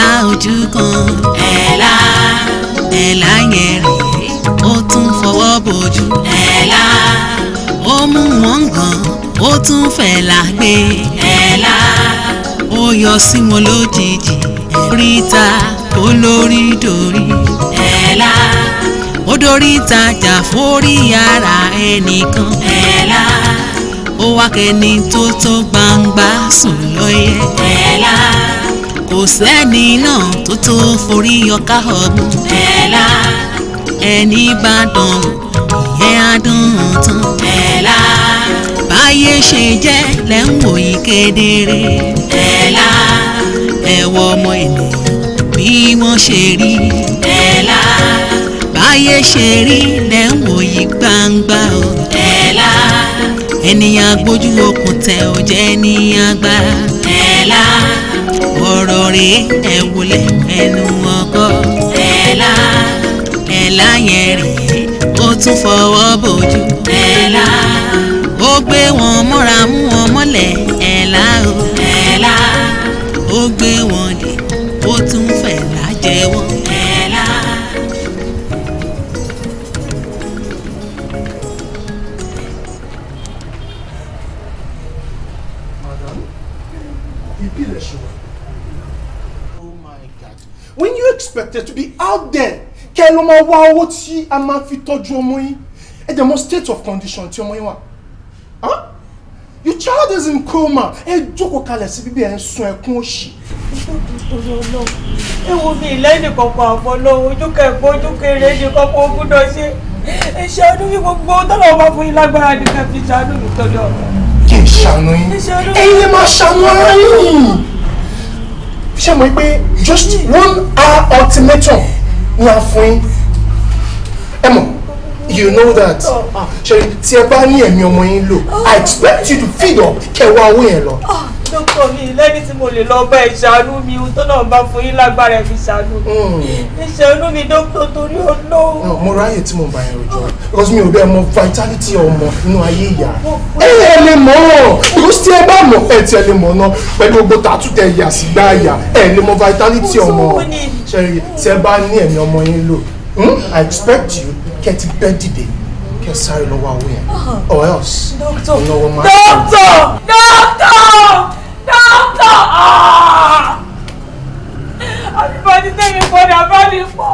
ẹ̀là ojú kan ẹ̀là ẹ̀là yẹn rèé ó tún fọwọ́ bojú ẹ̀là ó mú wọn gan ó tún fẹ̀là gbé ẹ̀là ó yọ sí wọn lójijì ríta kó dorí ẹ̀là ó dorí tajà forí ara ẹnìkan ẹ̀là ó wá kẹni tó tó gbangba sùn lóye ẹ̀là kò sẹ́ni náà tó tó forí ọkà ọdún. bẹ́ẹ̀la ẹni bá dán ìyẹn á dán tán. bẹ́ẹ̀la báyé ṣe jẹ́ lẹ́ ń wò yí kedere. bẹ́ẹ̀la ẹ̀wọ̀ ọmọ ènìyàn bí wọ́n ṣe rí. bẹ́ẹ̀la báyé ṣe rí lẹ́ ń wò yí gbangba o. bẹ́ẹ̀la ènìyàn gbójú okùn tẹ ò jẹ́ ní àgbà. bẹ́ẹ̀la ọ̀rọ̀ rè é ẹ wọlé ẹnu ọkọ. ẹ̀la ẹ̀la yẹn rè é ó tún fọwọ́ bójú. ẹ̀la ó gbé wọn mọ́ra mú wọn mọ́lẹ̀ ẹ̀la o. ẹ̀la ó gbé wọn. expected to be out there kẹ́ ẹ lọ máa wá owó tí a máa fi tọ́jú ọmọ yín ẹ dẹ̀ mọ̀ state of condition tí ọmọ yín wà your child is in coma ẹ jókòó kalẹ̀ sí bíbí ẹ̀ ń sun ẹkún òṣì. ẹ wo mi lẹ́yìn kankan àbọ̀ lọ ojú kẹ̀kọ́ ojú kẹrẹ ní kankan ogún náà ṣe ẹ ṣàánú mi gbogbo tọ́lọ̀ ọba fún yín lágbára ní ká fi ṣàánú mi tọ́jú ọ̀rọ̀. kì í ṣàánú yín ẹ̀yin lè máa ṣàánú ara yín ṣé mo pé just one hour ultimatum ni a fún yín ẹ you know that oh. ṣe tí ẹ bá ní ẹ̀mí ọmọ yín lò i expect you to feed up kẹwàá owó yẹn lọ. Oh dókítà mi lẹ́ni tí mo lè lọ bá ẹ ṣàánú mi ohun tó náà bá fún yín lágbára ẹ fi ṣàánú mi hmm. ẹ ṣàánú mi dókítà torí olóhùn. mo ráyè tí mo bá yẹn rojọ́ because mi ò bẹ́ẹ̀ mọ vitality ọmọ inú ayé ìyá ẹ ẹ lè mọ̀ ọ́ because tí ẹ bá mọ̀ ẹ tí ẹ lè mọ̀ náà pẹ̀lú gbogbo tàtúntẹ̀ ìyà sígbà ìyà ẹ lè mọ vitality ọmọ ṣẹ́rí tí ẹ bá ní ẹ̀mí ọmọ yín lò hmm, I expect you kẹ́ẹ̀tì bẹ́ẹ̀ dìde kẹ́ẹ̀ sáré lọ́wọ́ àwẹ̀ uh-huh. or else. doctor doctor doctor. Ah! àbíbá ti tẹ̀mí padà bá mi pọ̀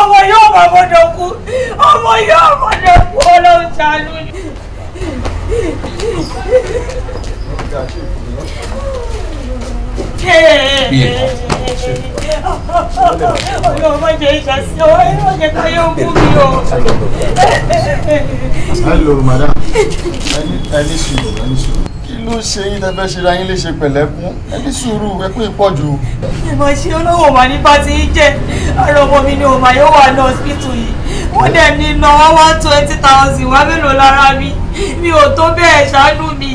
ọmọ yóò máa gbọ́dọ̀ kú ọmọ yóò gbọ́dọ̀ kú ọlọ́run ṣàánú ni. Ọlọ́run má jẹ́ ìṣàṣì ọwọ́ ẹ̀ má jẹ́ káyọ̀ ń kú ló ṣe yín tẹ́ fẹ́ ṣe ra yín léṣe pẹ̀lẹ́kún ẹ ní sùúrù ẹ pé pọ̀ jù. ìmọ̀ ṣe olówó mà ní pati yín jẹ́ ara ọmọ mi ni òmà yóò wà ní hospital yìí wọ́n dẹ̀ ní iná wá one twenty thousand wá mélòó lára mi mi ò tó bẹ́ẹ̀ ṣàánú mi.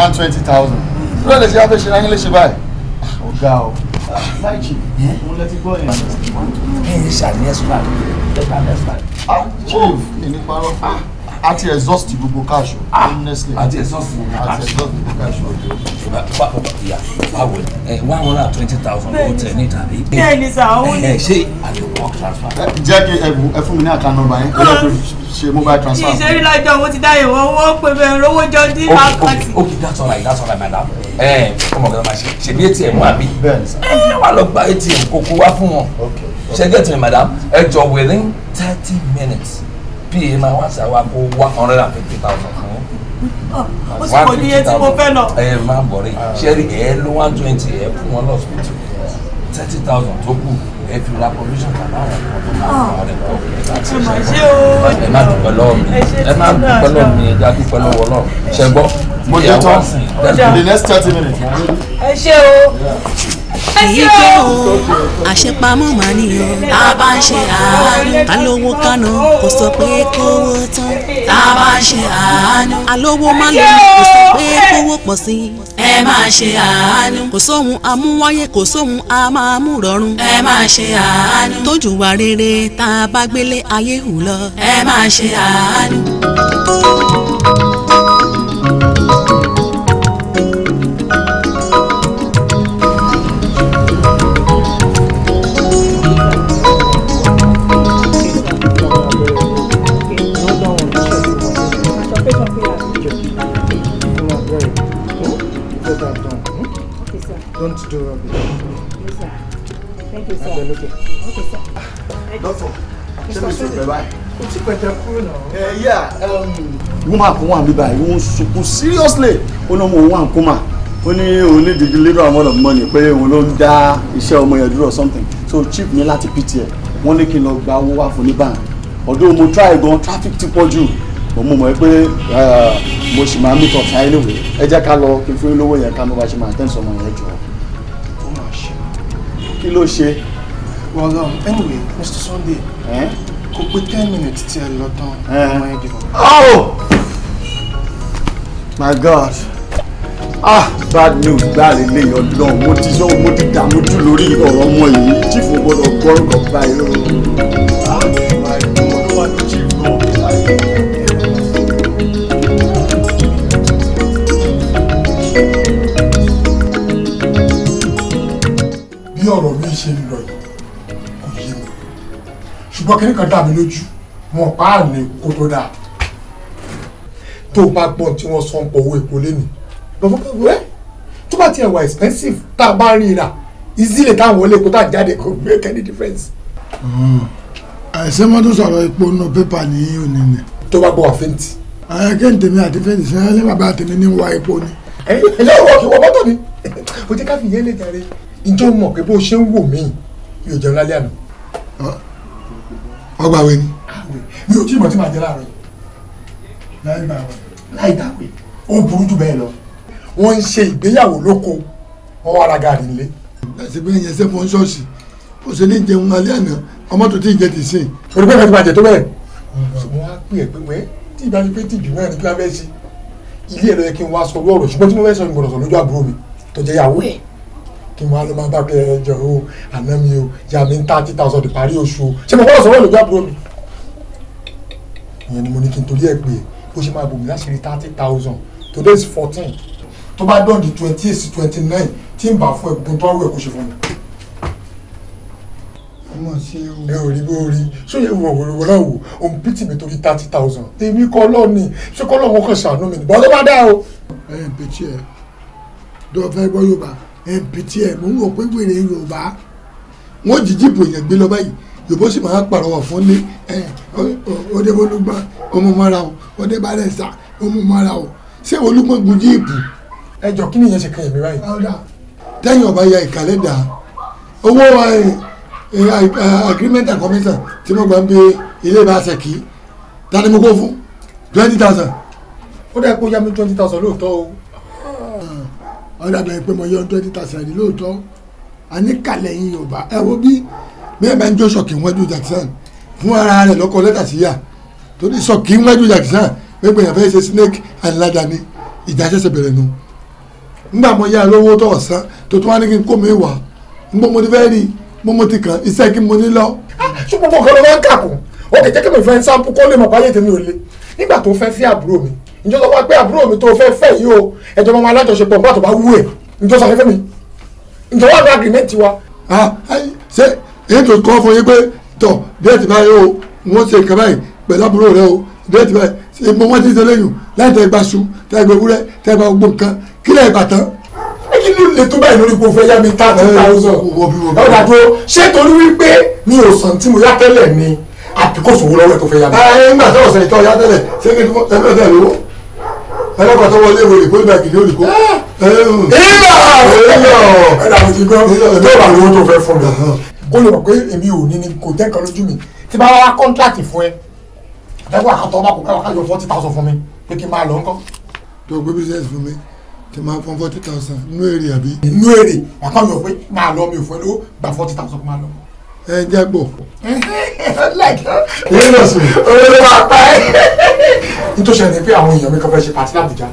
one twenty thousand ló lè ṣe wá fẹ́ ṣe ra yín léṣe báyìí. Ah, ọ̀gá o láìjì mo lẹ ti gbọ́ yẹn. ẹ a ti exhaust gbogbo cash o ah, honestly a ti exhaust gbogbo cash a ti exhaust gbogbo báwo ẹ one hundred and twenty thousand owó tẹ ní tàbí. bẹ́ẹ̀ ni sà òun ni. ẹ ṣe àlùkò transfer. jẹ́ kí ẹ fún mi ní àkànnà ọba yẹn kọ́lá tó ṣe mobile transfer. kì í ṣe rí lọ́jọ́ owó ti dáyẹ̀ wọ́n wọ́n pè bẹ́ẹ̀ rówó jọ dín àkàtì. ok ok that's all right that's all right madam. ẹ ọmọ kan máa ṣe ṣe bí atm wà bí. bẹ́ẹ̀ ni sà. ẹ wà lọ gba atm kókó wá fún wọn. ok ṣe get me madam ẹ jọ within thirty minutes pa máa wá sí àwa kó one hundred and fifty thousand fún. ó sì kò níye tí mo fẹ́ lọ. ẹ má bọ̀ ah. rí ṣẹ́rí ẹ ló one twenty ẹ fún wọn lọ́sibítù thirty thousand tó kù ẹ fi ra pollution tàbí àwọn ọkọ tó máa ń ah. wọlé pọ̀ láti ẹ má dúpẹ́ lọ́wọ́ mi ẹ má dúpẹ́ lọ́wọ́ mi ẹ já dúpẹ́ lọ́wọ́ lọ́wọ́ ṣẹ mo yà wá sí the next thirty minutes. ẹ ṣe o èyí tó àṣepamọ́ mà nìyẹn tá a bá ń ṣe àánú alówó kánú kò sọ pé kówó tán tá a bá ń ṣe àánú alówó má lè kò sọ pé kówó pọ̀ sí ẹ máa ṣe àánú kò sóhun amúwáyé kò sóhun a máa mú rọrùn ẹ máa ṣe àánú tójú wa rere tá a bá gbélé ayé hù lọ ẹ máa ṣe àánú. lẹ̀. dọ́tọ̀ ṣé mi sùn bẹ́ẹ̀ báyìí. o ti pẹ̀tẹ̀ kúrò náà. ẹ yà woman kan wà mí báyìí wọ́n sunkún seriously ó náà mo wà ń kó mà ó ní òun ní ìdíjú little amount of money pé òun ló ń dá iṣẹ́ ọmọ yẹn dúró or something so chief ní láti pta wọ́n ní kí n lọ gba owó wá fún ní bank ọdún mo try gan traffic ti pọ̀ jù mo mú mọ̀ pé mo sì máa meet up ṣáà anyway ẹ jẹ́ ká lọ kí n fún yín lówó yẹn ká mo bá ṣe máa tẹ́ǹsì ọmọ yẹn jù ọ́ kí ló ṣe well um, anyway Mr. Sunday eh? kò pé ten minutes till ẹ lọ oh my god ah bad news Bad news. yọ lọ mo ti sọ mo ti dààmú jù lórí ọ̀rọ̀ ọmọ yìí tí kò gbọdọ̀ gbọ́rọ̀ kan báyìí ah, ọ̀rọ̀ mi ṣe lò ṣùgbọ́n kí nìkan dàbí lójú wọn pa á ní kó tó dáa tó bá gbọ́ tí wọ́n san owó epo lẹ́nu lọ́fọ́ pé wẹ́ tó bá tiẹ̀ wà expensive tá a bá rí i rà easily táwọn olè kó tá a jáde kò make any difference. Hmm. àìsàn mọ́tò sọ̀rọ̀ epo nù pépà ní òní ni. tó bá gbọ́ wà fẹ́ǹtì. àwọn akéǹtèmi àti fẹ́ǹtì sẹ́yìn lé bàbá àtẹ̀mí ní wa epo ni. ẹ ẹ lọ́wọ́ kí wọ́n mọ́tò ni o ọgbà wẹ̀ ni. mi ò tí ì mọ̀ tí màá jẹ́ láàárọ̀ láì gbà wẹ̀ láì dàgbé ó burú jù bẹ́ẹ̀ lọ wọ́n ń ṣe ìgbéyàwó lóko wọ́n wá ra gàrí nílé. àti bẹ́ẹ̀ yẹn sẹ́fọ̀n ṣọ́ọ̀ṣì ó ṣe ní jẹun alẹ́ àná ọmọ tó ti ń jẹ ti sìn. torí pé ìfẹ́ bàjẹ́ tó bẹ̀rẹ̀. ṣùgbọ́n wá pè é pé wẹ́ tí ìbá ti pé tìjú náà ni kí wọ́n fẹ́ ṣe ilé ẹ̀rọ yẹ kí n wá sọ lọ́rọ̀ ṣùgbọ́n tí mo fẹ́ sọ ni mo rọ̀ sọ lójú àbúrò mi tó jẹ́ yàwó ẹ̀ kí n wá ló máa bá pé ẹ jọ o àná mi o yà mí ń tá títà ọ̀sán di parí oṣù o ṣé mo gbọ́dọ̀ sọ̀rọ̀ lójú àbúrò mi. ìyẹn ni mo ní kí n torí ẹ̀ pé bó ṣe máa bòmí láṣìírí thirty thousand today is fourteen tó bá dán di twenty eight sí twenty nine tí n bá fún ẹ gbogbo tó ọrọ ẹ kó ṣe fún mi. ọmọ ṣe o. ẹ ò rí bó rí sóyè wọ wọ wọ náà wò òun pìtì mi torí thirty thousand èmi kọ́ lọ́ọ̀nì ṣé kọ́ lọ́ọ̀ wọn kàn ṣàánú mi nìbọn tó bá dá o. ẹ ẹ bẹ́ẹ̀ ẹ dọ́ọ̀fẹ́ gbọ́ yóò bá a ẹbí tiẹ̀ mò ń wò pé wèrè yorùbá wọ́n jí jíìpù èèyàn gbé lọ báyìí yorùbá sì máa pàrọwọ̀ fún ní ọdẹbọlúgbà ọmọmọra o ọdẹbàrẹsà ọmọmọra o ṣé olúmọgbọn jíìpù. ẹ jọ kí nìyẹn ṣe kan èmi báyìí. tẹ́yìn ọba ya ìkàlẹ̀ dà owó agreement and commission tí mo gbà ń bẹ ilé ìbáṣẹ kì í tani mo kó fún twenty thousand. ó dẹ́ kó yá mi twenty thousand lóòótọ́ o ọlọ́dọ̀ yìí pé mo yọ twenty ní lóòótọ́ àníkàlẹ̀ yìí yorùbá ẹ wo bí bẹ́ẹ̀ máa ń jó sọ̀kì wájú jackson fún ara rẹ̀ lọ́kọ lẹ́tà síyà torí sọ̀kì wájú jackson gbẹgbẹ yẹn fẹ́ ṣe snake and ni ìjà ṣẹ̀ṣẹ̀ bẹ̀rẹ̀ nu ngbà mo yá lówó tó ọ̀sán tó tún wá ní kí n kó mi wá ngbọ́ mo ti fẹ́ rí mo mo ti kàn iṣẹ́ kí mo ní lọ. Ah, ṣùgbọ́n kọ́ ló máa ń kàkùn ó kì í jẹ́ kí mi fẹ́ ń sáńpù mọ̀ ǹjọ́ sọ pé àbúrò mi tó fẹ́ fẹ́ yìí o ẹ̀jọ̀ máa alájọṣepọ̀ nígbà tó bá wú ẹ̀ ǹjọ́ sọ fẹ́ mi ǹjọ́ wà ní agreement wa. ṣé èyí tó kọ́ fún yín pé tọ̀ bẹ́ẹ̀ ti báyìí o wọ́n ṣe nǹkan báyìí pẹ̀lú àbúrò rẹ o bẹ́ẹ̀ ti báyìí ṣe mo wọ́n ti ṣe lẹ́yìn láì tẹ́ gbaṣu tẹ́ gbẹ wúrẹ́ tẹ́ gba gbogbo nǹkan kílẹ̀ ìbàtàn kí ló lè tó báyìí lórí kó fẹ́ yá mi thirty thousand ọ̀dà tó ṣé torí wípé mi ò sàn tí mo yá tẹ́lẹ̀ ni àbíkó sòwò lọ́wọ́ ẹ̀ tó fẹ́ yá mi. ẹ ẹ ń gbà sọ̀rọ̀ sẹ̀yìn tó yá tẹ́lẹ̀ ṣé kí ẹ fẹ́ bẹ́ẹ̀ lówó ẹlẹ́kọ̀ọ́ tó wọlé ìwé ìpínlẹ̀ bẹ́ẹ̀ kìlí olùkọ́. ìlọ ìlọ ẹ̀dá mi ti gbọ́ tó bá lówó tó fẹ́ fún mi. kó lè mọ̀ pé èmi ò ní ni kò tẹ́ kan lójú mi tí bá wá kọ́ńtàkì fún ẹ ẹgbẹ́ àkàtọ́ bá kò káwá kájọ forty thousand fún mi pé kí n máa lọ ńkọ́. tó o gbé business fún mi tí máa fún forty thousand nú èrè àbí. nú èrè àkànjọ pé máa lọ mi ò fún lówó gba forty thousand máa lọ ẹ jẹ́ gbọ̀. èyí lọ sùn òun ló máa pa ẹ́. nítorí ṣe ni pé àwọn èèyàn mi kan fẹ́ ṣe pàtí làbújá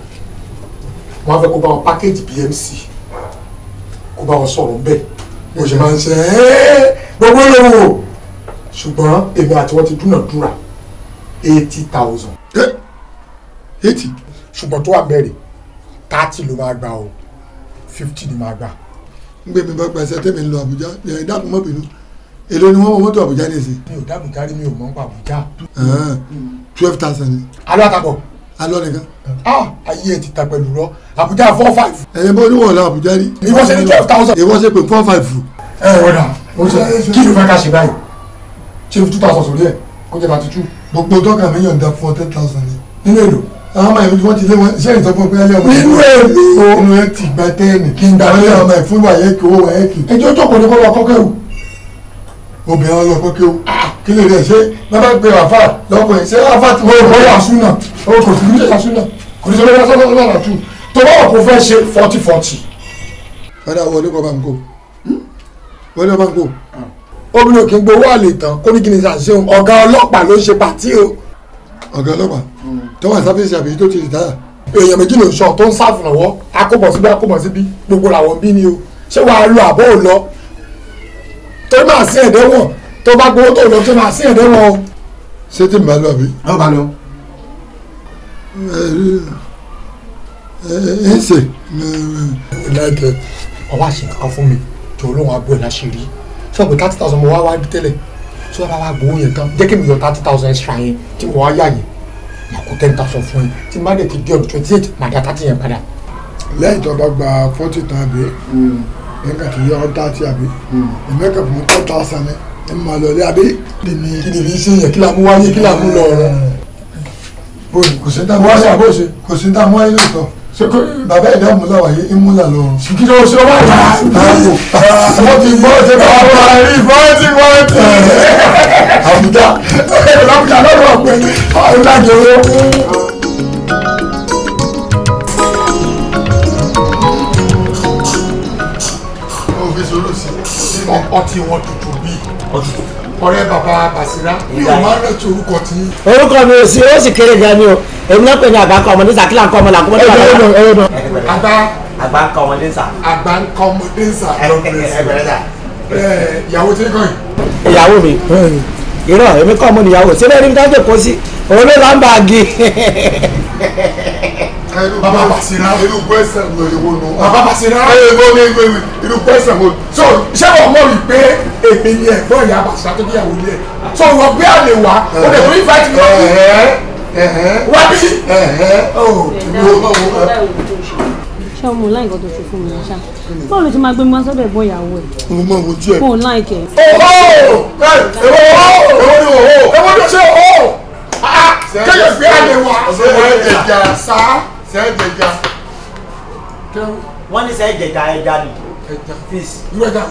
wọ́n á fẹ́ kó bá wọn package BMC kó bá wọn sọ̀rọ̀ bẹ́ẹ̀ mo ṣe máa ń ṣe gbogbo olówó ṣùgbọ́n èmi àti wọ́n ti dúnàdúrà eighty thousand. eighty ṣùgbọ́n tó wà bẹ̀rẹ̀ thirty ló máa gbà o fifty ni máa gbà. ń gbé mi bá gba ẹsẹ̀ tẹ́mi ń lọ Àbújá ìyá ìdáàbò mọ́bìnú èlò ni wọ́n mọ mọ́tò àbújá ní ìsìn. mi ò dábùn kárí mi ò mọ́ pa àbújá. twelve thousand Alo alọ́ Alo alọ́ Ah, ayé ẹ ti ta pẹ̀lú rọ àbújá four five. ẹ̀yin bó ní wọ̀lá àbújá rí. ìwọ ṣe ní twelve thousand. ìwọ ṣe pé four five. ẹ ẹ wọ́dà o ṣe kí ló fẹ́ ká ṣe báyìí ṣe two thousand sórí ẹ̀ kó jẹ́ thirty two. gbogbo dọ́kà mi yọ̀ǹda fún ten thousand ni. nínú èlò àwọn ọmọ ìlú wọn ti lé wọn ṣé ìtọ́ fún pẹ́ẹ́lí ọmọ ìlú èlò inú ẹ ti gba tẹ́ẹ̀nì kí n gbà tẹ́ẹ̀nì ọmọ ìfúnwà yẹ kí owó wà yẹ kí. ẹjọ́ jókòó ni kó lọ kọ́kẹ́rù obìnrin ọlọ́pọ̀ kí o ah, kí lè rẹ̀ ṣe bàbá gbé àfà lọ́pọ̀ ẹ̀ ṣe àfà tí wọ́n kọ́ àsúnà ó kò sí ní àsúnà kò sí lọ́wọ́ sọ́kọ́ lọ́wọ́ àtú tó bá kò fẹ́ ṣe fọ́tí fọ́tí. padà wọlé kọ báńkò wọlé kọ báńkò obìnrin òkè gbowó àlè tán kó ní kíni ṣàṣe òun ọ̀gá ọlọ́pàá ló ṣe pàtí o. ọ̀gá ọlọ́pàá hmm. tó wà sáfẹ́sì àbí tó ti rìtáyà èèyàn méjì ló sọ tó ń sáfù lọ́wọ́ akóbọ̀ síbí gbogbo làwọn bí ni o ṣé wàá lo àbọ̀ ò lọ tó máa sí ẹ̀dẹ́wọ̀n tó bá gbowó tó lọ tó máa sí ẹ̀dẹ́wọ̀n o. ṣé tí màá lọ bí. ọ bá lọ. ẹ ẹ ṣe. láìpẹ́. ọwọ́ àṣìkà kan fún mi tó olóhùn abúlé láṣìírí sọ pé thirty thousand mo wá wá tẹ́lẹ̀ sọ wá wá gbowó yẹn tán jẹ́ kí mi yọ thirty thousand extra yẹn tí mo wá yà yẹn mà kó ten thousand fún yẹn tí má dẹ̀ ti di ọ̀dọ̀ twenty eight mà dá thirty yẹn padà. lẹ́yìn tó bá gba forty tán àbí. Hmm ẹ̀ka tó yọ ọ́ dátì àbí ẹ̀mẹ́kà fún tọ́ta ọ̀sán ni ẹ̀ máa lọ rí sí yẹn kí làá wáyé kí làá lọ rẹ. bóyá kò sí dáhùn wáyé àbó ṣe kò sí dáhùn wáyé lóòótọ́ seko bàbá ìdá múlá wáyé ìmúlá lọ. kìkìdá oṣù ọba yìí. wọ́n ti gbọ́ ṣe bá wà rí fọ́ọ̀tì fọ́ọ̀tì. àbújá àbújá lọ́dọ̀ ọ̀pẹ àbújá jẹ́ wọ́n. ọtí wọn tutù bíi ọ̀rẹ́ bàbá Basira mi ò máa ń rántí orúkọ tí. orúkọ mi ò sí ó sì kéré gan ni o èmi náà pè ní àgbáńkọ ọmọdé sà kí là ń kọ ọmọ là kọmọdé bàbá. àgbà àgbáńkọ ọmọdé sà. àgbáńkọ ọmọdé sà lọ́pẹ̀lẹ́sà ìyàwó tí ń kọ́ yìí. ìyàwó mi irọ́ èmi kọ́ ọmọ nìyàwó síbẹ̀ ní bí táwọn tó kó sí òun ló lá ń bá a gé bàbá Basira. inú pẹ́sẹ̀ wo èwo nù. bàbá Basira. èwo ni èwo ni inú pẹ́sẹ̀ wo. so ṣé wọn mọ̀ wípé èmi ni ẹ̀gbọ́n ìyá Basira tó níyàwó ilé ẹ̀. so wọ́n gbé àlè wá o lè fún ìfàjì lọ sí. wá bí. ṣé o mọ̀ láì gbọ́dọ̀ ṣe fún mi ṣá báwo ló ti máa gbé mi wá sọ́dọ̀ ẹ̀gbọ́n ìyàwó ẹ̀. mo mọ ojú ẹ. mo láì kẹ. owó èwo ni owó èwo ni ṣé owó kéèyàn gbé àlè wá. ọ̀sẹ̀ ẹ̀ ẹ̀ jà sá sẹ́ẹ̀jẹ̀já kẹ́wù. wọ́n ní sẹ́ẹ̀jẹ̀já ẹja ni. ẹja fish. irú ẹja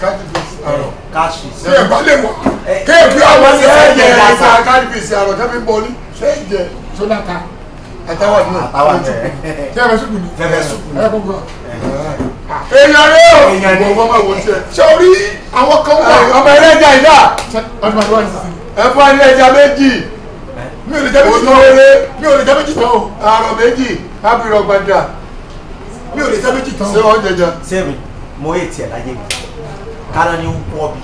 catch fish àrọ̀. Eh, catch fish. ṣé ẹ̀bá lè mọ̀ eh, kéèpì àwọn sẹ́ẹ̀jẹ̀já ẹja catch fish àrọ̀ kẹ́mi bọ́ọ̀lì sẹ́ẹ̀jẹ̀ sódàta àtàwọn ìlú àtàwọn ìlú tẹ́ẹ̀rẹ̀ sùkùn ní. tẹ́ẹ̀rẹ̀ sùkùn ní. Eh. èèyàn rẹ o èèyàn rẹ o ṣé o rí àwọn kan wà. ọmọ ẹlẹ́jà ìdá. ẹ ẹlẹ́jà méjì mi ò lè jẹ́ méjì tán mi ò lè jẹ́ méjì tán àrò méjì ábìrò gbàdà mi ò lè jẹ́ méjì tán ṣé wọ́n jẹjẹ. sẹ́mi mo yé tiẹ̀ láyé mi kára ni ó pọ̀ bí.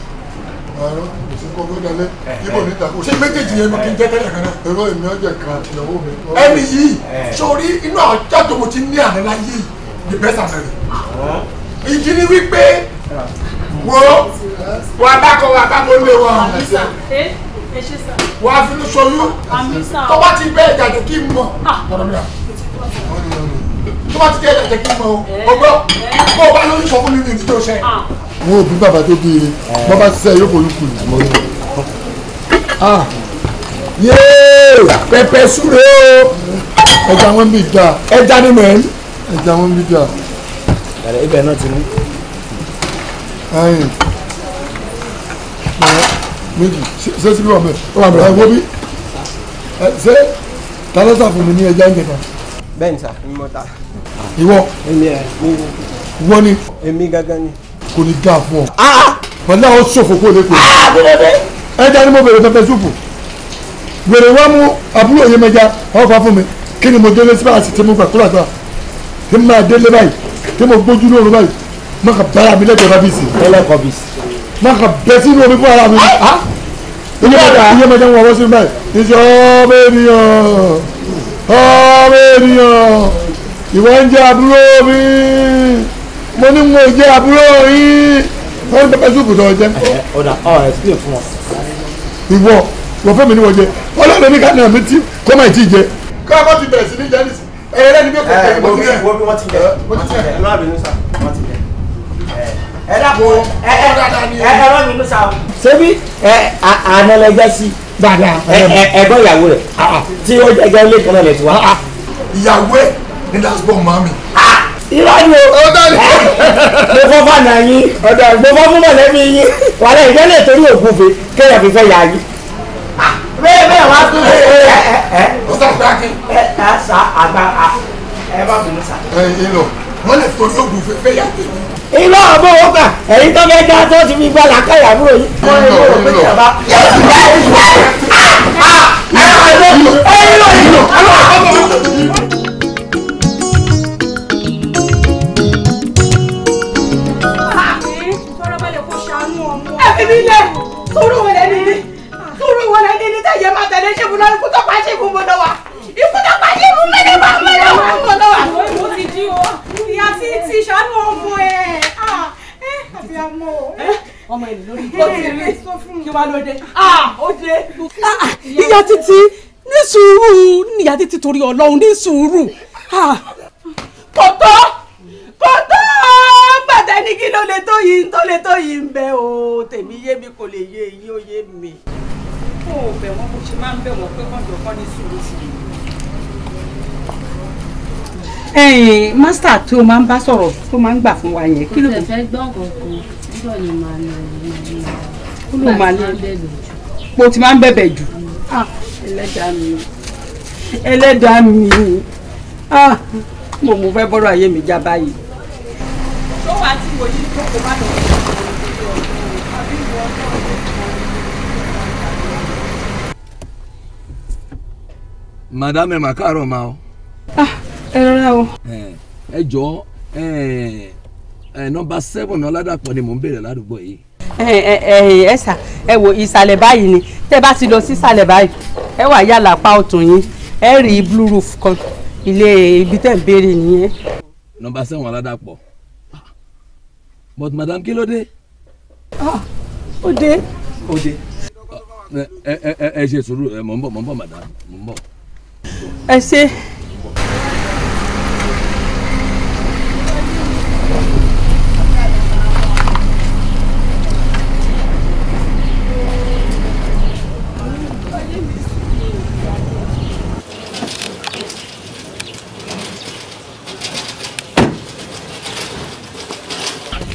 àrò kò sí kó lóde alẹ́ ibo níta kò sí méjèèjì yẹn mi kì í jẹ́ tẹ́lẹ̀ kan náà. èrò èmi ọjọ́ kan ìyàwó mi. ẹni yìí sórí inú àjọ tó mo ti ní àná láyé yìí the best àṣẹ rẹ̀ ìdí ni wípé wo wàá bá kọ wàá bá kọ lé wọn wà á finú ṣolú tó bá ti bẹ́ ìjà jù kí n mọ̀ tó bá ti bẹ́ ìjà jù kí n mọ̀ o gbọ́ bó o bá lóyún sọ fún mi ní ìdíjọ́ sẹ́. wọn ò bí bàbá tó bí wọn bá ṣiṣẹ́ yóò fojú kù ìjùmọ̀ ah. yìí. yéé pẹpẹ súre o ẹja wọn bí da ẹja ni mọ̀ ẹ́ ẹja wọn bí da. ibẹ̀ náà ti mú méjì ṣé síbí wà mẹ́ẹ̀ ó wà mẹ́ẹ̀ ẹ wo bí ṣé tálọ́sà fún mi ní ẹja ń jẹta. bẹ́ẹ̀ ni sà mi mọ̀ ta. ìwọ ìwọ ni. èmi gángan ni. kò ní dáa fún ọ. Ah! pẹ̀lú àwọn ṣòfò kó lè pè é. ẹja ni mo bèrè pẹpẹ súpù wèrè wá mú àbúrò yẹn mẹja ọ̀fà fún mi kí ni mo délé síbára sí tí mo gbà kúrò àgbà tí mo máa délé báyìí tí mo gbójú lóru báyìí mo kà bára mi lẹ́gbẹ̀ẹ́ bá bí ẹlẹ́kọ̀ọ́ bí náà kàn bẹ sínú omi fún ara mi iye mẹ́ta iye mẹ́ta ń wọ ọwọ́ sí báyìí ìṣe ọmọ ènìyàn ọmọ ènìyàn ìwọ ń jẹ àbúrò mi mo ní mo jẹ àbúrò yín wọ́n ní pẹpẹ súùpù tó jẹ. ọ̀dà ọ̀ ẹ̀sìn fún ọ. ìwọ wọ́n fẹ́ mi ní wọ́n jẹ ọlọ́run ní kánà mi ti kọ́ máa ti jẹ. ká má ti bẹ̀rẹ̀ sí ní jẹ́nìs ẹ̀yẹ́rẹ́ ni bí kò tẹ̀ ẹ̀ mo ti jẹ. wọ́n bí wọ́n ti jẹ wọ́n ti jẹ ẹ dàpọ̀ ẹ ẹ ẹ bá mi ló sa o. ṣebí ẹ àná lẹ jẹ sí dáadáa ẹ gbọ́ ìyàwó rẹ̀ tí ó jẹ́ ilé kan náà lè ti wá. ìyàwó ẹ ní lásìkò màmí. ìrọ̀lù o mo fọ́ fànà yín mo fọ́ fún mọ̀lẹ́bí yín wàlẹ̀ ìjẹ́lẹ̀ torí ògúnfe kéèyàn fi fẹ́ yà yín bẹ́ẹ̀ bẹ́ẹ̀ wá tún lé ẹ ẹ ẹ ó sàgbà kí. ẹ ẹ sa àgbà ẹ bá bínú sa. ẹ ẹ lọ wọn lè tó lóògùn fẹfẹ yàtọ̀ yìí ilé ọmọ owó gbà ẹ̀yin tó fẹ́ dá tó ti fi gba làkàyà àbúrò yìí kọ́ ẹ ló rò pé ìjọba. ẹ̀yin ló yìí lò. ìbílẹ̀ sùúrù wọn lẹ́nu ilé sùúrù wọn lẹ́nu ilé tẹ̀yẹ máa tẹ̀lé ṣẹ́gun náà ikú tó pa ṣẹ́gun gbọdọ̀ wà ikú tó pa ṣẹ́gun ìyá tí ti ṣàánú ọmọ ẹ̀ àbí ọmọ ọmọ ẹ̀ lórí kó ti rí kí wàá ló dé ó dé. ìyá títí ní sùúrù níyà títí torí ọlọ́run ní sùúrù. kò tó kò tó bàtà ní kí ló lè tó yìí tó lè tó yìí ń bẹ o tèmi yé mi kò lè yé èyí ó yé mi. kó o bẹ̀ wọ́n bó ṣe máa ń bẹ̀ wọ́n pé kọ́ńdọ̀kọ́ ní sùúrù sí i ẹ̀yìn mástà tí o máa ń bá sọ̀rọ̀ tó máa ń gbà fún wa yẹn kí ló fẹ́ gbọ́ kankan níjọ́ ni lọ kó máa lọ bẹ̀bẹ̀ jù ah, ẹlẹ́dàá mi ah, mo mú fẹ́ bọ́rọ̀ ayé mi já báyìí. tó wàá tí mo yí tó kò bá lọ sí ọ̀dọ́ àbí ìwọ náà. madame ẹ̀ mà káàárọ̀ o. ah ẹ rọra o. ẹ jọ nọmba seven ọládàpọ̀ ni mò ń béèrè ládùúgbò yìí. ẹ ẹ ẹ sà ẹ wo ìsàlẹ̀ báyìí ni tẹ́ bá ti lọ sí ìsàlẹ̀ báyìí ẹ wà yàlà pa ọ̀tún yín ẹ rí blue roof kan ilé ibi tẹ́ ń béèrè nìyẹn. nọmba seven ọládàpọ̀ but madam kí ló dé. Ah, ó dé. ó dé ẹ ẹ ẹ ṣe sùúrù ẹ mọ̀ ń bọ̀ mọ̀ ń bọ̀ madam mọ̀ ń bọ̀. ẹ ṣe.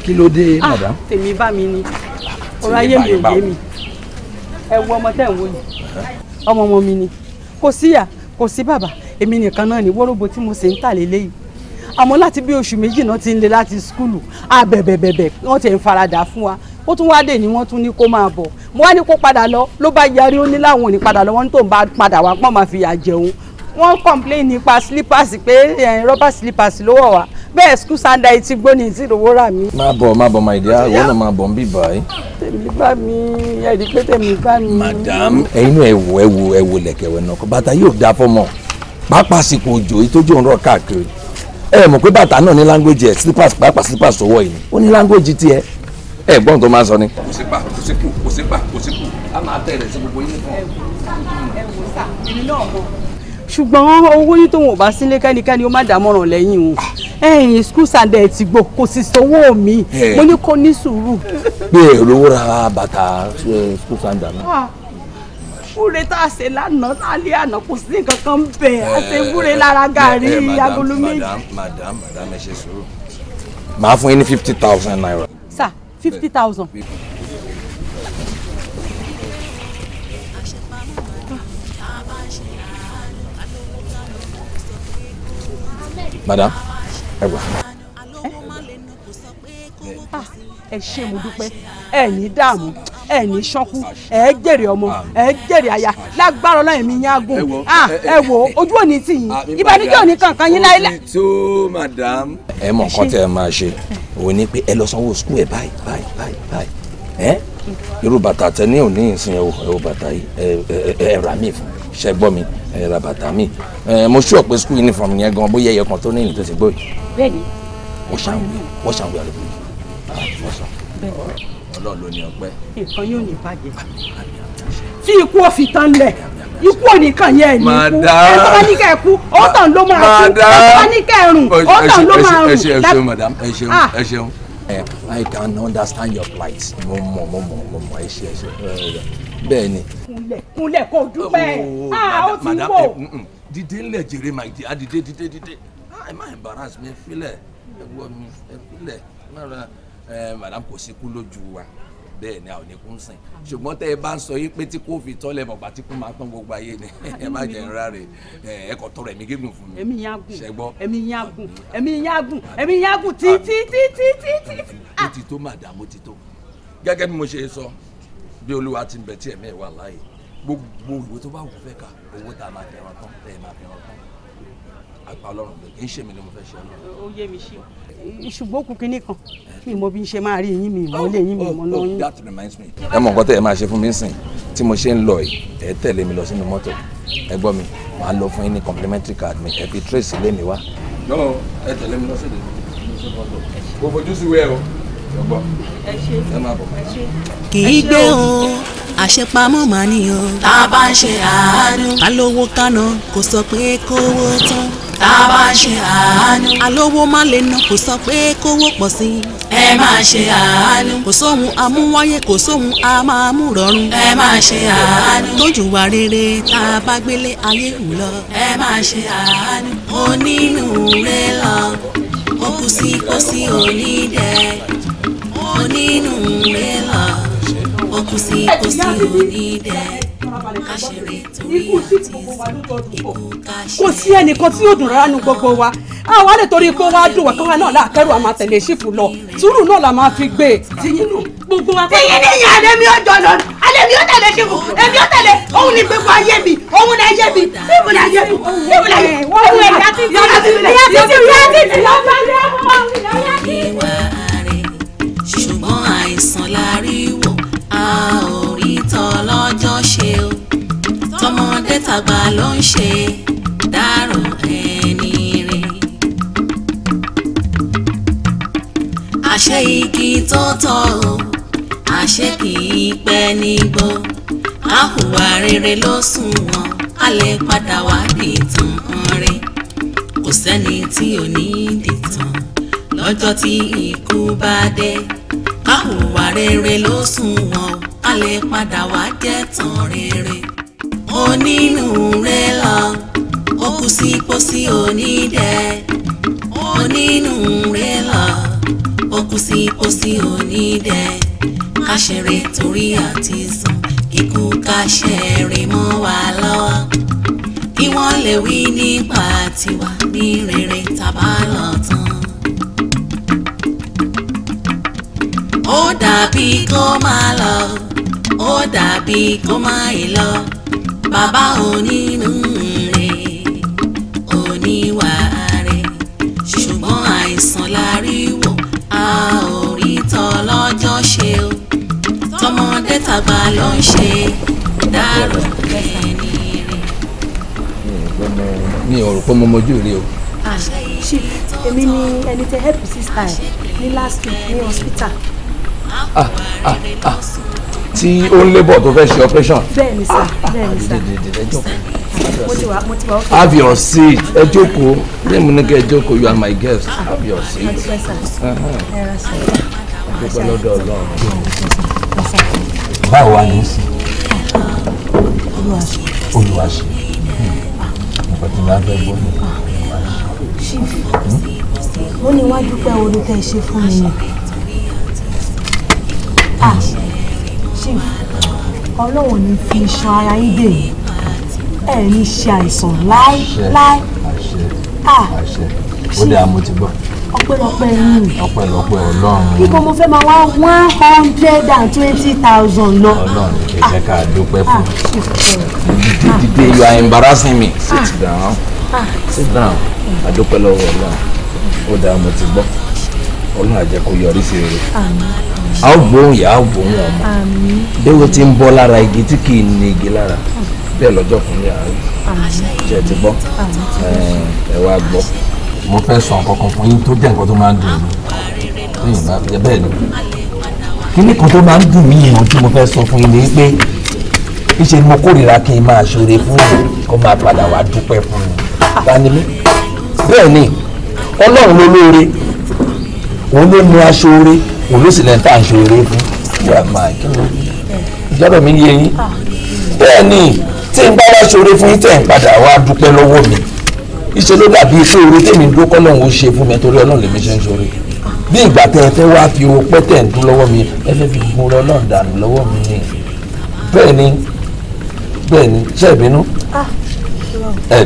kí ló dé ah, madam. tèmi bá mi ni ọ̀rọ̀ ayé mi ò yé mi ẹ wo ọmọ tẹ́ ń wò yìí ọmọ ọmọ mi ni kò síyà kò sí bàbá èmi nìkan náà ni wóróbo tí mo ṣe ń tà lélẹ́yìí àmọ́ láti bí oṣù méjì náà ti ń lé láti skúlù àbẹ̀bẹ̀bẹ̀bẹ̀ wọ́n ti ń faradà fún wa ó tún wá dé ní wọ́n tún ní kó máa bọ̀ mo wá ní kó padà lọ ló bá yarí ó ní láwọn ò ní padà lọ wọ́n ní tó ń bá padà wá pọ́n máa fi yà jẹun wọ́n complain nípa slippers pé rọ́bà slippers ló wọ̀ wá bẹ́ẹ̀ skul sanda yìí ti gbó ní ìsìnrówó rà mí. má bọ̀ má bọ̀ my dear ìwọ náà má bọ̀ ń bí báyìí. tèmi bá mi ẹ̀rí pé tèmi bá mi. madam ẹ̀yin ẹ wo ẹ wo ẹ wo lẹ̀kẹ̀wẹ̀ náà bàtà yóò da fọmọ pàápàá sìkò òjò yìí tó jò káàkiri ẹ mọ̀ pé bàtà náà ní language ẹ̀ slippers pàápàá slippers sọ̀wọ́ yìí ó ní language tiẹ̀ ẹ gbọ́n tó máa sọ ni. kò sí pa kò ṣùgbọ́n owó ní tóun ò bá sílé kẹ́nikẹ́ni ó má dámọ̀ràn lẹ́yìn o ẹ̀yìn school sunday ti gbò kò sì sanwó mi mo ní kó ní sùúrù. pé olówó ra bàtà school sunday ah, náà. wúre tá a ṣe lánàá tá a lé àná kò sí nǹkan kan bẹ́ẹ̀ a ṣe wúre lára gàrí agolo méjì. madam madam ẹ ṣe sùúrù màá fún yín ní fifty thousand naira. sir fifty thousand. madam ẹ wà. Ah, ẹ ṣe mo dúpẹ́ ẹ ní dààmú ẹ ní ṣọ́kú ẹ jèrè ọmọ ẹ jèrè aya lágbára ọlọ́run mi yín agùn ah, ẹ wò ojú òní tì yín ìbànújẹ́ òní kankan yín láyé. tó madam. ẹ mọ nǹkan tẹ ẹ máa ṣe òun ni pé ẹ lọ sanwó sukúù ẹ báyìí báyìí báyìí báyìí ẹ irú bàtà tẹ ní òní ìsìn ẹ wò bàtà yìí ẹ ẹ ẹ rà mí fún ṣe gbọ́ mi ẹ ra bàtà mi mo ṣú ọ̀pẹ school uniform yẹn gan bóyá ẹyẹ kan tó ní ìlú tó ti gbó yìí. bẹ́ẹ̀ni wọ́n ṣàwùyẹ wọ́n ṣàwùyẹ àlọ́ ah, bẹ́ẹ̀ni ọlọ́run ló ní ọpẹ́. nǹkan yóò ní bàjẹ́ ah, tí ikú ò fi tán lẹ̀ ikú ò ní kàn ikú ẹ̀ tó ọ̀tàn ló máa kú ẹ̀ tó ọ̀tàn ló máa rùn. ẹ ṣeun madam ẹ ṣeun ah. ẹ ṣeun. Eh, I can understand your plight. mo mọ mo mọ mo mọ ẹ ṣe ẹ ṣe. Eh, bẹ́ẹ̀ ni. kúnlẹ̀ kò dúpẹ́ ah ó ti wò. dìde ńlẹ̀ jèrè máa di adìde dìde dìde ah, ẹ má embarrass mi filẹ̀ ẹ wọ mi ẹ filẹ̀ madam kò sí kú lójú wa bẹ́ẹ̀ ni àwọn oníkú ń sìn ṣùgbọ́n tẹ́ ẹ bá ń sọ yí pé tí kò fi tọ́lẹ̀ mọ̀gbà tí kò máa tán gbogbo ayé ni ẹ má jẹ́ nra rè ẹ kò tọrọ ẹ̀mí gígùn fún mi. ẹ̀mí yágùn ẹ̀mí yágùn ẹ̀mí yágùn ẹ̀mí yágùn títí ah. títí títí. ó tó madam ó ti tó gẹ́gẹ́ bí mo ṣe sọ bí olúwa ti ń bẹ tí ẹ̀mí wà láàyè gbogbo ìwé tó bá wù fẹ́ kà owó tá a máa fi ẹran tán tẹ́ ẹ máa fi ẹran tán àgbà ọlọ́run lè kí n ṣèmi ni mo fẹ́ ṣe ọlọ́run. ó yé mi ṣe. ṣùgbọ́n kù kínní kan mi mọ bí n ṣe máa rí yín mi mọ lé yín mi mọ náà oh, oh, oh, yín. that reminds me. ẹ mọ nǹkan tẹ ẹ máa ṣe fún mi sìn tí mo ṣe ń lọ yìí ẹ tẹ̀lé mi lọ sínú mọ́tò ẹ gbọ́ mi màá lọ fún yín ní complimentary card mi ẹ fi trace lé mi wá. yọ ẹ tẹ̀lé mi lọ sí ìdè mi. kò fojú sí wẹ́ẹ̀ o kì í gbé o àṣepamọ́ mà ní o. tá a bá ń ṣe àánú. ká lówó kánà kò sọ pé kówó tán. tá a bá ń ṣe àánú. alówó má lè ná kò sọ pé kówó pọ̀ sí ẹ máa ṣe àánú. kò sóhun amúwáyé kò sóhun a máa mú rọrùn. ẹ máa ṣe àánú. tójú wa rere tá a bá gbélé ayé hù lọ. ẹ máa ṣe àánú. onínúure lọ ó sí kó onídẹ̀ẹ́ onínú mẹ́wà okùn sí kò sí oníbẹ̀ káṣẹ̀rẹ̀ torí àti ikú káṣẹ̀rẹ̀. kò sí ẹnìkan tí yóò dùn rárá nu gbogbo wa àwa lè torí pé wàá dùn wá káwa náà láàkẹ́rù àmà tẹ̀lé ṣìfù lọ sùúrù náà la máa fi gbé e. tìyín nù gbogbo wa. tìyín nìyẹn àlẹ́mi ọjọ́ lọ́nà àlẹ́mi ó tẹ̀lé ṣìfù èmi ó tẹ̀lé òun ní gbogbo ayé mi òun náà ayé mi ṣìfù náà ayé mi ṣìfù náà ayé mi. wọ́n mú ẹ̀yà títí yàrá títí yàrá títí yàrá títí yàrá títí. orí tọlọ́jọ́ ṣe o tọmọdé tàgbà ló ń ṣe dárò ẹni rè. àṣé igi tó tọ́ o àṣé kì í pẹ́ nígbó a hùwà rere ló sùn wọn a padà wá dìtàn rè kò sẹ́ni tí ò ní dìtàn lọ́jọ́ tí ikú bá dé ká rere ló sùn wọn a lè padà wá jẹ́ tán rere onínúure lọ ó kú sí pósí onídẹ onínúure lọ ó kú sí pósí onídẹ káṣẹrẹ torí àti sùn ikú káṣẹrẹ mọ́ wa lọ́wọ́ kí wọ́n lè wí nípa tiwa ní rere tàbá lọ tán. ó dàbí kó máa lọ ó dàbí kó máa yìí lọ bàbá onínú rè oníwà rè ṣùgbọ́n àìsàn la rí wò a ò rí tọ́lọ́jọ́ ṣe o tọmọdé tàgbà ló ń ṣe dárò ẹni rè. mi ò rò pé mo mojú rí o èmi ni ẹni tẹ help sister ẹ ní last week ní hospital Ah, ah, ah. tí ó ń lébọ̀ tó fẹ́ ṣe operation. bẹ́ẹ̀ni sá bẹ́ẹ̀ni sá mo ti wà mo ti wà ó have your seat ẹ jókòó ní mo ní kẹ́ ẹ jókòó you are my guest have your seat. dúpẹ́ lọ́dọ̀ ọlọ́run. báwo wá ní sí. olúwa ṣe hmm. nǹkan tí wàá fẹ́ gbọ́ ní olúwa ṣe. ní wájú pé orí tẹ́ ṣe fún mi ni. Ah, ọlọ́run ní fi iṣan ara yín dè yín ẹ ní ṣe àìsàn láéláé. Ah, ó lè àmú ti gbọ́. ọpẹ́lọpẹ́ yín. ọpẹ́lọpẹ́ ọlọ́run. kíkọ́ mo fẹ́ máa wá one hundred and twenty thousand lọ. ọlọ́run ẹ jẹ́ ah, ká dúpẹ́ fún mi. dídé you are embarrassing me. sit down sit down a dúpẹ́ lọ́wọ́ ọlọ́run ó dá àmú ti gbọ́ ọlọ́run àjẹ́ kó yọrí sí rere a ó gbóhùn ìyá a ó gbóhùn ọmọ déwé tí ń bọ́ lára igi tí kì í ní igi lára bẹ́ẹ̀ lọ́jọ́ fún mi àárín ṣe ti gbọ́ ẹ wá gbọ́. mo fẹ́ sọ nǹkan kan fún yín tó jẹ́ nǹkan tó máa ń dùn mí lẹ́yìn bá jẹ bẹ́ẹ̀ ni kíní kan tó máa ń dùn mí yìí tí mo fẹ́ sọ fún yín ni pé ìṣe ni mo kórìíra kí n máa ṣoore fún mi kó máa padà wá dúpẹ́ fún mi. bẹ́ẹ̀ ni ọlọ́run ló lóore òun ló ní aṣọ oore òun ló sì lẹ́nu tá à ń ṣe oore fún yóò máa kí ló ìjọba mi yé yín bẹ́ẹ̀ ni tí n bá wá ṣoore fún yín tẹ̀ ń padà wá dúpẹ́ lọ́wọ́ mi ìṣe ló dàbí iṣẹ́ oore tèmi ń dúró kọ́lọ́hún ó ṣe fún mi torí ọlọ́run lèmi ṣe ń ṣoore bí ìgbà tẹ ẹ fẹ́ wá fi owó pẹ́tẹ̀ ń dún lọ́wọ́ mi ẹ fẹ́ fi gun ọlọ́run dànù lọ́wọ́ mi ni bẹ́ẹ̀ ni bẹ́ẹ̀ ni ṣe ìbínú ẹ̀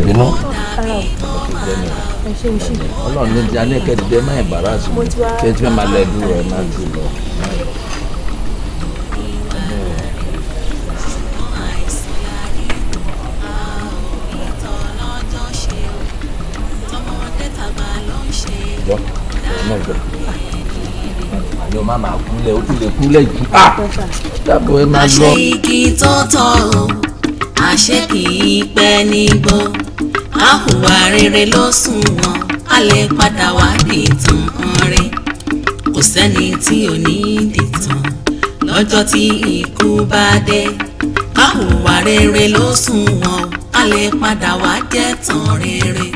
ọlọ́run ló ti alẹ́ kẹ́tìdé má ìbára sùn kẹ́tìdé má lẹ́dú rẹ̀ má ti lọ. jọ ọmọ ìjọ ni o máa máa kúlẹ̀ o tún kúlẹ̀ jù ah! dábò ẹ máa lọ. àṣé igi tó tọ̀ ọ́ àṣé kì í pẹ́ nígbó àhùwà rere ló sùn wọn a lè padà wá dìtàn rẹ kò sẹ́ni tí ò ní dìtàn lọ́jọ́ tí ikú bá dé káhùwà rere ló sùn wọn a lè padà wá jẹ́ tàn rere.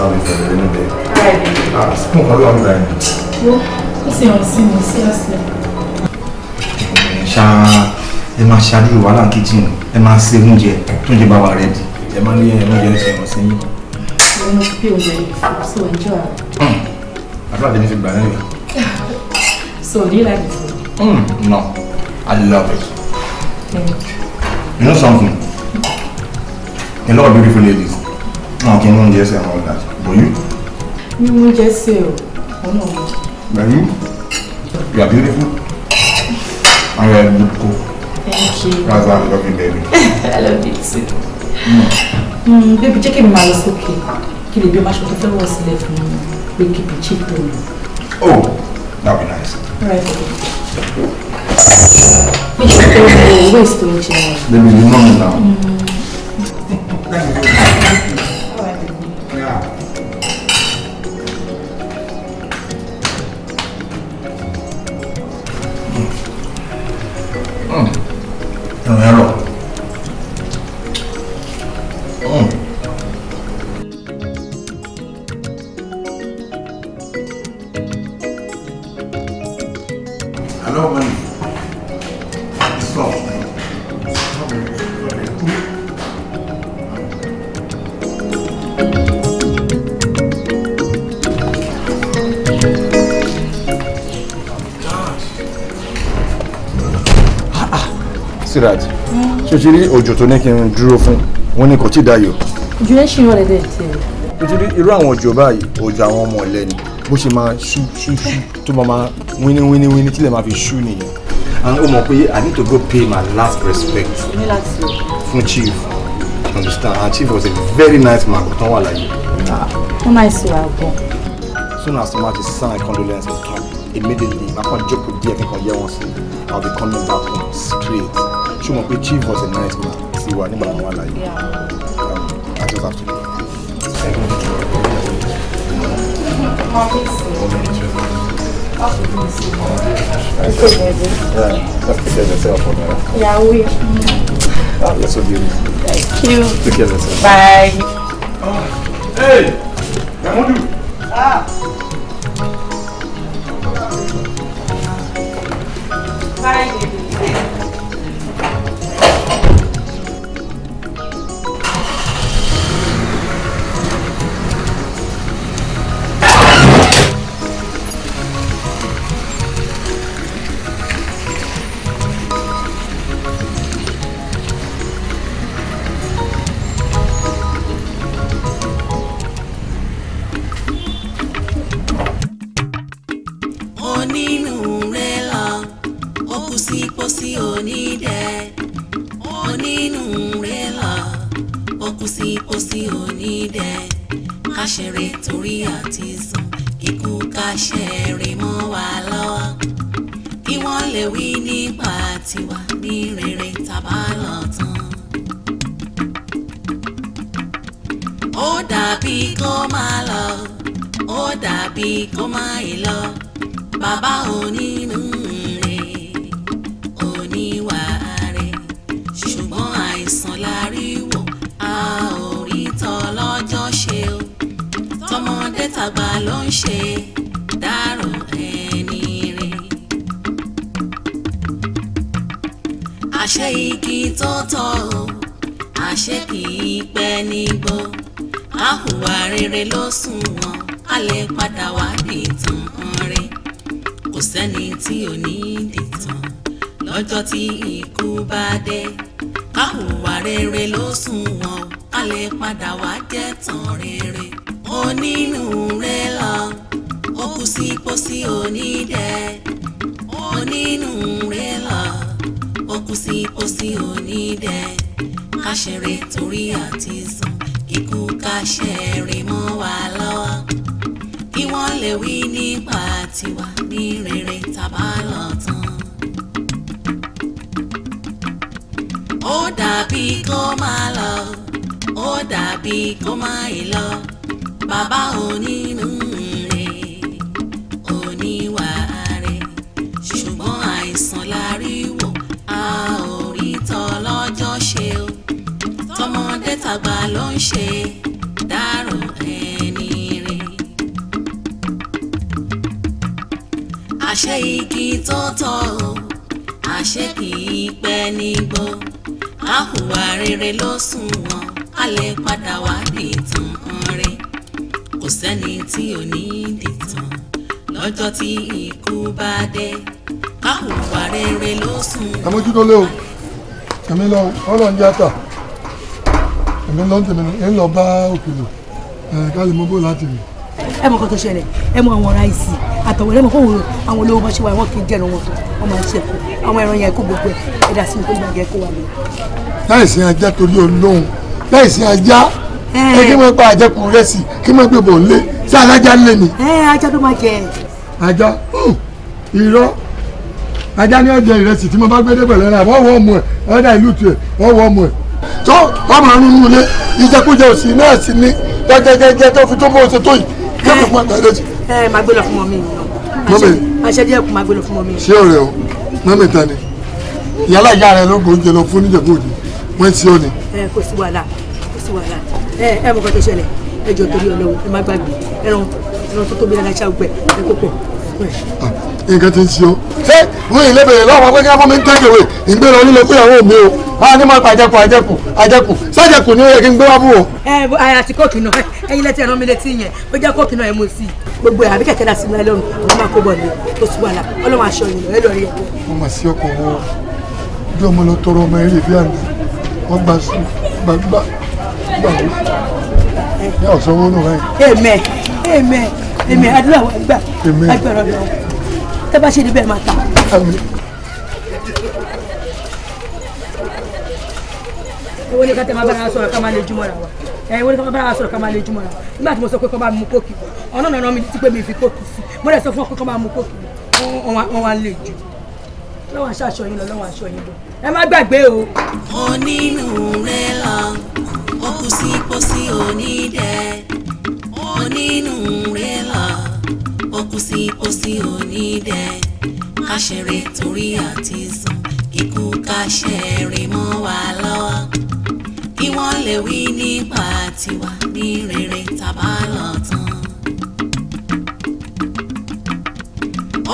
service at the end of the Ah, smoke a long time. Well, what's your sin? Seriously. Ṣá ẹ máa ṣáájú wàhálà kitchen ẹ máa ṣe oúnjẹ tó ń jẹ bàbá rẹ di ẹ máa ní ẹ oúnjẹ ń ṣe ìrànṣẹ́ yín. Mo ní pé oúnjẹ yìí fún so enjoy. Hmm. Àdúrà tèmi fi gbà nílò. So do you like it? Mm, no, I love it. Thank you. You know something? A lot of beautiful ladies. Okay, No, I can oúnjẹ ṣe àwọn for you. You mú just sí Oh no. Are you? you are beautiful I am beautiful. Thank you. That's why I love you baby. I love you too. Mm. Mm, baby check kí mi máa lọ sókè kí lè bí ọmọ aṣọ tó fẹ́ wọ̀ sílẹ̀ fún mi pé kí mi Oh, that would be nice. Right. Which is the waste to engineer. Baby, me now. Mm. ṣe ti rí òjò tó ní kí n dúró fún wọn ni kò tí ì dayọ̀. ojú ẹ ṣì ń rọlẹ̀ dẹ̀ ṣe ti rí irú àwọn òjò báyìí òjò àwọn ọmọ ọ̀lẹ́ ni bó ṣe máa ṣú ṣú ṣú tó máa máa wíní wíní wíní tílẹ̀ máa fi ṣú nìyẹn. and ó pé i need to go pay my last respect fún chief understand and chief was a very nice man kò tán wà láyé. ó máa ń sọ àgbọ̀. soon as tomorrow to sign condolence with camp immediately my phone joke with there can hear one say i'll be coming back home straight ṣé o mọ̀ pé chief was a nice man sí wa nígbà wọn wà láyé um, i just have to go. Yahweh. Yeah, ah, you're so beautiful. Thank you. Take care of yourself. Bye. Oh, hey, Yamudu. sí pósí onídẹ onínúrẹ́là ó kú sí pósí onídẹ káṣẹrẹ torí àti sùn kíkú káṣẹrẹ mọ́ wa lọ́wọ́ kí wọ́n lè wí nípa tiwa ní rere tàbá lọ tán. ó dàbí kó máa lọ ó dàbí kó máa lọ bàbá onínú. ṣe dárò ẹni rè. àṣé igi tó tọ́ o àṣé kì í pẹ́ nígbó a hùwà rere ló sùn wọn a lè padà wá dìtàn rẹ̀ kò sẹ́ni tí ò ní dìtàn lọ́jọ́ tí ikú bá dé a rere ló sùn wọn. àmójútó lé o èmi lọ ọlọ́run jẹ́ àtà èmi lọ tèmi lọ ń lọ bá òkèlè ká lè mọ bó láti rè. ẹ mọ nǹkan tó ṣẹlẹ̀ ẹ mọ àwọn ará ìsì àtọwọ ẹ mọ fóun àwọn olówó bá ṣe wà wọn kì í jẹrun wọn wọn máa ń ṣe kú àwọn ẹran yẹn kó gbogbo ẹ ẹ dà sí ní kó gbàgbé kó wà lọ. láìsí ajá torí olóhùn láìsí ajá ẹ kí wọn pa àjẹkù rẹsì kí wọn gbé bò ń lé sí alájà ń lé ni. ẹ ajá ló máa jẹ. ajá irọ́ ajá ni ọjà ìrẹsì tí mo bá gbé tó wọ́n máa ń nínú ilé ìjẹkújẹ òsì náà sì ní gẹ́gẹ́gẹ́gẹ́ tó fi tó bó ṣe tó yìí kí ló fún àtàlẹ́ jù. ẹ ẹ máa gbé lọ fún mọ mi ni o àṣẹ díẹ̀ kù máa gbé lọ fún mọ mi. ṣé ọ̀rẹ́ o mọ́mí ta ni ìyálà ìyá rẹ ló ń gbóúnjẹ lọ fún níjẹ̀bú òde wọ́n ti ọ́ ni. ẹ kò sí wàhálà kò sí wàhálà ẹ ẹ mọ̀ kọ́ tó ṣẹlẹ̀ ẹ jọ torí ọlọ́wọ́ ẹ má gbàgbé ẹran ẹran tó tóbi dáadáa ṣáà gbẹ ẹ kó pọ̀ nǹkan ti ń ṣe o ṣé wọ́n yìí lébèrè lọ́wọ́ pé kí wọ́n mi ń tẹ́kẹ̀wé ìgbéra onílẹ̀ pé àwọn ò mi o àwọn ah, ní máa pa àjẹkù àjẹkù àjẹkù sájẹkù ni ó yẹ kí n gbé wá bú o. ẹ bó ayé àti kóòkì náà ẹyin lẹ́tí ẹran mi létí yẹn bó jẹ́ kóòkì náà ẹ mú sí i gbogbo ẹ̀ àbí kẹ̀kẹ́ dà sí mi lẹ́nu àwọn máa kó bọ̀ ní tó sì wà lá ọlọ́run aṣọ yìí ẹ lọ rí ẹ. mo mà sí ọkọ̀ wọ bí ọmọ lọ tọrọ ọmọ eré bí àná wọn gbà sùn gbàgbà gbàgbà yà ọ̀sán wọn nù báyìí. èmẹ èwo ni ká tẹ máa bára sọ̀rọ̀ ká máa lè jùmọ̀ ra wa èwo ni ká máa bára sọ̀rọ̀ ká máa lè jùmọ̀ ra wa nígbà tí mo sọ pé kọ́ bá mu kókì ọ̀nà ọ̀nà mi ti pé mi fi kókì sí mo rẹ̀ sọ fún ọ pé kọ́ máa mu kókì wọ́n wá lè jù lọ́wọ́ aṣọ aṣọ yín lọ lọ́wọ́ aṣọ yín bọ̀ ẹ má gbàgbé o. onínú rẹ lọ òkú sí pósí onídẹ onínú rẹ lọ òkú sí pósí onídẹ káṣẹrẹ torí àti sùn kíkú káṣẹrẹ mọ́ wa lọ́wọ́ mọ́ lè wí nípa tiwa ní rere tàbá lọ tán.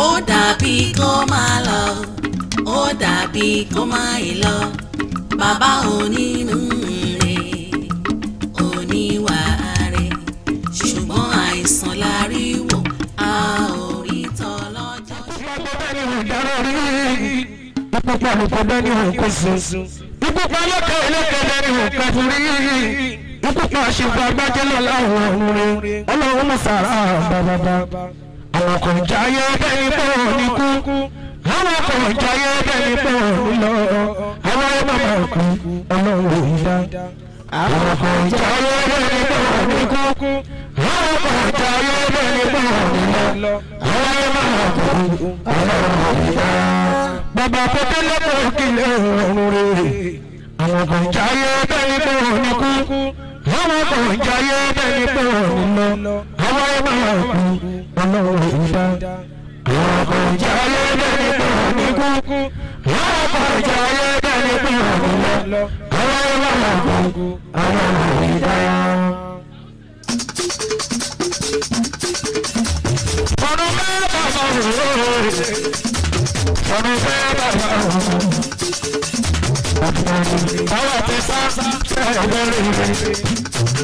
ó dàbí kó máa lọ ó dàbí kó máa yìí lọ bàbá onínú rè oníwà rè ṣùgbọ́n àìsàn la rí wò a ò rí tọ́ lọ́jọ́. ọ̀pọ̀lọpọ̀ ní ìdáná rí ọ̀pọ̀lọpọ̀ ní ìdáná rí kó sùn ikú pa lọ́kàn ẹlẹ́kẹ̀lẹ́ ni òkà fún rí ikú pa ṣègbà gbájẹ́ lọ láwọn ọ̀hún rẹ ọlọ́run mọ̀ sàrà bàbàbà àwọn ọkọ̀ ìjà ayé ọbẹ̀ ní pọ̀ níkú àwọn ọkọ̀ ìjà ayé ọbẹ̀ ní pọ̀ nílọ àwọn ọmọ ọkọ̀ ọlọ́run ìdá àwọn ọkọ̀ ìjà ayé ọbẹ̀ ní pọ̀ níkú àwọn ọkọ̀ ìjà ayé ọbẹ̀ ní pọ̀ nílọ àwọn ọmọ ọkọ̀ ọlọ́run ìdá bàbá àkókò lọ́pọ̀ kìlẹ̀ ọ̀run rẹ̀ àwọn kan jáyé bẹ́ẹ̀ ni kò ní kú àwọn kan jáyé bẹ́ẹ̀ ni kò ní lọ àwọn ẹ̀ máa kú ọlọ́run ìdá àwọn kan jáyé bẹ́ẹ̀ ni kò ní kú àwọn kan jáyé bẹ́ẹ̀ ni kò ní lọ àwọn ẹ̀ máa kú ọlọ́run ìdá. ọmọ ìfẹ́ bàbá àwọn àti sá ṣe ẹgbẹ́ rẹ̀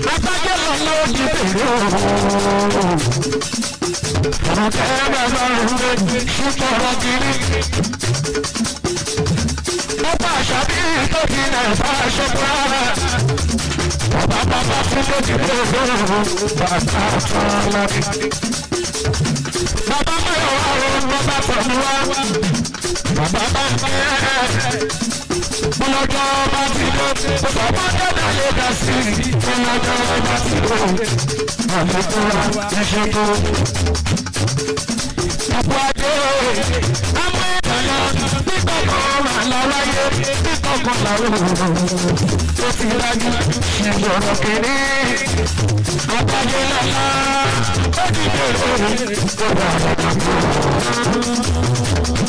látàjẹ́ lọ́lọ́ ti bèrè ooo. ọmọ kẹ́rẹ́ bàbá rẹ̀ ṣùkọ̀rọ̀ kiri. ọba àṣàbí tó ti nà ẹ̀fọ́ aṣọ kúrárà. ọba bàbá fún lójú bèrè ooo bàbá àtọ́ lábẹ́. bàbá mẹ́wàá ló ń bọ́ bá pọ̀ níwá bàbá Bọ́lọ́jọ́ bá ti lọ, bàbá dẹ́dà lè dà sí i. Bọ́lọ́jọ́ bá ti lọ, àmọ́tọ́ra ti ṣe tó. Àpò àdé àmọ́ ìdàlá nígbà kan rà láwáyé nígbà kan làwọn tó ti rájú ṣèjọba kéré. Àpàdé lọ́la ó ti bẹ̀rẹ̀ òun kó bá a lọ́kàn.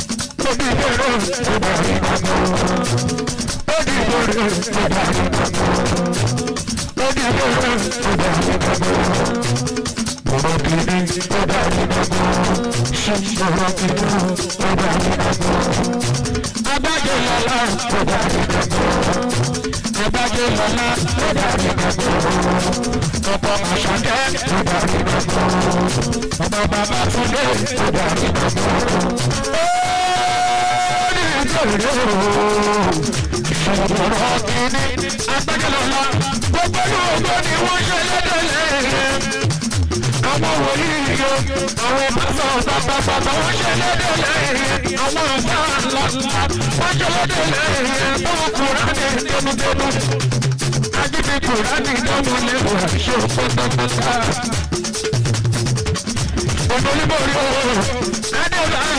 dìde rẹ̀ tó bá rí kankan. ó dìde rẹ̀ tó bá rí kankan. ó dìde rẹ̀ tó bá rí kankan. Bọ̀dọ̀ kìíní tó bá rí kankan. Bọ̀dọ̀ kìíní tó bá rí kankan. Abájọ lọ́la tó bá rí kankan abájọ lọ́la lọ́dà nígbà gbọ́. ọ̀pọ̀ àṣàkẹ́ lọ́dà nígbà gbọ́. ọ̀pọ̀ bàbá túndé lọ́dà ọ̀rọ̀ kìíní agbẹ́jọ́lọ́lá gbogbo ní ògbó ni wọ́n ṣe lẹ́dẹ̀lẹ́. àwọn wòlíì yìí àwọn ìbáṣọ bàbàbàbà wọ́n ṣe lẹ́dẹ̀lẹ́. àwọn ìbá ńláńlá wọ́n ṣe lẹ́dẹ̀lẹ́. báwo kùrá ní tẹnutẹnu ajínigbé kùrá ní ìdánwò lẹ́wọ̀ àṣẹ pátápátá. ògbólíbòrí o adébá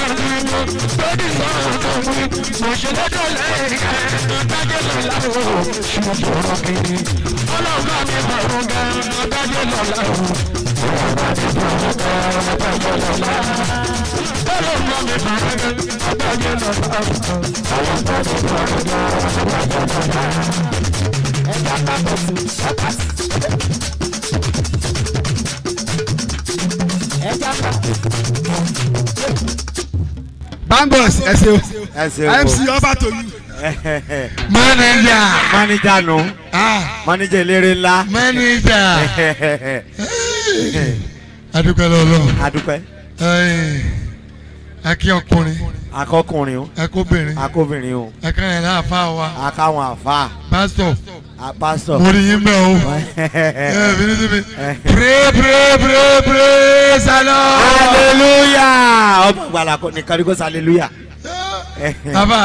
lórí lọ́rùn tó wí òṣèlú tó lẹ́yìn ẹ̀ dájẹ́ lọ́la o ṣùgbọ́n ọ̀rọ̀ kìíní ọlọ́ọ̀bá mi bọ̀rùn gan dájẹ́ lọ́la o ọlọ́ọ̀bá mi bọ̀rùn gan dájẹ́ lọ́la ọlọ́ọ̀bá mi bọ̀rùn gan dájẹ́ lọ́la ọlọ́ọ̀bá mi bọ̀rùn gan dájẹ́ lọ́la ẹ̀dá kábọ̀ sí ṣọ́kà ẹ̀dá kábọ̀ sí ṣọ́kà bangos ẹ ṣe o mc over to you. manager. manager nu. Ah. manager eléré ńlá. manager. adúpẹ́ lọ́lọ́. adúpẹ́. Eh, akí ọkùnrin. akọkùnrin o. akóbìnrin. akóbìnrin o. akẹ́rẹ́ náà àfa wa. akáwọn àfa. pásítọ̀. Ah, pastor. mo ní yín mẹ́ o. pray pray pray pray salo. hallelujah ọmọ ìgbàlá kò ní kárí kó hallelujah. bàbá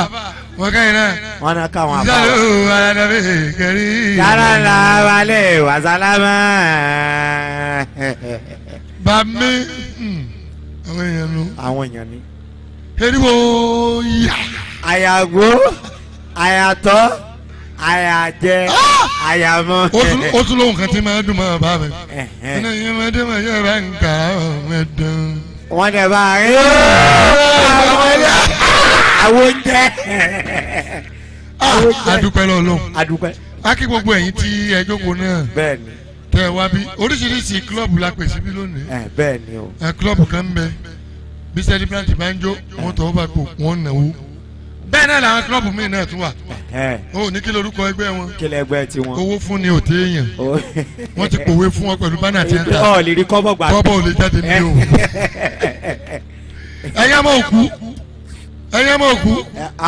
wọ́n kẹ́yìn náà. wọ́n náà ká wọn àbá. salo aladabe kẹrí. yàrá la wàlẹ̀ wàsálámà. bàmí hmm, àwọn èèyàn ló. àwọn èèyàn ni. eriwo yà. àyàgbó àyàtọ̀ àyà jẹ àyà ah! mọ. o tún lóhùn kan tí máa dùn máa bá mi. ẹnì yẹn máa dé máa yẹra nǹkan ọmọ dùn. wọn dẹ bá a ah, rí àwọn oúnjẹ. adúpẹ́ lọ́lọ́hún adúpẹ́. a kí gbogbo ẹ̀yin tí ẹ jókòó náà. bẹ́ẹ̀ni. tẹ ẹ wá bí oríṣiríṣi kílọ̀bù la pèsè bí lónìí. ẹ kílọ̀bù kan bẹ bí sẹ́dí bíláǹtì bá ń tọ́ ọ́ bá gbò wọ́n náwó bẹ́ẹ̀ náà làwọn kílọ̀bù míì náà tún wà o ní kí lorúkọ ẹgbẹ́ wọn kílẹ̀ ẹgbẹ́ ti wọn owó fún ni ò tẹ́ èèyàn wọ́n ti pòwe fún wọn pẹ̀lú bánà tí ń ta ọ̀ lè rí kọ́bọ̀ gbà kọ́bọ̀ ò lè jáde ní o ẹ̀yà máa kú ẹ̀yà máa kú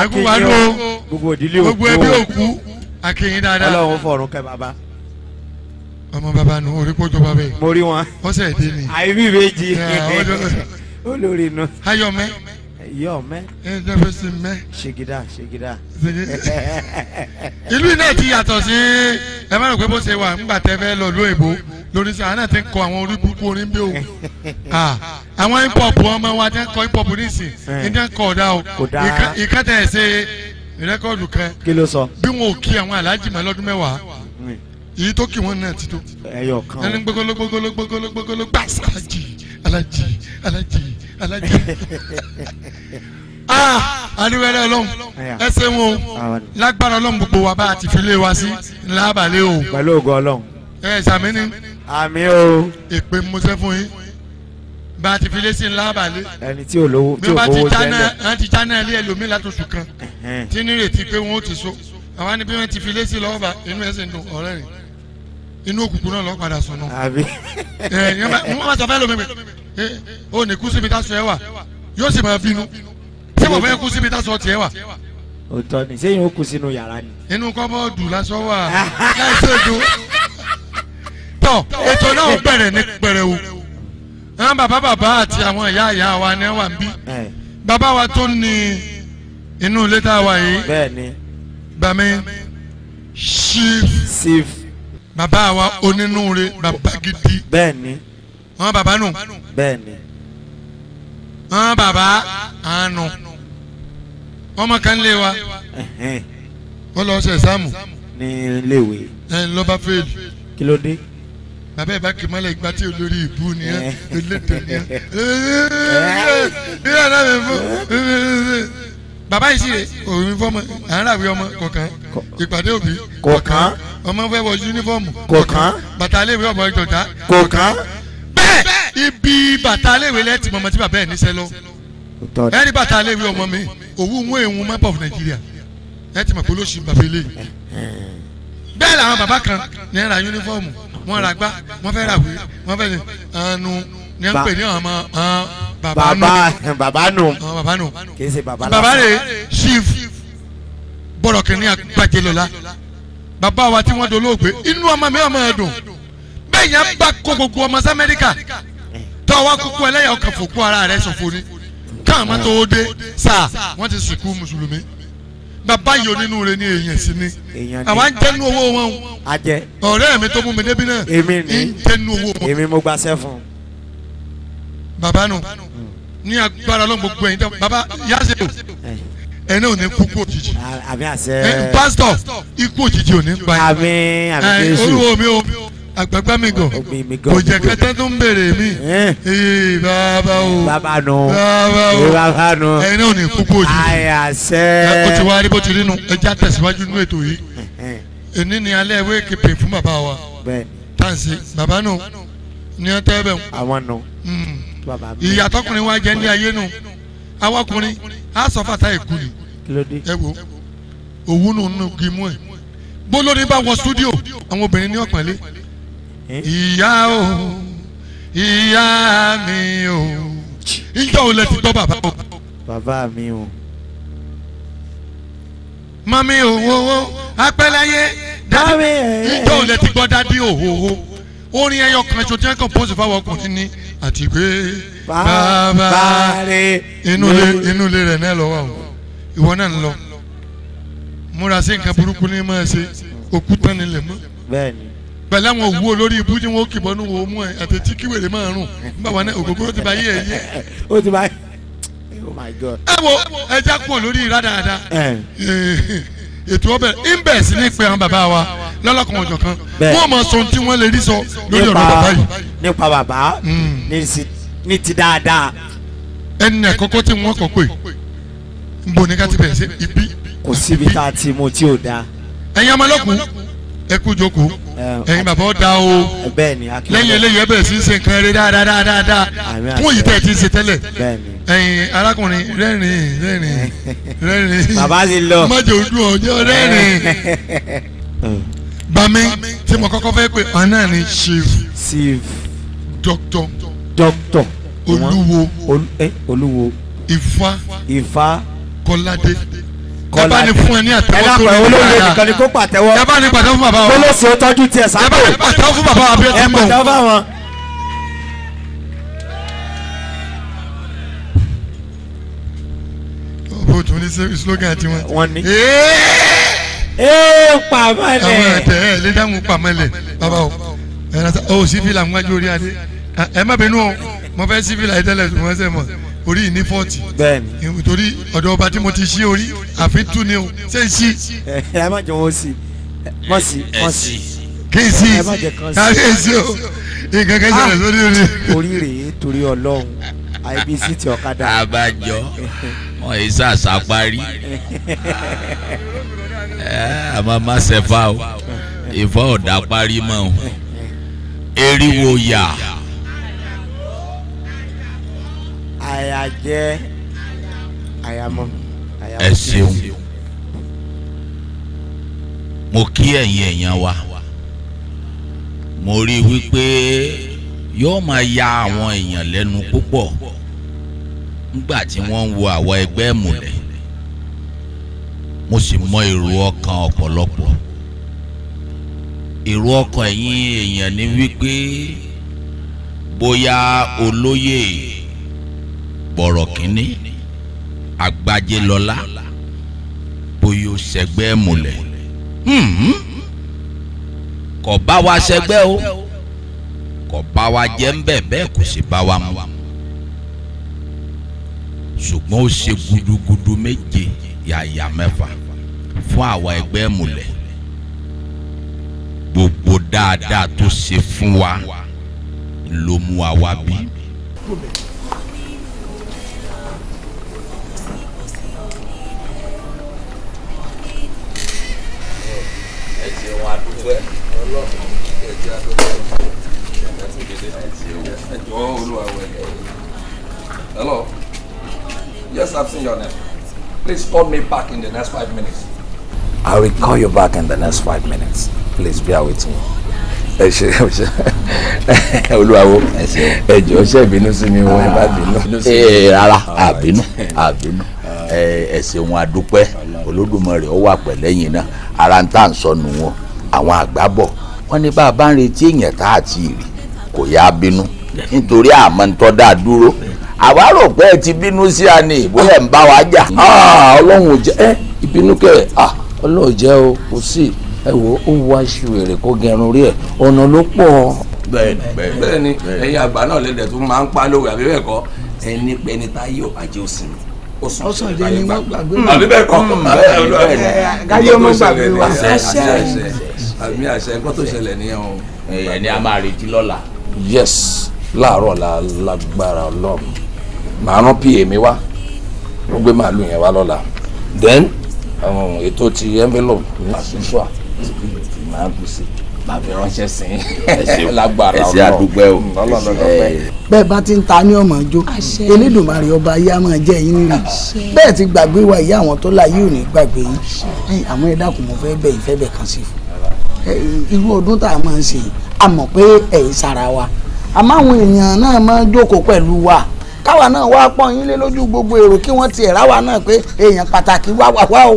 ẹ̀kú wa ló gbogbo ẹbí òkú akéyìn dáadáa ọlọ́run fọ̀rùn kẹ́ bàbá ọmọ bàbá nu orí kójọ bàbá yìí mo rí wọn ọ̀sẹ̀ ìdí ni àìbí ìbejì olórí nu ayọ̀mẹ́ yọ mẹ. ẹ jẹ́ fẹ́ sin mẹ́. ṣègidà ṣègidà. ìlú iná ti yàtọ̀ sí ẹ má rò pé bó ṣe wà ńgbà tẹ́ fẹ́ lọ lóyìnbó lórí sàn án ti ń kọ àwọn oríkúkú orin bí o àwọn hip hop ọmọ wa ti ń kọ hip hop nísìn ní ti ń kọ ọ̀dà o ìkẹtẹ̀ ṣe rẹ́kọ̀dù kan kí ló sọ bí wọn ò kí àwọn aláàjì mọ́ lọ́dún mẹ́wàá èyí tó kí wọn náà ti tó ẹni gbogbo gbogbo gbogbo gbogbo gbogbo gbàsá alájì alájì alájì alájà ah aliwẹlẹ Ọlọ́run ẹsẹ wọn o ah, lágbára Ọlọ́run gbogbo wa bá a ti fi lé wa sí ńlá balẹ̀ o. pẹ̀lú ògo Ọlọ́run. ẹ sàmínì. àmì o. èpè mọ́sẹ́ fún yín bá a ti fi lé sí ńlá balẹ̀. ẹni tí olówó tí olówó tẹ́lẹ̀. bí wọ́n ti jáná ilé ẹlòmíì látòṣù kan tí nírètí pé wọ́n ó ti so àwọn ni bí wọ́n ti fi lé sí lọ́wọ́ bá inú ẹ̀sìn dùn ọ̀rẹ́ rẹ̀ inú òkùnkùn náà lọ padà sọnù. àbí. ẹ ẹ wọn bá sọ fẹ́ lómi pé ó eh, ní kú síbi tá sọ ẹ wà yóò sì máa bínú ṣé bàbá yẹn kú síbi tá sọ tiẹ̀ wà. òótọ́ ni sẹ́yìn ó kú sínú yàrá ni. inú kọ́bọ́ọ̀dù lásán wà láì ṣètò. tọ ètò náà bẹ̀rẹ̀ ní pẹrẹwu àwọn bàbá bàbá àti àwọn ìyá ìyá wa ni wà ń bí eh. bàbá wa tó ní inú ilé tá a wà yìí bàmí ṣíf bàbá wa onínúure bàbá gidi. bẹ́ẹ̀ni. wọn bàbá nù. bẹ́ẹ̀ni. wọn bàbá àánú. ọmọ kan lé wa. ó lọ ṣe sáàmù. ní iléèwé. ẹ ń lọ́ba fèèlì. kí ló dé. bàbá ẹ̀ bá kì í mọ́lẹ̀ ìgbà tí olórí ìbú ni ẹ elétò ni ẹ. ẹ ẹ ẹ ẹ ẹ ẹ ẹ ẹ ẹ ẹ ẹ ẹ ẹ Baba yìí sì rè òun fọmọ àràwé ọmọ kọ̀ọ̀kan ìpàdé òbí kọ̀ọ̀kan ọmọ fẹ́ wọ yunifọ́ọ̀mù kọ̀ọ̀kan bàtà iléèwé ọmọ ìjọta kọ̀ọ̀kan bẹ́ẹ̀ ibi bàtà iléèwé lẹ́tì mọ̀mọ́ tí bàbá ẹ̀ níṣẹ́ lọ ẹ̀rí bàtà ọmọ mi òwú ń wọ èèwọ̀n map of Nigeria ẹ̀ ti mọ̀ pé olóṣù bàbá ilé bẹ́ẹ̀ làwọn bàbá kan ní ẹ̀ ra yunifọ́ọ̀mù wọ́n ra gbá wọ́n fẹ́ ràwé wọ́n fẹ́ ní à ń pè ọmọ bàbá nù. bàbá nù. bàbá nù. chief bọ̀rọ̀ kìnìún àgbàjẹ lọ́la bàbá wa tí wọ́n dolóògbé inú ọmọ mi ọmọ ẹ̀ dùn bẹ́ẹ̀ yẹn bá kó gbogbo ọmọ sí amẹ́ríkà tó wá kúkú ẹlẹ́yà ọkàn fòkú ara rẹ̀ ṣòfò ni káwọn ọmọ tó dé sáà wọ́n ti sìnkú mùsùlùmí bàbá yìí onínú rẹ ní èèyàn sí ni àwa ń jẹ́nu owó wọn o ọ̀rẹ́ mi tó mú mi débi náà ń jẹ́nu owó wọn. èmi mo gbaṣẹ́ fún bàbá nù ní agbára lọ́n gbogbo ẹ̀yin tẹ́ bàbá yáṣẹ́ o ẹni ò ní kú kú òjijì pásítọ̀ ikú òjijì ò ní pa ẹ̀ olúwo mi o àgbàgbà mi gàn kò jẹ́ tó ń béèrè mi ee bàbá o bàbá nù bàbá nù ẹni ò ní kú kú òjijì ẹ o ti wá rí bó ti rí nu ẹ já nínú ètò yìí èní ni alẹ́ ìwé kìpè fún bàbá wa táǹsì bàbá nù ní ọtẹ́ bẹ̀ wọ́n ìyà tọkùnrin wa jẹ ní ayé nù awọkùnrin á sọ fàtà èkú ni ẹ wo òwú nù nù gímú ẹ bólórí bá wọ stúdíò àwọn obìnrin ní ọ̀pẹ̀lẹ́ ìyá o ìyá mi o ìjọ ò lẹ ti gbọ́ bàbá o. bàbá mi o. mami òwòwò apẹ́lẹ́yé dádì ìjọ ò lẹ ti gbọ́ dádì òwòwò orin ẹyọ kan ṣojú ẹ̀ kàn pọ́sì fáwọn ọkùnrin ní àti pé bàbá rẹ inú ilé rẹ náà lọ́wọ́ àwọn ìwọ náà ń lọ múra sí nǹkan burúkú ní máa ṣe òkúta nílẹ̀ mọ́ pẹ̀lú àwọn òwú olórí ibú tí wọ́n kìbọn ní wọ́n mú ẹ àti tí kíwèrè máa rùn nígbà wọn náà ògógóró ti bá yé ẹ yé. ó ti bá oh my god. ẹ wo ẹja kúrò lórí ìradàdà ètò ọbẹ̀ ń bẹ̀ sí ní pé àwọn bàbá wa lọ́lọ́kan ọ̀jọ̀ kan wọ́n mọ̀ sọ tí wọ́n lè rí sọ lórí ọ̀rọ̀ bàbá yìí. nípa bàbá hmm. ní ti dáadáa. ẹni àkọ́kọ́ tí wọ́n kọ̀ pé ń bo ní ká ti bẹ̀rẹ̀ sí ibi. kò síbi tá a ti mú tí ò dáa. ẹ̀yin ọmọ ẹ kú jókòó ẹ̀yin bàbá ó da o lẹ́yìn eléyìí ẹ bẹ̀rẹ̀ sí ṣe nǹkan rẹ dáadáa dáadáa fún èyí tẹ́ ti ṣe tẹ́lẹ̀ ẹ̀yin arákùnrin rẹ́rìn rẹ́rìn rẹ́rìn bàbá ti lọ má ọjọ́ rẹ́rìn. bami tí mo kọ́kọ́ fẹ́ pé àná ni chief chief doctor doctor olúwo olúwo ifá ifá kọ́ládé kọ́ládé yabani fún ẹ ní àtẹ́wọ́ tó ní bàbá yà ẹ̀ka ni kó pàtẹ́wọ́ yabani pàtẹ́wọ́ fún bàbá wa kólóso tọ́jú tiẹ̀ sáà yabani pàtẹ́wọ́ fún bàbá wa bí ẹ ti mọ̀ ẹ̀ pàtẹ́wọ́ fún àwọn. bó tún ní slogan tiwọn. wọ́n ní ee pàmẹlẹ. àwọn ẹ̀tẹ̀ ẹ̀ lé dáhùn pàmẹlẹ bàbá o ọ̀ sífìlà ń wájú orí adé ẹ má bínú o mo fẹ́ sífìlà yìí tẹ́lẹ̀ tún wọ́n sẹ́ mọ̀ orí yìí ní fọ́ọ̀tì bẹ́ẹ̀ni torí ọ̀dọ̀ ọba tí mo ti ṣí orí àfi tú ni o ṣé n ṣí. ẹ má jẹ wọn sí mọ sí mọ sí. kí n sí kárí èsì o nǹkan kan ṣẹlẹ̀ sórí orí. orí rèé torí ọlọ́run ibc ti ọ̀kadà. àbájọ wọn èyí sàṣàparí. àmọ́ eh, má ṣẹ̀fà o ìfọ́ ọ̀dà parí mọ́ o eriwo yà. àyà jẹ́ àyàmọ́. ẹ ṣeun mo kí ẹ̀yin èèyàn wa mo rí i wípé yóò máa ya àwọn èèyàn lẹ́nu púpọ̀ nígbà tí wọ́n ń wo àwọn ẹgbẹ́ mùlẹ̀ mo sì mọ èrò ọkàn ọ̀pọ̀lọpọ̀ èrò ọkàn ẹ̀yin èèyàn ni wípé bóyá olóyè bọ̀rọ̀ kínní àgbájé lọ́lá bóyá ó ṣẹgbẹ́ múlẹ̀ kò bá wa ṣẹgbẹ́ o kò bá wa jẹ́ ń bẹ̀ bẹ́ẹ̀ kò sì bá wa mu ṣùgbọ́n ó ṣe gudugudu méje yàyà mẹ́fà fún àwa ẹgbẹ́ múlẹ̀ gbogbo dáadáa tó ṣe fún wa ló mú wa bí. Hello. Yes, I've seen your name. Please call me back in the next five minutes. I will call you back in the next five minutes. Please bear with me. ẹ ṣe olúwawo ẹ jọ̀ọ́ ṣe bínú sí mi wọn ẹ bá bínú. ee eh, rárá àbínú àbínú ẹ ṣeun adúpẹ́ Olódùmarè ó wà pẹ̀lẹ́yìn náà ara ń tà ń sọnù wọn àwọn àgbà bọ̀ wọ́n ní bá a bá ń retí èèyàn tá àti ìrì kò yá bínú nítorí àmọ́ ń tọ́ dáa dúró àwa rò pé ẹ ti bínú sí a ní ìbóyá ń bá wa jà. Ah, ọlọ́run ò jẹ́ ẹ ìbínú ah, kẹ ọlọ́run jẹ́ o kò sí ẹ wo ó wá iṣu èrè kó gẹrun rí ẹ ọ̀nà ló pọ̀. bẹ́ẹ̀ni bẹ́ẹ̀ni ẹ̀yin àgbà náà lẹdẹ tún máa ń pa lóore àbí bẹ́ẹ̀ kọ́ ẹni pé ẹni tá yóò bàjẹ́ òsìn oṣù tẹ̀lé ní wọ́n gbàgbé wa hmm, àbí bẹ́ẹ̀ kọ́ gáyé hmm, ọmọ gbàgbé wa àṣẹ àmì àṣẹ ẹ̀kọ́ tó ṣẹlẹ̀ nìyẹn o. ẹ̀yẹ̀ ni a máa retí lọ́la. yes láàárọ̀ la lágbára ọlọ́run màá rán pa mi wá ó gbé màálù yẹn wá lọ́la then ètò ti envelope àṣùṣùà màá gùn sí bàbá ránṣẹ́ sí i lágbára ọ̀nà ẹ̀sìn àdúgbò ẹ̀ o bẹ́ẹ̀ bá ti ń ta ní ọmọ ọjọ́ Elédùmarè ọba ayé á máa jẹ́ yín rè bẹ́ẹ̀ ti gbàgbé wa ìyá àwọn tó láyé ò ní gbàgbé yín àwọn ẹ̀dá kò mọ̀ fẹ́ bẹ̀ ìfẹ́ bẹ̀ kan sí irú ọdún tá a máa ń ṣe a pé ẹ̀ sara wa àmọ́ àwọn èèyàn náà máa ń jókòó pẹ̀lú wa káwa náà wá pọ̀ yín lé lójú gbogbo èrò kí wọ́n ti ẹ̀ráwa náà pé èèyàn pàtàkì wá wá wá o.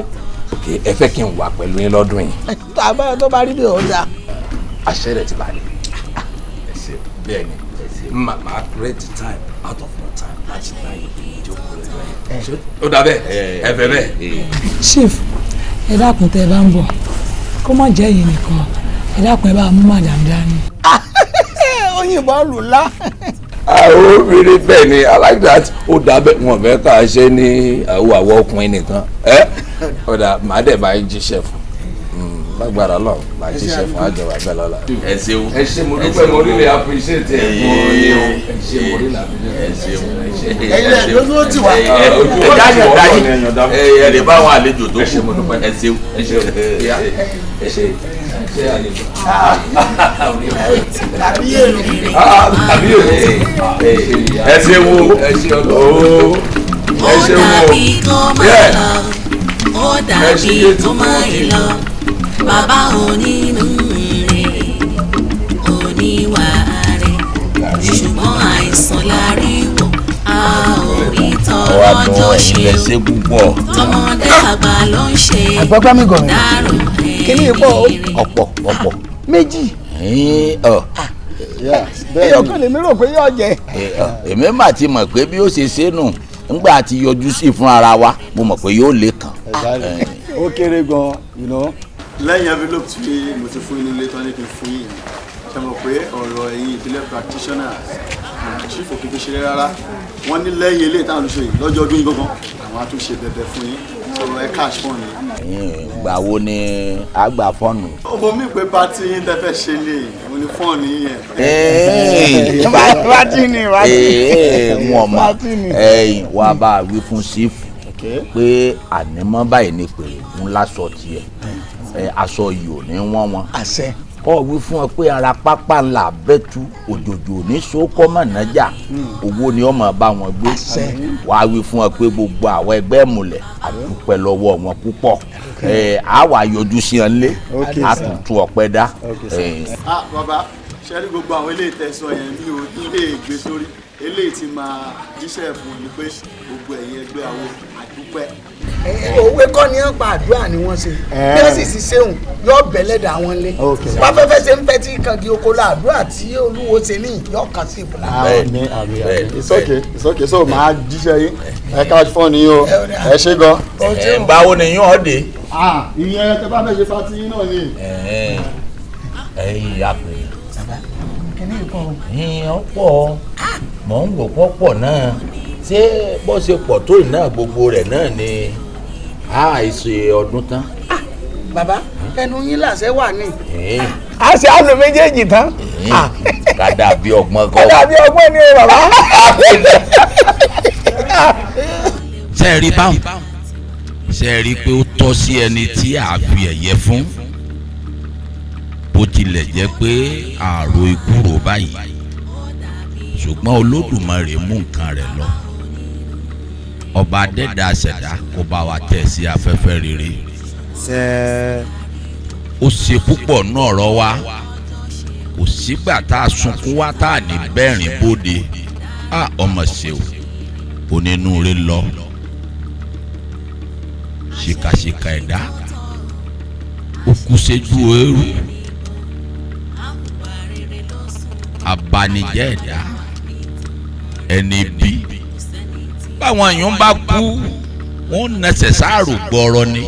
ok ẹ fẹ́ kí n wà pẹ̀lú yín lọ́dún yìí. tàbá tó bá rí bí ọjà. àṣẹ rẹ ti balẹ̀ ẹ ṣe bẹ́ẹ̀ ni màmá create the time out of no time láti gbà yín ìjókòó rẹ ó dà bẹ́ẹ̀ ẹ fẹ́ bẹ́ẹ̀. chief ẹ dákun tẹ ẹ bá ń bọ̀ kó má jẹ́ yìí nìkan ẹ dákun ẹ bá mú màdàm dání. ó yìnbọn lù lá àwọn obìnrin bẹ́ẹ̀ ni i like that ó dábẹ́ wọn fẹ́ ká ṣe ní àwọn àwọn ọkùnrin nìkan ẹ ọ̀dà màá dẹ̀ máa jíṣẹ́ fún lágbára hmm, lọ máa jíṣẹ́ fún àjọba bẹ́ẹ̀ lọ́la. ẹ ṣeun ẹ ṣe mo dúpẹ́ mo rí lè appreciate ẹ fún ọ ní o ẹ ṣe mo rí lè appreciate ẹ ṣeun ẹ ṣeun lójú ti wà ẹ ojú ọjà yẹn dáyé ẹ lè bá àwọn àlejò tó kù ẹ ṣeun ẹ ṣeun ẹ ṣe ẹ ṣe wo ẹ ṣe wo ó dàbí tó máa lọ ó inú wa dùn ẹ̀yìnlẹ̀ ṣe púpọ̀. tọmọdé àgbà ló ń ṣe dárò kíní ipò ọ̀pọ̀ ọ̀pọ̀ méjì. èyí ọkàn ah, lèmi rò pé yóò jẹ. èmi mà ti mọ̀ pé bí ó ṣe ṣe nù ńgbà tí yọjú sí fún ara wa mo mọ̀ pé yóò lè kàn. ó kéré gan-an lẹ́yìn envelope tí mo ti fún yín nílé tán ní kí n fún yín ṣe mọ̀ pé ọ̀rọ̀ ẹ̀yin ìpínlẹ̀ practitioners chief òkè fi ṣeré rárá wọ́n ní lẹ́yìn ilé ìtàn olùṣe yìí lọ́jọ́ ọdún yìí gbọ́ngàn àwọn àtúnṣe bẹ̀bẹ̀ fún yín sọ̀rọ̀ ẹ̀ cash fún yín. ìgbà wo ni a gbà fọ́ọ̀nù. ọmọ mi pé pati yín tẹ́ fẹ́ ṣe lè mo ní fọ́ọ̀nù yẹn. pati ni pati. wọn ma ẹ̀yin wa bá a wí fún sífù pé ànímọ́ báyìí ni pé ńlá sọ tiẹ̀ aṣọ yìí ò ní wọ́n wọn. àṣẹ ọ wí fún ọ pé ara pápá ńlá bẹ́tú òjòjò ní sókọ́ mọ̀nájà owó ni ọmọ bá wọn gbé wà á wí fún ọ pé gbogbo àwọn ẹgbẹ́ ìmùlẹ̀ àdúpẹ́ lọ́wọ́ wọn púpọ̀ á wà yọjú sí ọ nílé á tún tún ọpẹ́ dá. Ah, bàbá sẹ́rí gbogbo àwọn ilé ìtẹ̀sọ yẹn mi ò ní lè gbé sórí eléyìí ti máa jíṣẹ́ fún mi pé gbogbo ẹ̀yin ẹgbẹ́ àwọn òkè dúpẹ́. òwe kọ́ ni wọ́n pa àdúrà ni wọ́n ṣe bí wọ́n sì sì ṣéhùn yọ bẹ̀lẹ́dà wọn lé pápẹ́fẹ́ ṣe ń fẹ́ tí kangi oko la àdúrà tí olúwo ṣe ní yọ kàn sí ìbùdó. àmì àmì àmì it's okay it's okay so màá jíṣẹ́ yín ẹ ká fọ́ọ̀nù yín o ẹ ṣe gan. ẹ ń báwo ni yín ọ̀ dé. ìyẹn tẹ bá fẹ́ ṣe pátì yín náà ni. ẹyin ìyá pè é. kìnìún pọ̀. ìyẹn pọ̀ mọ̀ ń wò pọ̀ pọ̀ náà ṣé bó ṣe pọ̀ tó iná gbogbo rẹ̀ náà ni àìsè ọdún tán. Ah, bàbá ẹnu yín làṣẹ wà ní. a ṣe àlò méjèèjì tán. Ah. ká dàbí ọgbọ́n kọ́. ká dàbí ọgbọ́n ni o bàbá. ṣe é rí báwọn ṣe é rí pé ó tọ́ sí ẹni tí a fi ẹ̀yẹ fún bó tilẹ̀ jẹ́ pé ààrò ikú rò báyìí ṣùgbọ́n Olódùmarè mú nǹkan rẹ̀ lọ ọba adẹ́dá ṣẹ̀dá kó bá wa tẹ̀ sí afẹ́fẹ́ rere. ó ṣe púpọ̀ náà rọ wa kò sígbà tá a sunkún wá tá a ní bẹ́ẹ̀rín bóde a ọmọ ṣe onínúure lọ ṣìkàṣìkà ẹ̀dá ó eérú abanijẹ́ ẹ̀dá ẹni bíi báwọn èèyàn bá kú wọn nẹsẹ̀ sáàrò gbọ́rọ̀ ni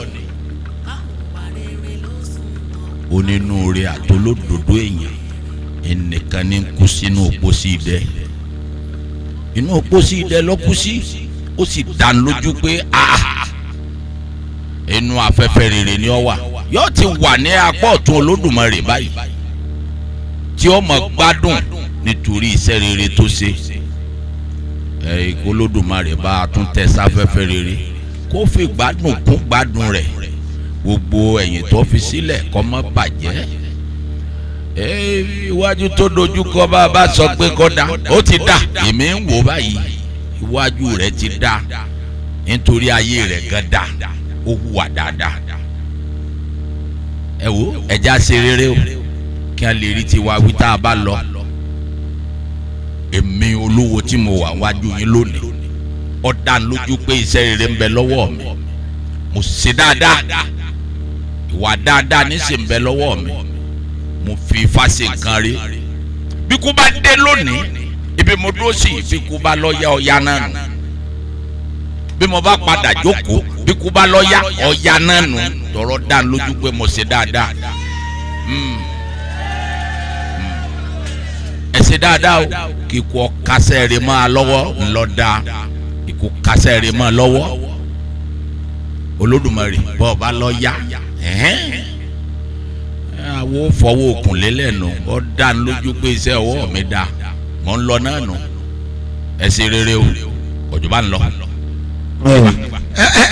onínúure àtolódodo èèyàn ẹnìkan ní kú sínú òpósí idẹ inú òpósí idẹ ló kú sí ó sì dàn lójú pé inú afẹ́fẹ́ rere ni ó wà yóò ti wà ní apá ọ̀tún Olódùmarè báyìí tí ó mọ̀ gbádùn nítorí iṣẹ́ rere tó ṣe. Olódùmarè bá a tún tẹ sáfẹ́fẹ́ rere kó fi gbádùn kún gbádùn rẹ̀ gbogbo ẹ̀yìn tó fi sílẹ̀ kó má bàjẹ́ iwájú tó dojú kọ bá a bá sọ pé kó dá ó ti dá èmi ń wò báyìí iwájú rẹ̀ ti dá nítorí ayé rẹ̀ gan dá ó hùwà dáadáa ẹ wo ẹja ṣe rere o kí a lè rí tiwa wí tá a bá lọ èmi olówó tí mo wà wájú yín lónìí ó dá lójú pé iṣẹ́ rere ń bẹ lọ́wọ́ mi mo ṣe dáadáa ìwà dáadáa níṣẹ́ ń bẹ lọ́wọ́ mi mo fi ifá nǹkan rí bí kú bá dé lónìí ibi mo dúró sí ibi kú bá lọ́ọ́yà ọ̀yà náà nù bí mo bá padà jókòó bí kú bá lọ́ọ́yà ọ̀yà náà nù tọ̀rọ̀ dá pé mo ṣe dáadáa. Hmm ṣe dáadáa o kí ikú ọkasẹ́ rẹ̀ mọ́ a lọ́wọ́ ńlọ́dà ikú kasẹ́ rẹ̀ mọ́ a lọ́wọ́ Olódùmarè bọ́ ọ bá lọ yá àwo fọwọ́ òkun lélẹ̀ nù ọ dá lójú pé iṣẹ́ ọwọ́ mi dá mọ́ ń lọ náà nù ẹ rere o ọjọ́ bá ń lọ.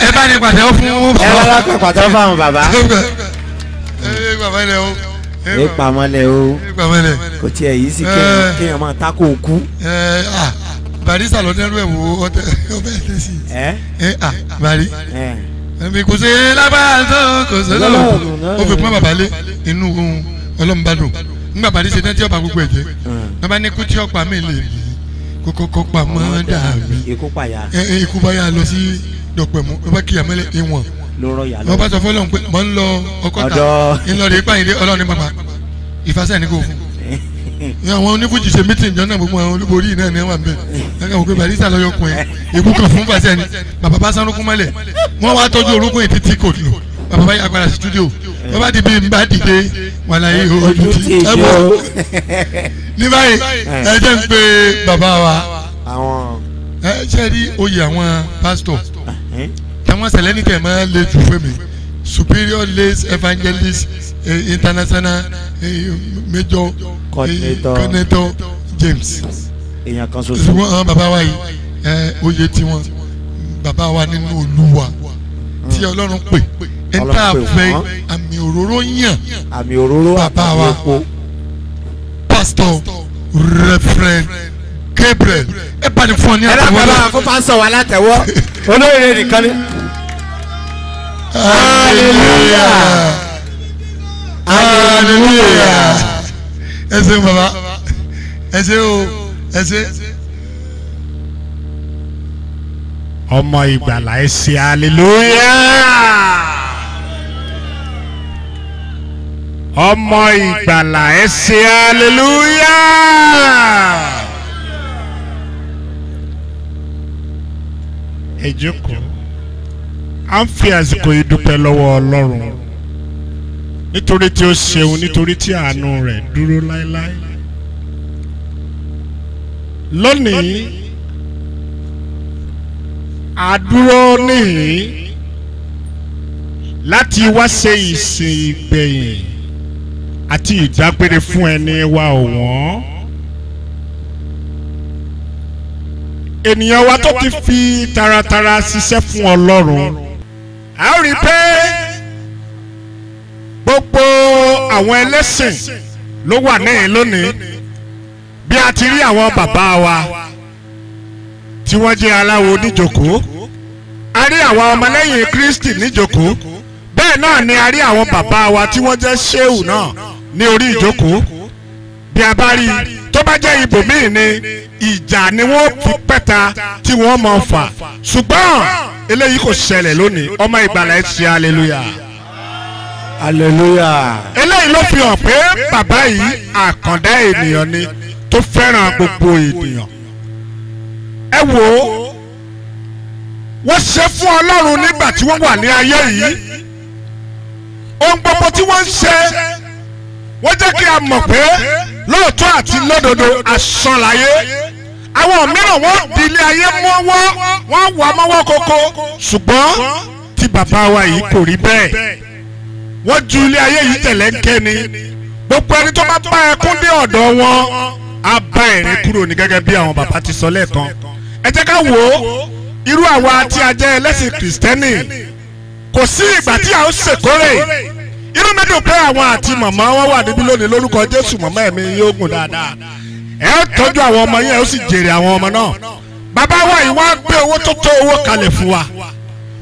ẹ bá ní pàtẹ́wọ́ fún. ẹ bá ní ẹ bá ní pàtẹ́wọ́ fún àwọn bàbá ẹ pamọ́lẹ̀ o kò tiẹ̀ yìí sì kéèyàn máa tako òkú. barisa ló dẹrù ẹ wo ọtẹ ọbẹ ẹtẹ sí i bari èmi kò ṣe lábàá tó kò ṣe lọ o fi pọn bàbá lé inú ohun ọlọ́mùbádùn nígbà bàrí ṣe dẹ́tí ọba gbogbo ẹ̀jẹ̀ bàbá ní kú tí ọ̀pá mi lè bí kókó kópa mọ́ dàbí ikú pàyà lọ sí dọ̀pẹ̀mú ọba kìyàmẹ́lẹ̀ ìwọ̀n ló rọ ìyá lọ. mo bá sọ fọlọ́n pé mo ń lọ ọkọta ńlọrọ ipa yìí ọlọ́run ní bàbá ìfàsẹ́ ní kò fún. àwọn oníbùjì ṣe mítìn jọ náà gbogbo àwọn olúborí náà ní wà bẹ́ẹ̀ lọ́kàn wò pé barista lọ́yọ̀ kun ẹ̀ ikú kan fún fàsẹ́ ni bàbá bá sanukun mọ́lẹ̀ wọ́n wá tọ́jú orúkún ètí tí kò lò bàbá bá yà padà sí studio wọ́n bá di bí n bá dìde wàlàyé ojú ti ẹ bọ̀ wa ẹ ṣe rí oyè àwọn sẹlẹ́nì tẹ̀ máa lè jù fún mi superior lays evangelist eh, international eh, major coordinator eh, James èèyàn kan ṣoṣo. ṣùgbọ́n àwọn bàbá wa yìí ẹ oyè tiwọn bàbá wa nínú Olúwa tí hmm. Ọlọ́run pè ẹ tá a fẹ́ àmì òróró yàn bàbá wa pastor reverend Gabriel ẹ bá ní fún ọ ní àtẹwọ́. ẹ náà bàbá àfọ́fà sọ wà látẹ̀wọ́ olóyè nìkan ni. hallelujah hallelujah ẹ ṣe bàbá ẹ ṣe o ẹ ṣe. ọmọ ìgbàlá ẹ ṣe hallelujah. ọmọ ìgbàlà ẹ ṣe hallelujah. ẹ jókòó à ń fi àsìkò yìí dúpẹ́ lọ́wọ́ Ọlọ́run nítorí tí ó ṣeun nítorí tí àánú rẹ̀ dúró láéláé lónìí àdúró nìyí láti wá ṣe ìsìn ìgbẹ̀yìn àti ìdágbére fún ẹni wa ọ̀wọ́n. ènìyàn wa tó ti fi taratara ṣiṣẹ́ fún ọlọ́run a rí i pé gbogbo àwọn ẹlẹ́sìn ló wà náà lónìí bí a ti rí àwọn bàbá wa tí wọ́n jẹ́ aláwo níjókòó a rí àwọn ọmọlẹ́yìn Kristi níjókòó bẹ́ẹ̀ náà ni a rí àwọn bàbá wa tí wọ́n jẹ́ Ṣéhù náà ní orí ìjókòó bí a bá rí i tó bá jẹ́ ibòmíì ni ìjà ni wọ́n tún pẹ́ta tí wọ́n mọ̀ fà ṣùgbọ́n eléyìí kò ṣẹlẹ̀ lónìí ọmọ ìgbàlá ẹ̀ ṣe hallelujah. hallelujah. eléyìí ló fi hàn pé bàbá yìí àkàndá ènìyàn ni tó fẹ́ràn gbogbo ènìyàn. ẹ wo wọ́n ṣe fún ọlọ́run nígbà tí wọ́n wà ní ayé yìí ohun gbogbo tí wọ́n ń ṣe wọ́n jẹ́ kí a mọ̀ pé lóòótọ́ àti lódodo asán láyé àwọn mìíràn wọ́n di ilé ayé mọ́wọ́ wọ́n wà mọ́wọ́ koko ṣùgbọ́n tí bàbá wa yìí kò rí bẹ́ẹ̀ wọ́n ju ilé ayé yìí tẹ̀lé ń ni gbogbo ẹni tó bá bá ẹkún dé ọ̀dọ̀ wọn á bá ẹ̀rín kúrò ní gẹ́gẹ́ bí àwọn bàbá ti sọ lẹ́ẹ̀kan ẹ jẹ́ ká wò ó irú àwa tí a jẹ́ ẹlẹ́sìn kìrìsìtẹ́nì kò sí ìgbà tí a ó ṣèkórè inú mi dùn pé àwọn àti màmá wọn wà níbí lónìí lórúkọ Jésù màmá ẹ̀mí yóò gùn dáadáa ẹ ó tọ́jú àwọn ọmọ yẹn ó sì jèrè àwọn ọmọ náà bàbá wa yìí wá gbé owó tó tó owó kalẹ̀ fún wa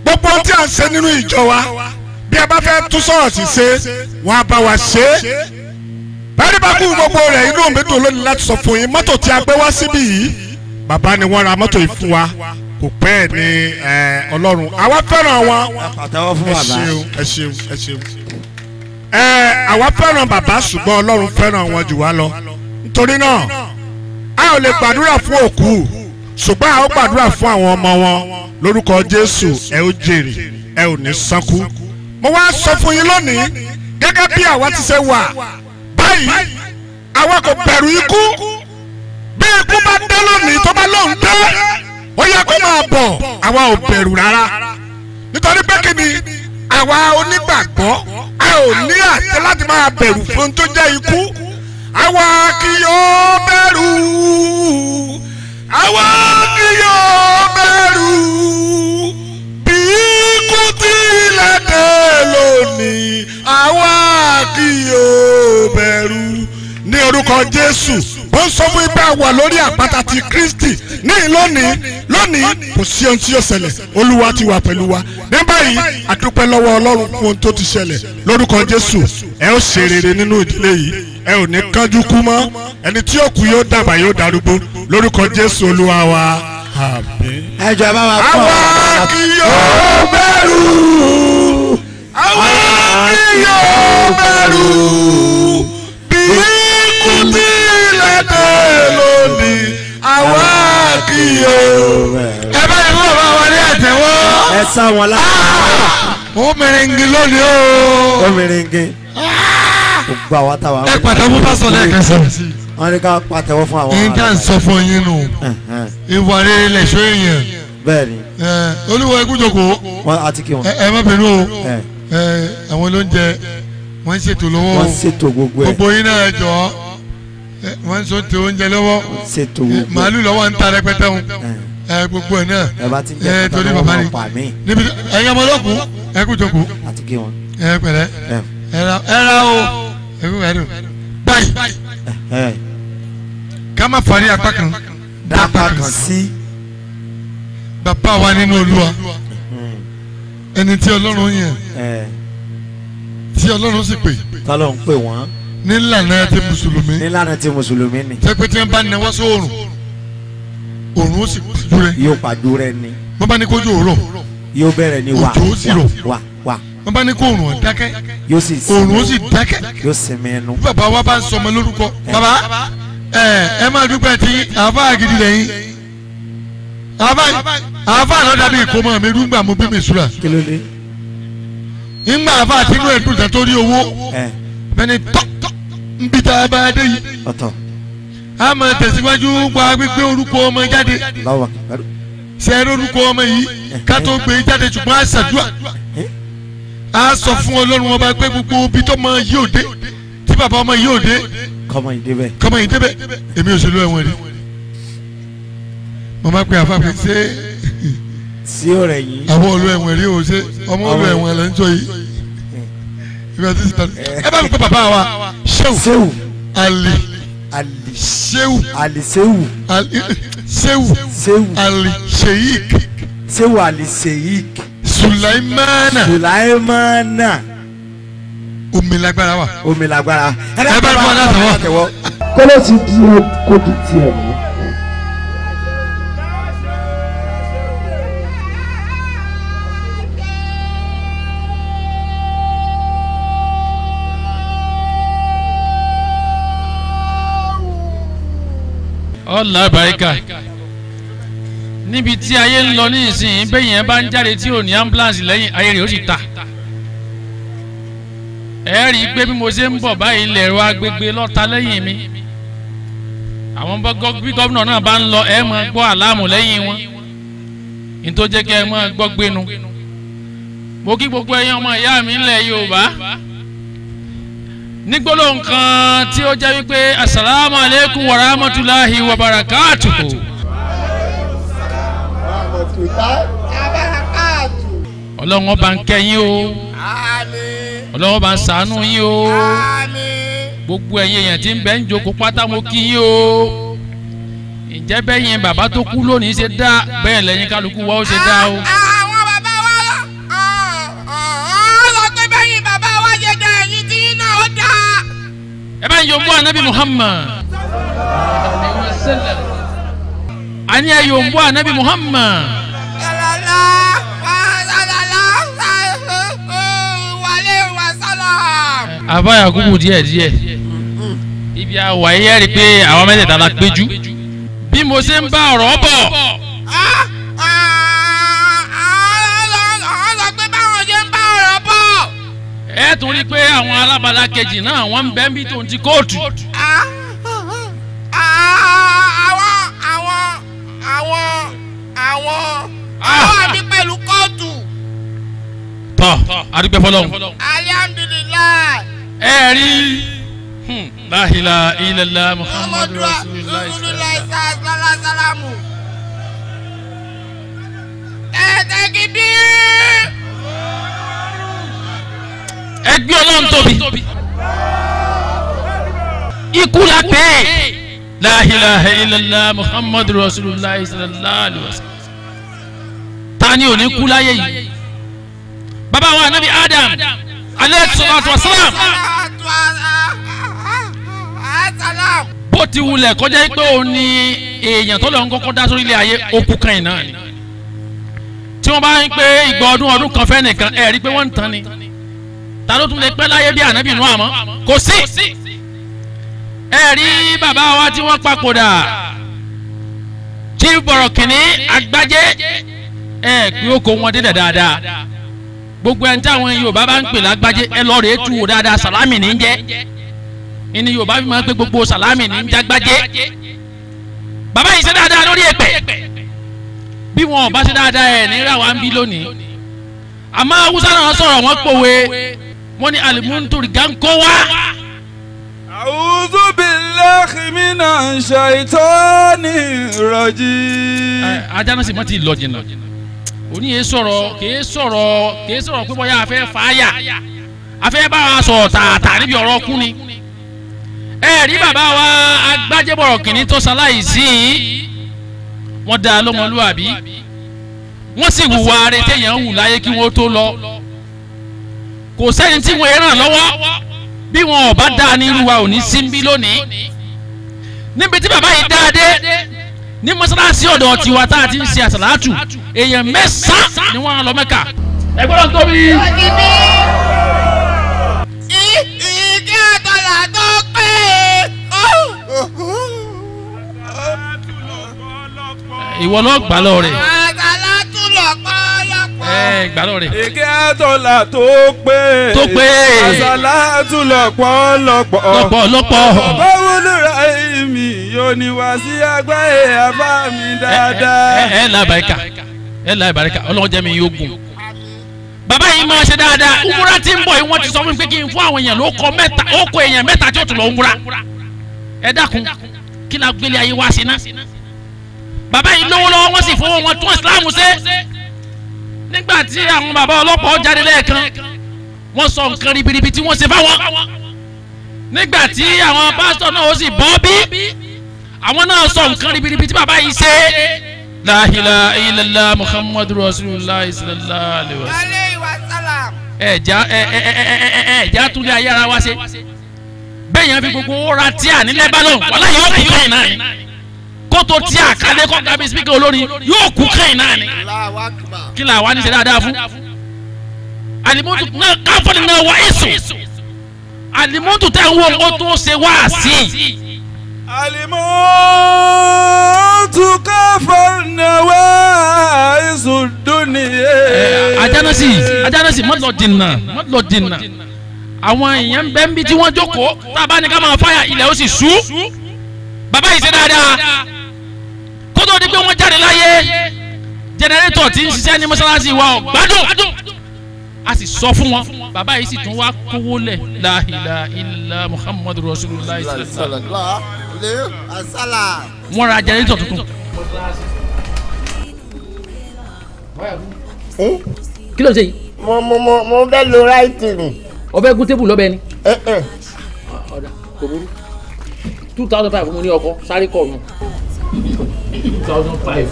gbogbo ohun tí à ń ṣe nínú ìjọ wa bí ẹ bá fẹ́ tún sọ́ọ̀sì ṣe wọn á bá wa ṣe é bẹ́ẹ̀ni bá kú gbogbo rẹ̀ inú mi dùn lónìí láti sọ fún yín mọ́tò tí a gbé wá síbí yìí bàbá ni wọ́n ra mọ́tò yìí fún wa kò pẹ́ ẹ̀ ní ọlọ́run àwa fẹ́ràn wọn ẹ ṣeun ẹ ṣeun ẹ ṣeun ẹ àwa fẹ́ràn bàbá ṣùgbọ́n ọlọ́run fẹ́ràn wọn jù wá lọ nítorí náà a ò lè gbàdúrà fún òkú ṣùgbọ́n a ó gbàdúrà fún àwọn ọmọ wọn lórúkọ Jésù ẹ ó jèrè ẹ ò ní sánkú mo wá sọ fún yín lónìí gẹ́gẹ́ bí àwa ti ṣe wà báyìí àwa kò bẹ̀rù ikú bí ikú bá dé lónìí tó bá lóun dé ó yẹ kó máa bọ̀ àwa ò bẹ̀rù rárá nítorí pé kí ni àwa onígbàgbọ́ a ò ní àṣẹ láti máa bẹ̀rù fún tó jẹ́ ikú àwa kì yóò bẹ̀rù àwa kì yóò bẹ̀rù bí ikú tilẹ̀ dé lónìí àwa kì yóò bẹ̀rù ní orúkọ jésù ó ń sọ fún ibà wà lórí àpáta ti kristi ní lónìí lónìí kò sí ohun tí yóò ṣẹlẹ̀ olúwa ti wà pẹ̀lú wa ní báyìí àdúpẹ́ lọ́wọ́ ọlọ́run fún ohun tó ti ṣẹlẹ̀ lórúkọ jésù ẹ ó ṣe rere nínú ìdílé yìí ẹ ò ní kánjú kú mọ́ ẹni tí yóò kú yóò dàgbà yóò darúgbó lórúkọ jésù olúwa wa àmín. ẹ jọ bá wa kọ́ àwa kì yóò bẹ̀rù àwa kì yóò bẹ̀rù bíi lónìí àwa kì í o. ẹ bá yẹn fún bàbá wa ní àtẹ́wọ́. ẹ sá wọn lára. Ah! ó mèrèǹgì lónìí o. ó mèrèǹgì. ó ah! gbà wá táwa. ẹ pàtẹ́ fún bá sọ lẹ́ẹ̀kan sọ̀rọ̀ sí i wọ́n ní ká pàtẹ́wọ́ fún àwọn. yín tá n sọ fún yín nù. ìwà rere lẹ̀ṣọ́ èèyàn. bẹ́ẹ̀ni. olúwa ikú jòkó. wọn a ti kí wọn. ẹ má bínú o àwọn olóúnjẹ wọ́n ń ṣètò lọ́wọ́ o. wọ́n ń ṣètò gbogbo ẹ̀. gbogbo yín náà jọ wọ́n ń so ti oúnjẹ lọ́wọ́ màálù lọ́wọ́ ń ta rẹpẹtẹ wọn ẹ gbogbo ẹ náà ẹ torí bàbá ni níbi ẹyẹ ọmọ lọkùn ẹ kú jókòó ẹ pẹ̀lẹ́ ẹ ra o ẹ kú ẹdùn báyìí ká má fari apá kan dápá kan sí bàbá wa nínú olúwa ẹni tí ọlọ́run yẹn tí ọlọ́run sì pè. tálọ̀ ń pè wọ́n nílànà ti mùsùlùmí. nílànà ti mùsùlùmí ni. sẹ́pẹ́tì ń bá nẹwọ́ sóòrùn òrùn ó sì pàdú rẹ. yóò pàdú rẹ ni. wọ́n bá ní kójú òórọ̀. yóò bẹ̀rẹ̀ ni wà wà wà wọ́n bá ní kó òrùn ó dákẹ́ òrùn ó sì dákẹ́ yóò sinmi ẹnu. bàbá wa bá ń sọmọ lórúkọ bàbá ẹ ẹ máa dúpẹ́ tí àáfà gidi lẹ́yìn àáfà àáfà náà dàbí ìkómọ mi rúgbà mo bí mi sùúrà ńgbà àáfà àtinú ẹ̀dùn tàtórí owó bẹ́ẹ̀ ni tọ́ nbí tá a bá dé yìí. a máa tẹ̀síwájú pa gbígbé orúkọ ọmọ jáde. sẹ́ẹ̀rẹ́ orúkọ ọmọ yìí eh, eh. ká tó gbé e jáde ṣùgbọ́n a ṣàdúrà. Eh? a sọ fún ọlọ́run ọba pé gbogbo ibi tó mọ yìí ò dé tí bàbá ọmọ yìí ò dé. kọ́mọ yìí débẹ̀. kọ́mọ yìí débẹ̀ èmi ò ṣe lọ ẹ̀wọ̀n rí. mo máa pe àfàfẹ́ ṣé. sí ọ̀rẹ́ yìí. àwọn olú ẹ̀wọ̀n rí o ṣe ọmọ olú ẹ̀wọ̀n lẹ́ yìí ẹ bá mi pè bàbá wa sehu ali ali sehu ali sehu ali sehu ali sheik sehu ali sheik sulaimana sulaimana omilagbara wa omilagbara ẹ bá mi pè bàbá wa kọlọsi diẹ kó di tiẹ mọ. ọ̀là níbi tí ayé lọ ní ìsìn bẹ́yìn ẹ bá ń jáde tí ò ní ambulance lẹ́yìn ayé rẹ̀ ó sì bí mo ṣe ń bọ̀ báyìí ilẹ̀ ẹ̀rọ agbègbè lọ́ta lẹ́yìn mi àwọn bí gómìnà náà bá ń lọ ẹ gbọ́ wọn ní tó jẹ́ kí ẹ gbọ́ gbénu mo kí nígbóló nǹkan tí ó jẹ́ wípé asalaamu aleykum wa rahmatulahi wa barakatuhu. ọlọ́run ọba ń kẹ́ yín o ọlọ́run ọba ń ṣàánú yín o gbogbo ẹ̀yin èèyàn tí ń bẹ ń jókòó pátá mo kí yín o ǹjẹ́ bàbá tó kú lónìí ṣe dá bẹ́ẹ̀ lẹ́yìn kálukú wa ó ṣe dá o. ẹ bá ń yombo anabi muhammad ani ẹ yombo anabi muhammad. àbá yakubu díẹ̀ díẹ̀ ibi àwọ̀ ayé rí i pé àwọn mẹ́tẹ̀ẹ̀ta la péjú bí mo ṣe ń bá ọ̀rọ̀ bọ̀. ẹ tún rí i pé àwọn alábàlá kejì náà wọ́n ń bẹ́ ń bí tòun ti kóòtù. Ah, ah, ah, àwọn àwọn àwọn àwọn àwọn àbí pẹ̀lú kóòtù. tọ́ àdúgbò fọlọ́hún. alihamdulilayi. ẹ rí hmm, láhìlá ilẹ̀lá muhammadu rasulilayi sàlámù. ẹ̀ẹ́dẹ́gidì ẹgbẹ́ ọlọ́run tóbi ikú la pẹ́ ẹ̀. la illallah muhammadu rasulillah sallallahu alaihi wasallam ta ni kú láyé yìí bàbá wa anabi adam alayhi salatu wa salam bó ti wulẹ̀ kọjá pé òun ni èèyàn tó lọ́n kọ́kọ́ dá sórí ilé ayé okú kan yìí náà ni tí wọ́n bá ń pé ìgbà ọdún ọdún kan fẹ́ nìkan ẹ̀ rí pé wọ́n ń tan ni ta ló tún lè pẹ́ láyé bí ànábì nù àmọ́ kò sí ẹ rí bàbá wa tí wọ́n papòdà chief bọ̀rọ̀kìnní agbájé ẹ pé ó kó wọn dé dáadáa gbogbo ẹni táwọn yorùbá bá ń pè lágbájé ẹ lọ rèé tu wò dáadáa sàlámì ní jẹ ẹni yorùbá fi máa ń pè gbogbo sàlámì ní jágbájé bàbá yìí ṣe dáadáa lórí ẹ̀pẹ̀ bí wọn ò bá ṣe dáadáa ẹ ní ra wa ń bí lónìí àmọ́ haúsá náà sọ̀rọ̀ wọ́n pòwe wọ́n ní alimunturi gankó wá. A'udhu billahi minash shaitani rajim. ajana sì má ti lọ jìnnà òní yẹn sọ̀rọ̀ kìí sọ̀rọ̀ kìí sọ̀rọ̀ pé bọ́yá afẹ́ fàáyà afẹ́ bá wa sọ̀ tààtà níbi ọ̀rọ̀ kú ni. ẹ rí bàbá wa agbájẹ́bọ̀rọ̀ kìnní tó ṣaláìsí wọ́n dá lọ́mọlúwàbí wọ́n sì hùwà rẹ̀ téèyàn hù láyé kí wọ́n tó lọ kò sẹ́ni tí wọ́n ràn lọ́wọ́ bí wọn ò bá ní irú wa ò ní sí bí lónìí níbi tí bàbá yìí dáa ní mọ́sálásí ọ̀dọ̀ tiwa tá a ti ń ṣe àsàlátù èèyàn mẹ́sàn-án ni wọ́n lọ Mẹ́kà. ẹ gbọ́dọ̀ tó pé. ìwọ ló gbà lọ rẹ̀ gbà lóore. ìkẹ́ àtọ́là tó pé. tó pé. àṣàlá tún lọ́pọ̀ lọ́pọ̀. lọ́pọ̀ lọ́pọ̀. báwo ló ra èmi yóò ní wá sí agbáyé àbá mi dáadáa. ẹ ẹ làbàríkà ẹ làbàríkà ọlọ́run jẹ́ mi yóò gùn. bàbá yìí máa ṣe dáadáa ungura ti ń bọ̀ yìí wọ́n ti sọ fún mi pé kí n fún àwọn èèyàn ló kọ mẹ́ta ó kọ èèyàn mẹ́ta tí ó tún lọ ungura. ẹ dákun kí la gbélé ayé wá sí ná. bàbá yìí lówó lọ́wọ́ wọ́n sì fowó wọn tún ìsìláàmù ṣe nígbà tí àwọn bàbá ọlọ́pàá jáde lẹ́ẹ̀kan wọ́n sọ nǹkan ribiribi tí wọ́n ṣe fáwọn nígbà tí àwọn pásítọ̀ náà ó sì bọ́ bí àwọn náà sọ nǹkan ribiribi tí bàbá yìí ṣe. la ilaha illallah muhammadu rasulullah sallallahu alaihi wasallam. ẹ̀já ẹ̀já túnlé ayé ara wa ṣe bẹ́ẹ̀ yẹn fi gbogbo ó ra tíà ní lẹ́bàlọ́n wàláyé ó kù bẹ́ẹ̀ náà ni kótó tí a kálé kọ́ gàbí spíkà olórin yóò kú kẹ́yìn náà ni kí la wá ní ṣe dáadáa fún alimotu náà káfọ́nì náà wá èso alimotu tẹ̀ ń wo kó tó ṣe wá sí i. alimotu káfọ́nì náà wá èso dúnìyẹ. Eh, ajánásì ajánásì mọ́tò dìnnà mọ́tò dìnnà àwọn èèyàn bẹ́ẹ̀ ń bí tí wọ́n jókòó tá a bá ní ká máa fáyà ilẹ̀ ó sì sú bàbá yìí ṣe dáadáa kó tó di pé wọ́n jáde láyé jẹnẹrétọ̀ tí ń ṣiṣẹ́ ní mọ́ṣáláṣí wa ò gbádùn a sì sọ fún wọn bàbá yìí sì tún wá kówó lẹ̀ la ilaha illa muhammadu rasulullah sallallahu alaihi wasallam. wọ́n ra jẹnẹrétọ̀ tuntun. Eh? kí ló ń ṣe yìí. mo mo mo mo bẹ lo ráìtì mi. ọbẹ̀ gún tébù lọ́bẹ̀ ni. ọ̀dà eh, eh. kò burú two thousand five mo ní ọkọ sáré kọ̀ ọ̀run. 2005. thousand five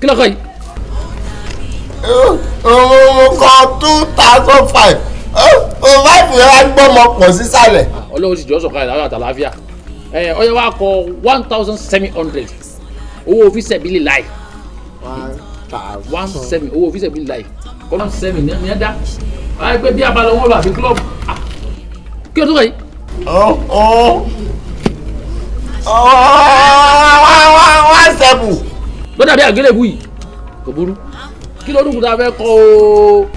kí ló kọ́ yìí. owó kọ two thousand five o fáìfù yẹn wá gbọ́ ọmọ pọ̀ sísàlẹ̀. Ah, ọlọ́run ti jọ sọ̀kan ìdájọ́ àtàláfíà ọyẹ wa kọ one thousand seven hundred owó òfìsẹ̀ bí lè láì one seven owó òfìsẹ̀ bí lè láì kọ́nà seven ní ẹ dá ayé pé bí abalẹ̀ wọn lọ àfi club ah. kí o tó kọ́ yìí one seven. ló dàbí àgélébù yìí kò burú kí ló dùnkùn tá a fẹ́ kọ́ o.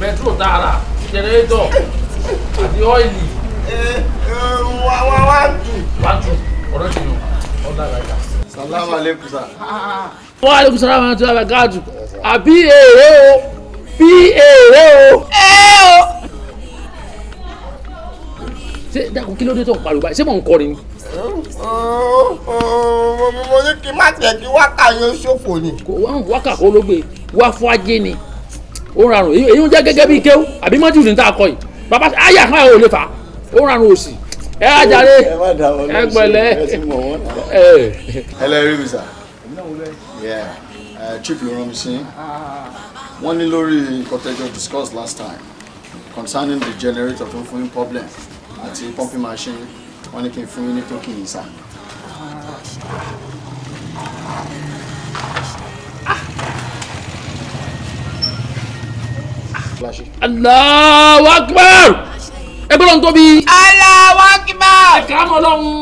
pẹtrol tààrà jẹnẹrétọ̀ àti ọ́ìlì. wá wá wá tù. wá tù ọ̀rọ̀ ti yàn ọ̀dà ràjà. salamu aleykum sa. wa aleykum salaam wa rahmatulahi wa barakatu àbí èrè o bí èrè o. ẹ o ṣé dákun kí ló dé tó ń pariwo báyìí ṣé mò ń kọrin ni. mo ní kí má tiẹ̀ kí wákà yóò ṣòfò ni. kò wá wákà kó ló gbé wá fún ajé ni ó rarùn èyí ń jẹ́ gẹ́gẹ́ bíi kéwú àbí mọ́tì ní tá a yìí bàbá ayé àkàn ò lè fà ó rarùn òsì ẹ ajáde ẹ pẹ̀lẹ́ ẹ. ẹ lẹ́rìí mi sà chief ló rán mi sí wọ́n ní lórí nǹkan tẹ́jọ́ discuss last time concerning the generator tó ń fún yín problem àti pumping machine wọ́n ní kí n fún yín ní tókì yìí sá. Allahu Akbar ẹgbẹ́ lọ́n tóbi. Allahu Akbar. ẹ̀ka mọ́ lọ́hún.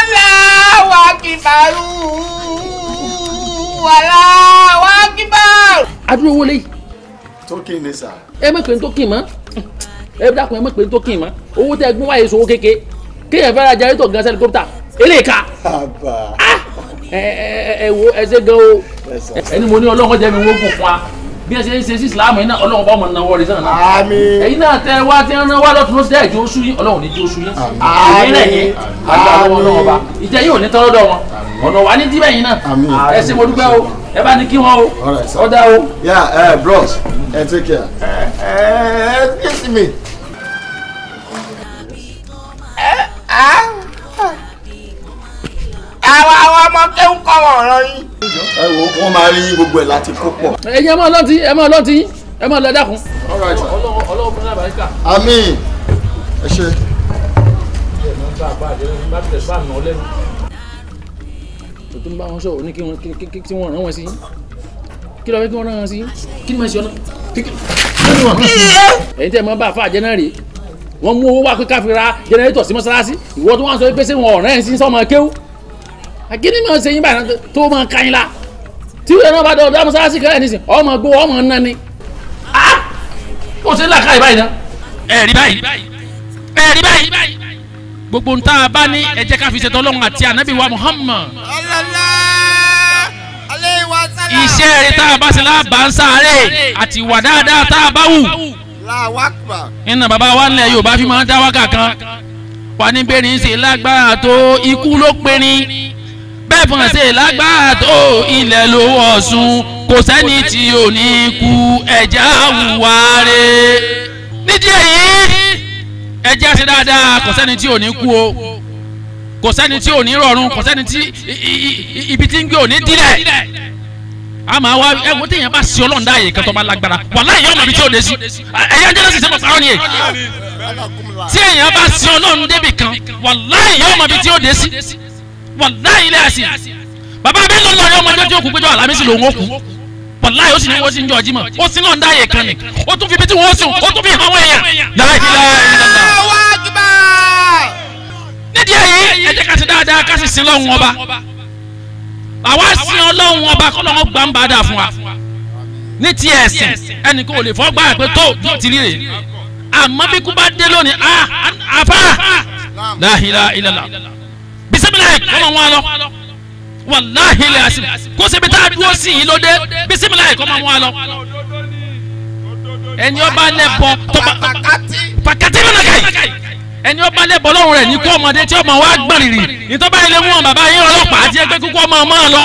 Allahu Akbar Allahu Akbar. adúlówó lẹ́yìn. tókì ni sá. ẹ má pè mọ́ ẹ dákun ẹ mọ̀ pé tó kì í mọ́ owó tẹ́ gbọ́n wáyé sowó kéke kéèyàn fẹ́ ra jẹ́rìtọ̀ gan sẹ́líkọ́pítà eléka ah! ẹ wo ẹ ṣe gan o ẹni mo ní ọlọ́run jẹ́ mi wọ́n kù fún wa bí ẹ ṣe ń ṣe sí islam yìí náà ọlọ́run bá ọmọ náà wọlé sàn náà ẹ̀yin náà tẹ wá tí ń wá lọ́tún lọ́sí ẹ̀jọ́ oṣù yín ọlọ́run níjọ́ oṣù yín ẹ̀yin náà yín agbára ọlọ́run ọba ìjẹ́ yìí ò ní tán lọ́dọ̀ wọn ọ̀nà wà ní díbẹ̀ yín náà ẹ ṣe mo dúpẹ́ o ẹ bá ní kí wọn o ọ̀dà o. yà ẹ eh, bros ẹ take care ẹ ẹ ẹ ẹ àwọn àwọn ọmọ kéwù kọ́ wọn ọ̀rọ̀ yín. ẹ wo wọn máa rí gbogbo ẹ láti kó pọ̀. ẹ̀yin ẹ máa lọ tí ẹ máa lọ tí ẹ máa lọ dákun. ọlọ́wọ́ ọlọ́wọ́ fún alábàáríkà. àmín ẹ ṣe. tuntun bá wọn sọ̀rọ̀ ní kí wọ́n rán wọn sí kí lọ́ọ́ fẹ́ kí wọ́n rán wọn sí kí ni màá ṣe ọ́nà. ẹ̀yin tí ẹ máa bá àfa àjẹ náà rèé wọ́n mú owó wá pé ká fi ra jẹnẹrétọ̀ sí mọ́ṣáláṣí ìwọ tó wá ń sọ pé ṣé wọn ọ̀rẹ́ ẹ̀ sí sọ́mọ kéwú àkíní máa ń ṣe yín báyìí tó máa ka yín la tí ìwé náà bá dọ̀ dá mọ́ṣáláṣí kẹrẹ́ ní sìn ọmọ gbó ọmọ ń nani á kò ṣe làkà ìbáyìí náà. ẹ rí báyìí ẹ rí báyìí gbogbo ń tá a bá ní ẹ jẹ́ ká fi ṣètò ọlọ́run àti ànábì wa Muhammad. iṣẹ́ rẹ̀ tá a bá ṣe lábàá ń sáré iná bàbá wa nílẹ̀ Yorùbá fi máa ń dá wákà kan wà ní gbèrín ṣe lágbára tó ikú ló gbèrín bẹ́ẹ̀ fún ṣe lágbára tó ilẹ̀ ló wọ̀ sùn kò sẹ́ni tí ò ní ku ẹ̀já wùwá rẹ̀ nídìí èyí ẹ̀já ṣe dáadáa kò sẹ́ni tí ò ní kú o kò sẹ́ni tí ò ní rọrùn kò sẹ́ni tí ibi tí ń gbé ò ní dílẹ̀ a máa wá ẹwọ tí èèyàn bá sí ọlọ́run dá àyè kẹtọ́ bá lágbára wàláhì yọ̀ọ́ màbí tí ò lè sí ẹ̀yà ń jẹ́lẹ́sì sẹ́kọ̀ sáwọn yẹn tí èèyàn bá sí ọlọ́run débì kan wàláhì yọ̀ọ́ màbí tí ò lè sí wàláhì ilé àsì bàbá mi lọ́nà ọ̀rẹ́ ọmọdé tí ó kú péjọ àlámísì lòun ó kú wàláhì ó sì ní wọ́n sí ń jọ ọjí mọ̀ ó sí lọ́n dá àyè kan ni ó tún fi bí tí wọ́n sùn ó tún fi hàn wọ́n èèyàn nídìí ẹ̀yìn ẹ jẹ́ dáadáa ká sì sin àwa sin ọlọ́run ọba kọ́lọ́run gbàǹbà dà fún wa ní ti ẹ̀sìn ẹnì kò lè fọ́gbà pé tó yóò ti ríre àmọ́ bí kú bá dé lónìí a àfa láhìlá ìlàlá bisimilayi kọ́mọ wọn lọ wàláhì ilẹ̀ àsìm kó sebi tá a dúró sí yìí lóde bisimilayi kọ́mọ wọn lọ ẹni ọba lẹ bọ tó bá pàkàtí ẹni ọba lẹ́bọ̀ lọ́hùn rẹ̀ ní kú ọmọdé tí ọmọ wa gbọ̀nrìrì ìtọ́ba ilé mú wọn bàbá yín ọlọ́pàá àti ẹgbẹ́ kúkú ọmọ ọmọ lọ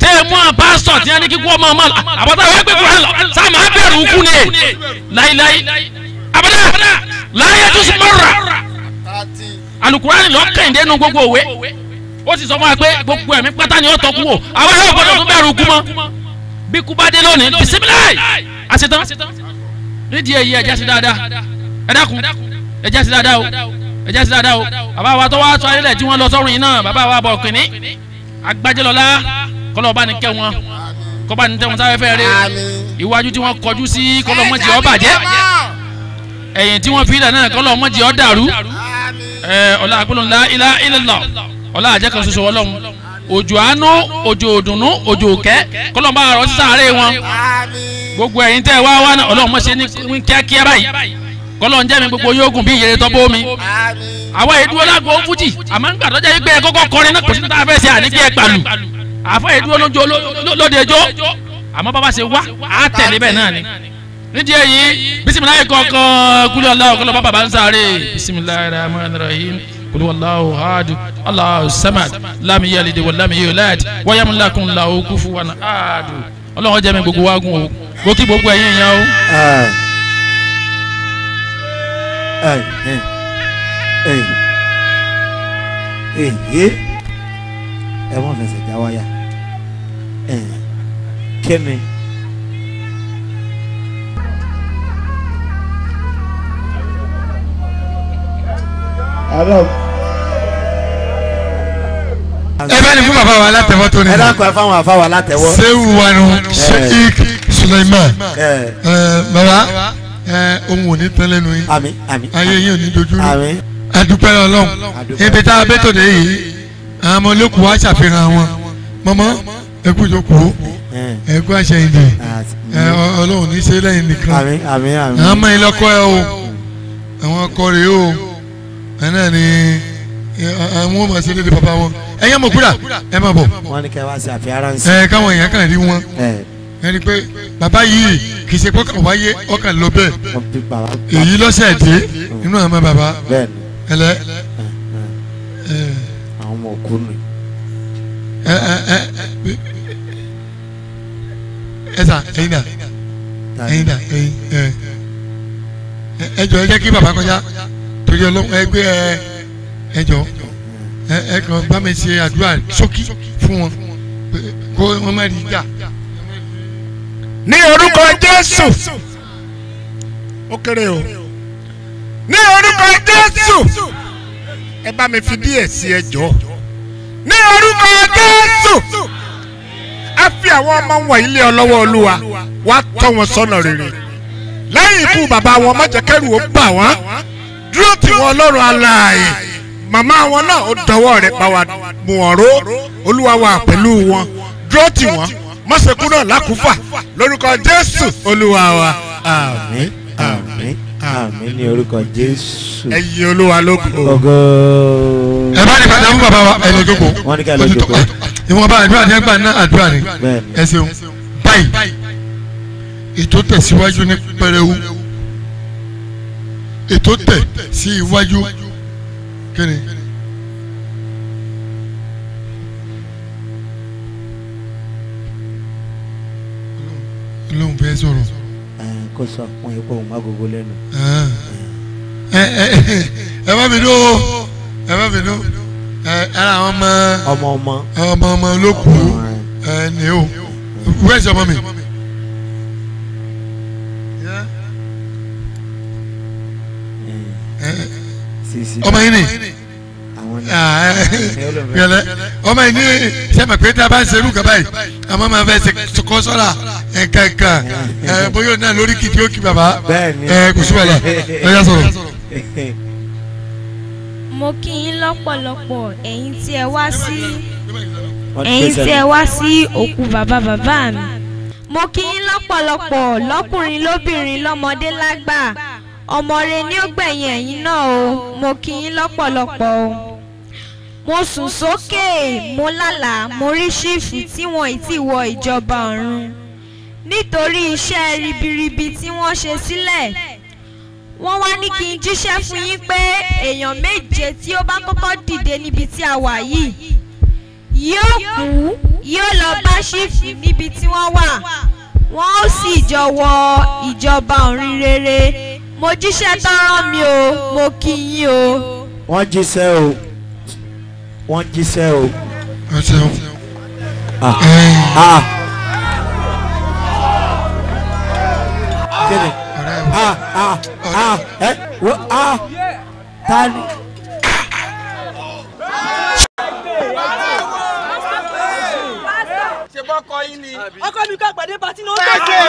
tẹ́ ẹ mú àwọn pásítọ̀ tí wọ́n ní kíkú ọmọ ọmọ lọ àbọ̀tá wọ́n gbé kúrẹ́ lọ sáà máa bẹ̀rù kú ni láíláí abada láyé tó sì mọ́ra alukurani lọ́kàndé nu gbogbo òwe ó sì sọ fún wa pé gbogbo ẹ̀mí pátá ni ó tọ́ kú wò àwọn ẹ̀rọ gbọ́dọ̀ tún bẹ̀rù kú mọ́ bí kú bá dé lónìí bisimilayi àṣetán nídìí èyí ẹ̀jẹ̀ ṣe dáadáa ẹ já sí dáadáa o ẹ já sí dáadáa o bàbá wa tó wá aṣọ ayẹlẹ tí wọn lọ sọrùn yìí náà bàbá wa bọ kìnní agbájẹlọlá kọlọba ni kẹ wọn kọba ni tẹwọn sáfẹ fẹ rẹ iwájú tí wọn kọjú sí kọlọmọjì ọ bàjẹ́ ẹ̀yìn tí wọn fi ilẹ náà kọlọmọjì ọ dàrú ẹ ọlá àgbọlọ ńlá ilá ilẹlọ ọlá àjẹ kan ṣoṣo Ọlọ́run òjò àánú òjò òdùnnú òjò òkẹ́ kọlọmọba àrọ sísàárẹ wọn gbogbo ẹ̀yin tẹ wá wá náà Ọlọ́run mọ ṣe ní kíákíá báyìí kọ́lọ̀ ń jẹ́ mi gbogbo yóògùn bí ìyẹrẹ tọ́bọ̀ mi. àwa ìdúró lágbo fújì àmọ́ ń gbà tọ́jà yìí pé ẹ kọ́kọ́ kọrin náà kò sí táwọn afẹ́sẹ̀ àníjẹ́ ẹ̀pàlù àfa ìdúró lójó lódejó àmọ́ bàbá ṣe wá á tẹ̀lé bẹ́ẹ̀ náà ni. nídìí èyí bisimilayi kankan kúlẹ̀ aláwọ̀ kọ́lọ̀ bá bàbá ń sáré bisimilayi rahman kulu wallahu hadu allahu samad lam yalid wa lam yulad wa yam lakun lahu kufuwan ọlọ́run jẹ́ mi gbogbo wa gùn o gòkè gbogbo ẹ̀yìn yẹn o ẹ wọ́n fẹsẹ̀ já wáyà kíni. ẹ bá ní fún bàbá wa látẹ̀wọ́ tó ní. ẹ dákun ẹ fáwọn àfáwọn látẹ̀wọ́. sẹ́wù wa nù Sheikh Suleiman bàbá ẹ ohun ò ní tán lẹ́nu yín àmín àmín ayé yín ò ní dojú rú àmín adúpẹ́ ọlọ́run ibi tá a bẹ́ tòde yìí àwọn ọmọ olókùú wa ṣàfihàn wọn mọ́mọ́ ẹ kú ìjókòó ẹ kú àṣẹyìndì ẹ ọlọ́run ní ṣe lẹ́yìn nìkan àmín àmín àmín àwọn ọmọ yìí lọ́kọ́ ẹ o àwọn ọkọ rèé o ẹ náà ni àwọn ọmọ ṣe dédé bàbá wọn ẹ yẹn mọ̀ kúrà ẹ má bọ̀ wọn ni kẹ́ wá sí àfihàn ara ń sìn ẹ káwọn èèyàn kàn rí wọn ẹni pé bàbá yìí kì í ṣe pé ọba yé ọkàn lọ bẹ́ẹ̀ èyí lọ́sẹ̀ dé inú àwọn bàbá ẹlẹ́ àwọn ọmọ òkú nù. ẹ ẹ ẹ ẹ sà ẹyin dà ẹyin dà ẹyin ẹ ẹ jọ ẹ jẹ́ kí bàbá kọjá torí ọlọ́run ẹ gbé ẹ ẹ jọ ẹ ẹ kàn bá mi ṣe àdúrà ṣókí fún wọn kó wọn má rí jà ní orúkọ jésù ó kéré o ní orúkọ jésù ẹ bá mi fi díẹ̀ sí ẹ jọ ní orúkọ jésù a fi àwọn ọmọ wọn ilé ọlọ́wọ́ olúwa wá tọ́ wọn sọ́nà rere lẹ́yìn ikú bàbá wọn má ó bà wọ́n dúró tì wọ́n ọlọ́run aláàyè màmá wọn náà ó dọwọ́ rẹ̀ pa wá mú ọ̀rọ̀ olúwa wà pẹ̀lú wọn dúró tì wọ́n mọ̀sẹ̀kú náà lákùúfà lórúkọ jésù olúwa wa àmín àmín àmín ní orúkọ jésù. ẹyin olúwa ló kù. ògo. ẹ bá ní bàtà fún bàbá wa ẹni gbogbo. wọn ìwọ̀n bá àdúrà ní ẹgbàá náà àdúrà ni. ẹ ṣeun báyìí ètò tẹ̀síwájú ní pẹrẹwu ètò tẹ̀ sí iwájú kí lóun fẹ́ sọ̀rọ̀. kò sọ fún yín kó o má gbogbo lẹ́nu. ẹ bá mi dó ẹ bá mi dó ara àwọn ọmọ ọmọ ọmọ ọmọ ọmọ olókùú ẹ ní o where's your mommy. ọmọ yìí ni. Ah, eh, yẹlẹ ọmọ yìí ní sẹ́mi pé tá a bá ń serú kaba yìí àmọ́ máa fẹ́ ṣe kọ́ sọ́ra nǹkan kan eh, bóyá náà lórí kìtì ó kì bàbá eh, kò sí wàhálà lọ́yà sọ̀rọ̀. mo kí yín lọ́pọ̀lọpọ̀ ẹ̀yin tí ẹ wá sí ẹ̀yin tí ẹ wá sí òkú bàbá bàbá mi mo kí yín lọ́pọ̀lọpọ̀ lọ́kùnrin lóbìnrin lọ́mọdé lágbà ọmọ rẹ ní ó gbẹ̀yìn ẹ̀yin náà o mo kí yín lọ́pọ̀lọpọ̀ o mo sùn sókè mo lálàá mo rí ṣífù tí wọn ì tí wọ ìjọba ọ̀run nítorí iṣẹ́ ribiribi tí wọ́n ṣe sílẹ̀ wọ́n wá ní kí n jíṣẹ́ fún yín pé èèyàn méje tí ó bá kọ́kọ́ dìde níbi tí a wà yìí yóò kú yóò lọ bá ṣífù níbi tí wọ́n wà wọ́n ó sì jọ wọ ìjọba ọ̀run rere mo jíṣẹ́ tọ́rọ́ mi o mo kí yín o. wọ́n jíṣẹ́ o wọ́n jíṣẹ́ o. ẹ ṣeun. kíni ẹ wo tani. ọkọ yín ni. ọkọ mi kọ gbàdé patí ló ń tẹ̀.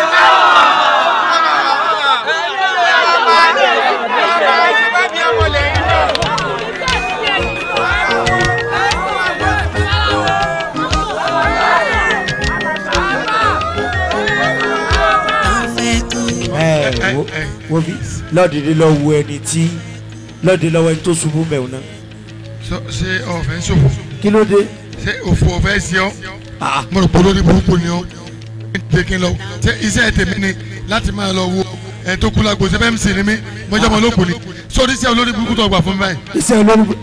bẹ́ẹ̀ ni ọmọ lẹ́yìn. wọ́n bí lọ́ọ̀dẹ̀dẹ̀ lọ wo ẹni tí lọ́ọ̀dẹ̀ lọ́wọ́ ẹni tó ṣubú mẹ́wọ̀n náà. ṣé ọ̀fẹ́ ń ṣòfò. kí ló dé. ṣé òfò ọ̀fẹ́ ṣe ọ́. mo rò pé olórí burúkú ni ọ́. ìdèkìn lọ ṣé iṣẹ́ tèmi ni láti máa lọ wo ẹ̀ tó kú lágbo sẹ́fẹ̀ mc ni mí mo jẹ́ ọmọ olókùn ni sórí iṣẹ́ olórí burúkú tó gbà fún mi báyìí. iṣẹ́ olórí burúkú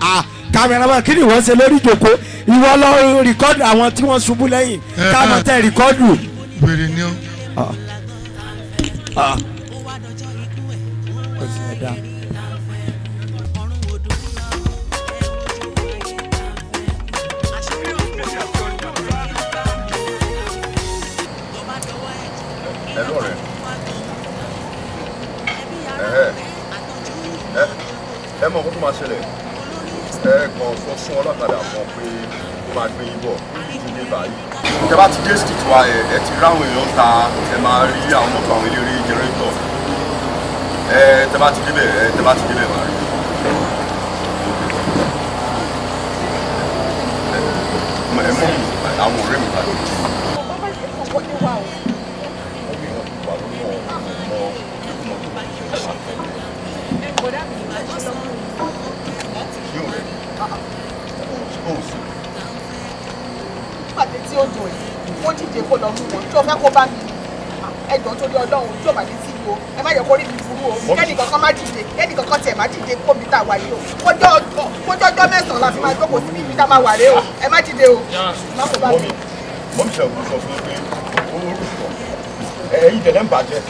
ah mọ̀ kó tó máa ṣẹlẹ̀ ẹ kàn sọ fún ọlọ́kadà kan pé ó máa gbé yín bọ̀ nílé báyìí. ìjọba ti dé street wa ẹ ẹ ti ráwọn èèyàn ta ẹ máa rí àwọn mọ́tò àwọn eléré jẹrẹ́tọ̀ ẹ tẹ́ bá ti débẹ̀ ẹ tẹ́ bá ti débẹ̀ máa rí. ẹ mọ̀ àwọn ọ̀rẹ́ mi báyìí. lódò ẹ̀ kó dìde kó lọ mú wọn tí o fẹ́ kó bá mi ẹjọ́ torí ọlọ́run tí o bá ní sí o ẹ má yẹ kó rí mi burú o kẹ́ni kankan má dìde kẹ́ni kankan tẹ̀ má dìde kó mi tà wáyé o kójọ́ ọjọ́ mẹ́sàn-án la máa jókòó sí níbi tá máa wà ré o ẹ má dìde o má kó bá mi. mọ́mí sẹ́wọ́n sọ fún mi pé owó rúkọ ẹ̀yìn tẹ̀lé ń bàjẹ́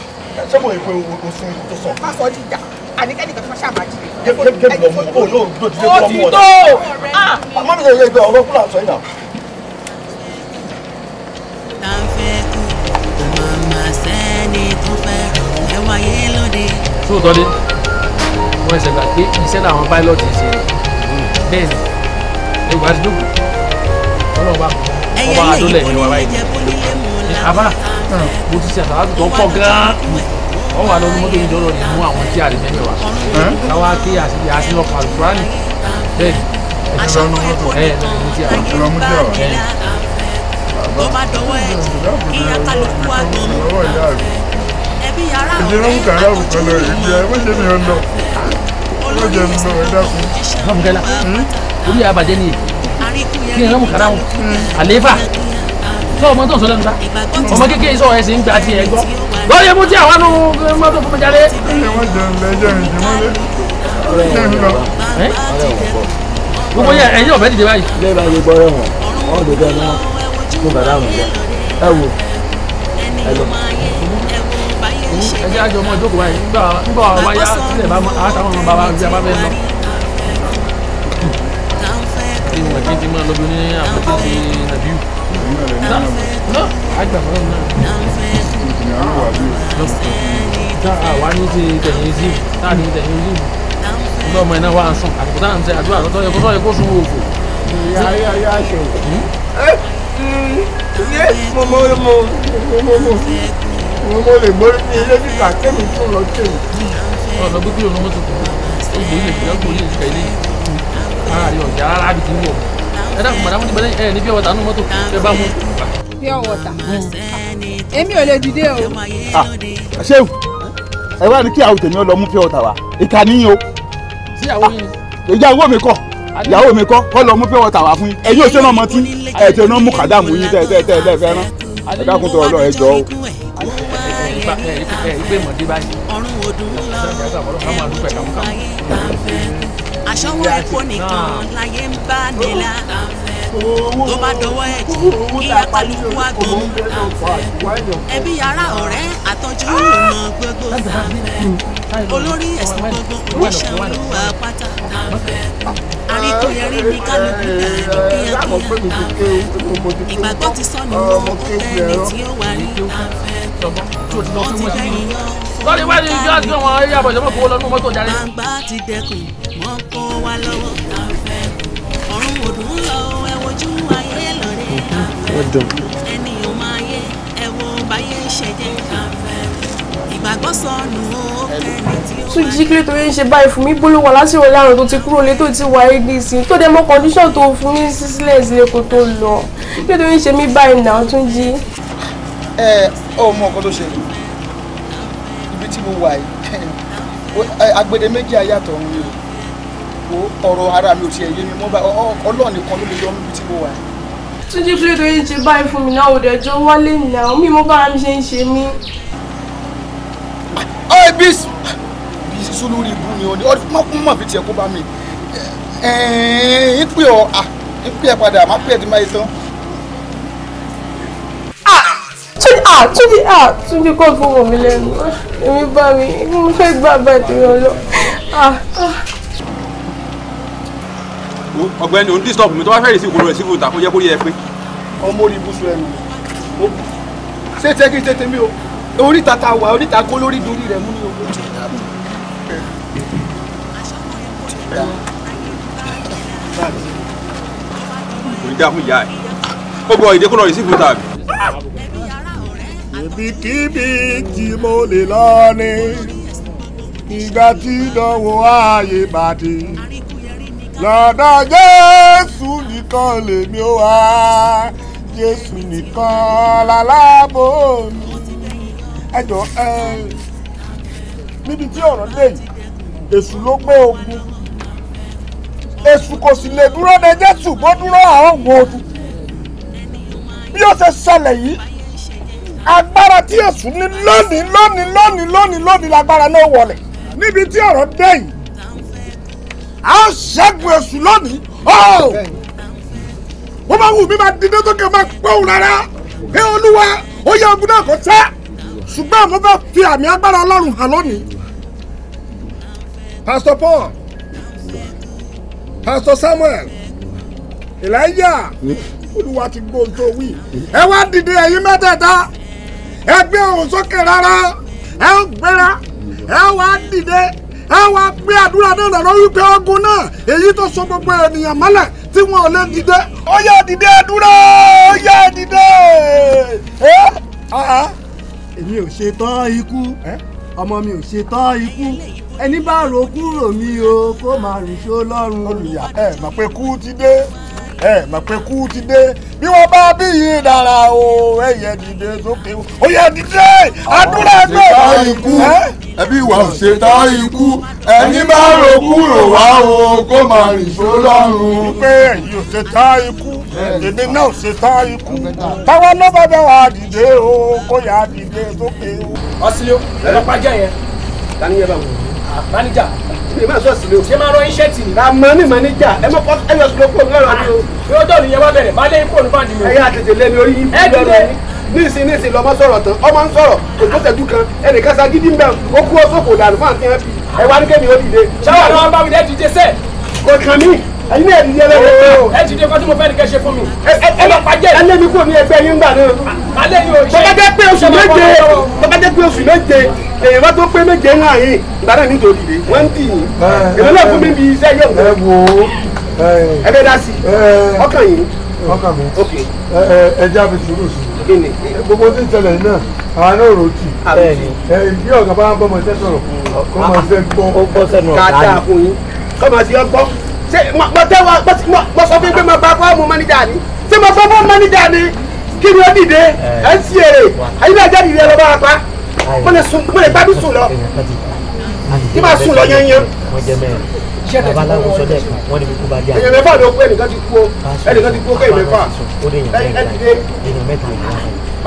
sọ́mọ ìwé oṣù tó sọ. má sọ di ìjà àníkẹ́ni kan tó máa ṣàmà jìnnà. jẹ́ kí ló mú o lóòótọ́ ti dé kó mú ọ sóòótọ́ ni wọ́n ẹsẹ̀ gbà pé iṣẹ́ làwọn pilot ń ṣe bẹ́ẹ̀ ni ẹ̀rù bá ti dùn ọlọ́run bá ọba adúlẹ̀ mi wà báyìí àbá mo ti ṣe àtàwátì tó pọ̀ gan-an wọ́n wà lọ́nu mọ́tò yìí dọ́rọ̀ ni mú àwọn tí àlè mẹ́rin wa káwá kí àṣìlọ́ pàlùkùránì bẹ́ẹ̀ ni ẹ̀ṣẹ̀ lọ́nu mọ́tò ẹ̀ lọ́nu mú tí àwa lọ́nu mú tí àwa bẹ́ẹ̀ ni. tó bá dọwọ́ ẹ̀ jì kí akálukú wa gbọ́n mú ìdílé mú kàrá àbùkọ lọ ìdí ẹ wọ́n ṣe mi ọ̀nà wọ́n jẹ mi lọ ẹ̀dá fún. ọmọkẹ́lá orí abàjẹ́ ni kí ni lọ́mùkàrá wọn àlééfà tó ọmọ tó ń sọ lẹ́nu bá ọmọ kékeré sọ ẹ̀ sì ń gbà tí ẹ gbọ́ lọ́ọ̀yẹ́ mú tí àwọn àánú mọ́tò fún mi jalè. wọ́n jẹun lẹ́jọ́ ìdìmọ́lé gbogbo yẹ ẹyin ọbẹ dìde báyìí. ilé ìbá yẹ gbọ́rọ̀ wọn wọn ò dé bẹ́ẹ̀ náà fún bàdá àwọn ọ̀gá ẹ ẹ jẹ́ ọmọ ìjókòó báyìí nígbà nígbà wà yá bá mọ àtàwọn ọmọ bàbá bí a bá fẹ́ lọ. ìwọ̀n ìwọ̀n kí n ti máa lọ́bi ní àpótí ti nàbíù. náà àgbà fọlọ́ náà. dáa wà ní ti tẹ̀yìn zim náà ní tẹ̀yìn zim ọdọ ọmọ iná wa ń sùn àtìkù táà ń tẹ àdúrà tó tọ́jú tó yẹ kó sun òfò. ìyá ayé ayé aṣọ. Hmm? ẹ ẹ mo mo mo mo mo mo lè mórí ní ilé nígbà kémi tó lọ kémi. ọ̀nà gbígbé òun ló tó gbòó lè gbòó lè fìyà ilé yìí ara yọ ọ̀jà rárá bí ti wọ̀ ẹ dákun padà fún ibẹ̀ ẹ ní pure water nínú mọ́tò ẹ bá mú. pure water èmi ò lè dìde o. Ah, ṣéwù ẹ wá ní kí àwọn tèmi lọ mú pure water ìka níyìn o. síyàwó yìí. ìyàwó mi kọ ah, kọ lọ mú pure water wá fún yín ẹ̀yin ò ṣe náà mọtí ẹ ti náà mú kàdámù yín tẹ tẹ tẹ fẹ́ràn ẹ dákun tó lọ ẹ jọ o ìgbà ẹ ẹ ìgbé ìmọ̀dé báyìí. ọ̀run bá fẹ́ aṣọ́wọ́ epo nìkan láyé ń bá nílá tó bá dọwọ́ ẹ̀jẹ̀ ìyá kálukú àgbọ̀n ẹbí yàrá ọ̀rẹ́ àtọ́jú ìrìnà ah! gbogbo olórí ẹ̀sìn gbogbo oníṣẹ́ olúwa pátá àríkòyẹrí ní kálukú dàní eh, kíákíá ìgbàgbọ́ ti sọ nínú ọkọ̀ tí ó wà ní afẹ́ jọ̀gbọ́n tí o ìjọ àti ọmọ eré àbọ̀jọ́ mọ̀ kó lọ mọ́tò jáde. màgbá ti dẹkùn mọ́ kó wa lọ́wọ́ àfẹ́ ọ̀run òdù lọ ẹ ayé lọ́rẹ́ àfẹ́ ẹni ò máa yẹ ẹ báyé ṣẹ̀jẹ̀ àfẹ́ ìgbàgbọ́ sọnù ó kẹ́ni tí ó bá tún jí kílé torí ń ṣe báyìí fún mi bólú wà lásìkò lárùn tó ti kúrò lé tó ti wà ADC tó dé mọ́ kọ́ndíṣọ̀n tó ó mọ nǹkan tó ṣẹlẹ̀ ibi tí mo wà yìí agbede méjì ayàtọ̀ ń rí o ọ̀rọ̀ ara mi ò tiẹ̀ yé mi mọ́ bá ọlọ́ọ̀ nìkan ló lè yọ mí ibi tí mo wà yìí. túnjí kúlẹ̀ tó yín ṣe báyìí fún mi náà ò dẹjọ́ wálé nìyàwó mi mo bára mi ṣe ń ṣe mí. ọ ibi ibi sísú lórí ibú ni ọdún ọdún má kún mọ̀ fi tiẹ̀ kó bá mi ń pè ọ́ ń pè ẹ́ padà má pè ẹ́ tí má yẹ tán. Ah, àtúndì àtúndì ah, kò fún mi lẹ́nu èmi bá mi mo fẹ́ gbà bá ìtòrí ọlọ́. ọ̀gbẹ́ni òun disturb mi tó bá fẹ́ rèé sí ìkòrò rẹ̀ sí ìfòta kó jẹ́ kó rí ẹ pé. ọmọ orí ibùsùn ẹnu ṣé tẹ́kí tètè mi o oríta ta wà oríta kó lórí dorí rẹ̀ mú ní owó. kò ní dáa fún ìyá ẹ̀ ó gbọ́ ìdẹ́kùn lọ rèé sí ìfòta àbí ibikíbi tí mo lè lọ ni ìgbà tí ìdánwò ààyè bàdé lọ́dọ̀ Jésù nìkan lèmi ó wá Jésù nìkan lálábò mi ẹjọ ẹ níbi tí ọ̀rọ̀ lè yìí Èṣù ló gbé ogun Èṣù kò sì lè dúró de Jésù bó dúró àwọn òògùn ojú bí ó ṣe ṣẹlẹ̀ yìí agbára tí èṣù ní lónìí lónìí lónìí lónìí lónìí lágbára náà wọlé níbi tí ọ̀rọ̀ dé yìí a ó ṣẹ́gun èṣù lónìí ó wọ́n máa wù mí máa dídé tó kí n máa gbóhùn rárá pé olúwa ó yẹ ogun náà kó sẹ́ ṣùgbọ́n àmọ́ bá fi àmì agbára ọlọ́run hàn lónìí. Pastor Paul Pastor Samuel Elijah olúwa ti gbóhùn tó wí ẹ wá dìde ẹ̀yin mẹ́tẹ̀ẹ̀ta ẹ gbé ohùn sókè rárá ẹ ń gbéra ẹ wá dìde ẹ wá gbé àdúrà náà lọ lórí pé ogun náà èyí tó so gbogbo ènìyàn mọ́lẹ̀ tí wọn ò lè dìde. ó yá dìde dúró ó yá dìde. Ah, ah. èmi ò ṣe tán ikú ọmọ mi ò ṣe tán ikú ẹni bá rò kúrò mi o kó máa rìṣó lọ́rùn. olùyà ẹ mọ̀ pé kú ti dé ẹ mọ̀ pé kú ti dé bí wọ́n bá bí yìí dára o ẹ yẹ dìde sókè o yẹ dìde àdúrà ẹgbẹ́ ikú ẹbí wa ò ṣe tá ikú ẹni bá ròkú rò wá o kó máa rìn só lọ́rùn. pé èyí ò tá ikú èmi náà ò tá ikú táwọn náà bá bá wa dìde o kó yà á dìde sókè o. ọsílẹ̀ ọlọ́pàá jẹ́ yẹn ta ni yẹn bá wọ̀ máníjà ṣe máa sọ sílẹ̀ o ṣe máa rán iṣẹ́ tì ní. àmọ́ ní máníjà ẹ mọ́ ẹ yọ sùn lóko lọ́rọ̀ ni o. yóò dọ̀ nìyẹn wá bẹ̀rẹ̀ bá lé ipò ní báńdì mi. ẹ yà tètè lé mi orí yín bí lọ́rọ̀ yín níìsín níìsín lọ́mọ sọ̀rọ̀ tán ọmọ ń sọ̀rọ̀ òjò tẹ̀dú kan ẹnìkan sa gidi ń bẹ̀ ó kú ó sófò dànù fún àti ẹ wá ní kémi ó dìde. ṣáwà ni wọn bá mi lẹ́ dìde sẹ́ẹ̀. kò kàn mí ẹyin náà ẹdìdì ẹlẹ́wọ̀. ẹ ti di ẹkọ tí mo fẹ́ ni kẹ́ ṣe fún mi. ẹ lọ pàjẹ́. ẹ lẹ́mi kúrò ní ẹgbẹ́ yín gbà náà. alẹ́ yóò ṣe bàbá jẹ́ pé oṣù méje bàbá jẹ́ pé oṣù méje èèyàn bá tó pé méje ń hàn yín ìgbà náà nítorí rè wọ́n ń dì yín. èmi náà fún mi bí iṣẹ́ yóò gbọ́. ẹ wo ẹ bẹ dá sí i ọkàn yín. ọkàn mi ẹ jáde sùúrù sùúrù gbogbo tí ń tẹ̀lé náà àánú òròtì bí ọ̀gá bá ń bọ́ ọmọ iṣẹ́ sọ̀rọ̀ kọ́ máa ṣe gbọ́ kọ́ máa ṣe ọgbọ́n ṣe mo tẹ́wọ́ mo sọ fún pé mo bá fọ́ọ̀mù mọ́níjà ni ṣé mo sọ fún mọ́níjà ni kí ni ó dìde ẹ̀ ń ṣe èrè ayílẹ̀ ajá dìde lọ́ba apá mo lè sùn mo lè gbádùn sùn lọ kí máa sùn lọ yanyan. babaláwo sọ dẹ wọn ló kú ẹnìkan ti kú ẹnìkan ti kú ó kẹ́yìn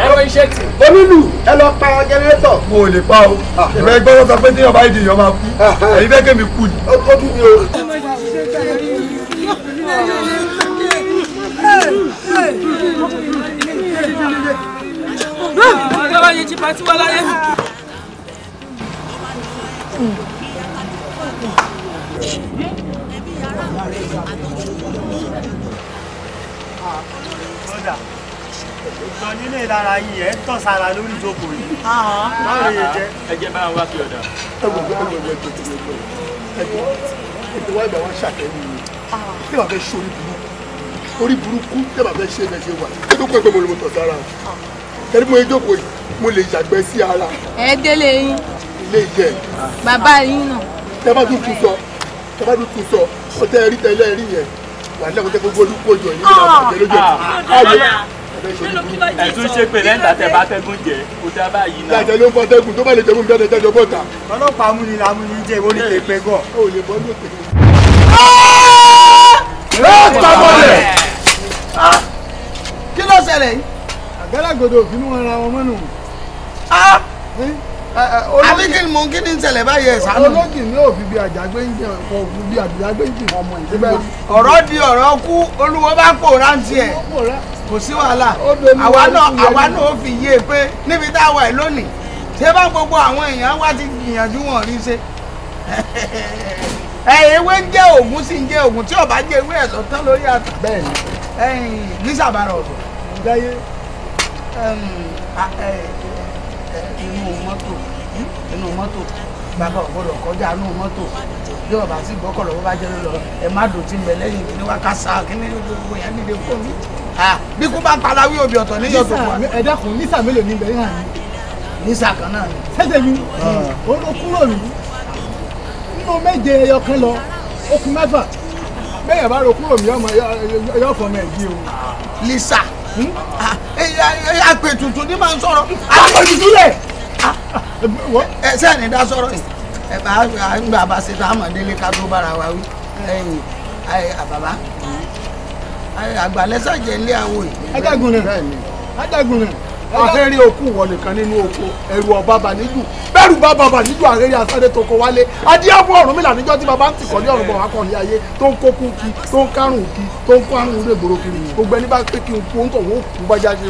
ẹ̀rọ iṣẹ́ tì. onílù ẹ lọ pa jẹnẹrétọ̀. mo ò lè pa o ìfẹ́ gbọ́dọ̀ sọ pé tí yọba ìdí yọ máa kú èyí fẹ́ kémi kú ni. ó tó dùn mí o. ọ̀rẹ́ ìtọ̀ nílé lára yìí ẹ̀ ń sára lórí ìjókòó yìí. báwo lè jẹ́. ẹ jẹ́ báwọn kí ọ̀dà. ẹ wò ó ẹ wò ó tètè lè gbọ́ ẹ ti wọn ṣàkẹ́yìn mi bí wàá fẹ́ ṣe orí burúkú orí burúkú bí wàá fẹ́ ṣe bẹ́ẹ̀ ṣe wà ẹ tó pẹ́ pé mo lè mo tọ̀ sára o kẹ́rí mo jókòó yìí mo lè yàgbẹ́ sí ara. ẹ délé yín. ilé ìjẹ. bàbá yín náà. tẹ́ bá tún tún sọ tẹ́ bá tún tún sọ ẹ̀tún ṣe pé lẹ́ńtà tẹ bá tẹ́gùn jẹ kó dá báyìí náà. jàjẹ́ ló ń fọ́ tẹ́gùn tó bá lè jẹ́gùn bẹ́ẹ̀ jẹ́jọ́ bọ́ta. ọlọ́pàá amúni la amúni jẹ́ ìwọ ní pépé gan. o lè bọ́ lókè. lọ́sọ̀bọ̀lẹ̀ kí ló ṣẹlẹ̀ yìí. àgálàgodo òfin wọn ra wọn mọ́nù àbíkí ni mo kí ni ṣẹlẹ̀ báyìí ẹ̀ sánú. olójì ní òfin bíi àjàgbé ń jẹ kò òfin bíi àjàgbé ń jẹ ọmọ ìdíbẹ̀. ọ̀rọ̀ di ọ̀rọ̀ kú olúwo bá pòórá ń tiẹ̀ kò sí wàhálà àwa náà àwa yé e pé níbi tá a wà lónìí ṣé bá gbogbo àwọn èèyàn wá ti gbìyànjú wọn rí ṣe. ewé ń jẹ́ ògùn sì ń jẹ́ ògùn tí ọba jẹ́ ewé ẹ̀sọ́ tán lórí ata. bẹ́ẹ̀ni. ní sàbàrà ọ̀sọ̀ nínú mọ́tò nínú mọ́tò bàbá ọ̀gbọ́dọ̀ kọjá nínú mọ́tò bí ọba sì gbọ́kọ̀ lọ́wọ́ bá jẹ́ lọ ẹ má dùn tí ń bẹ lẹ́yìn kí ni wá ká sa kí ni gbogbo yẹn dìde fún mi. bí kú bá ń paláwí òbí ọ̀tọ̀ ní yọ̀tọ̀ fún mi. ẹ dákun nísà mélòó ní bẹ́ẹ̀ náà ni. nísà kan náà ni. sẹ́sẹ̀ mi ó kúrò nù nínú méje ẹyọ kan lọ ó kù mẹ́fà bẹ́ẹ̀ bá ro kúrò mi ọmọ yọ fọmọ ẹ̀ jí o ẹ sẹ́ni dá sọ̀rọ̀ yìí ẹ bá a ń gbà bá ṣe tá a mọ̀ délé ká tó bára wa wí ẹ̀yìn àbàbá àgbàlẹ́sà jẹ́ ilé àwò yìí. adágún rẹ̀ adágún rẹ̀ ahẹ́rẹ́ òkú wọlé kan nínú oko ẹ̀rù ọba bàníjù bẹ́ẹ̀rù bá bàbà níjù ahẹ́rẹ́ asáré tó kọ wálé adíyàbọ̀ ọ̀run mi lànìjọ́ tí bàbá ń tìkọ́ ní ọ̀run bọ̀ wá kàn ní ayé tó ń kókú kí tó ń kárùn-ún kí tó ń kó àrùn rẹ̀ gbòòrò kiri gbogbo ẹni bá pé kí n kú ó ń tọ̀ wọ́n kú bá jáde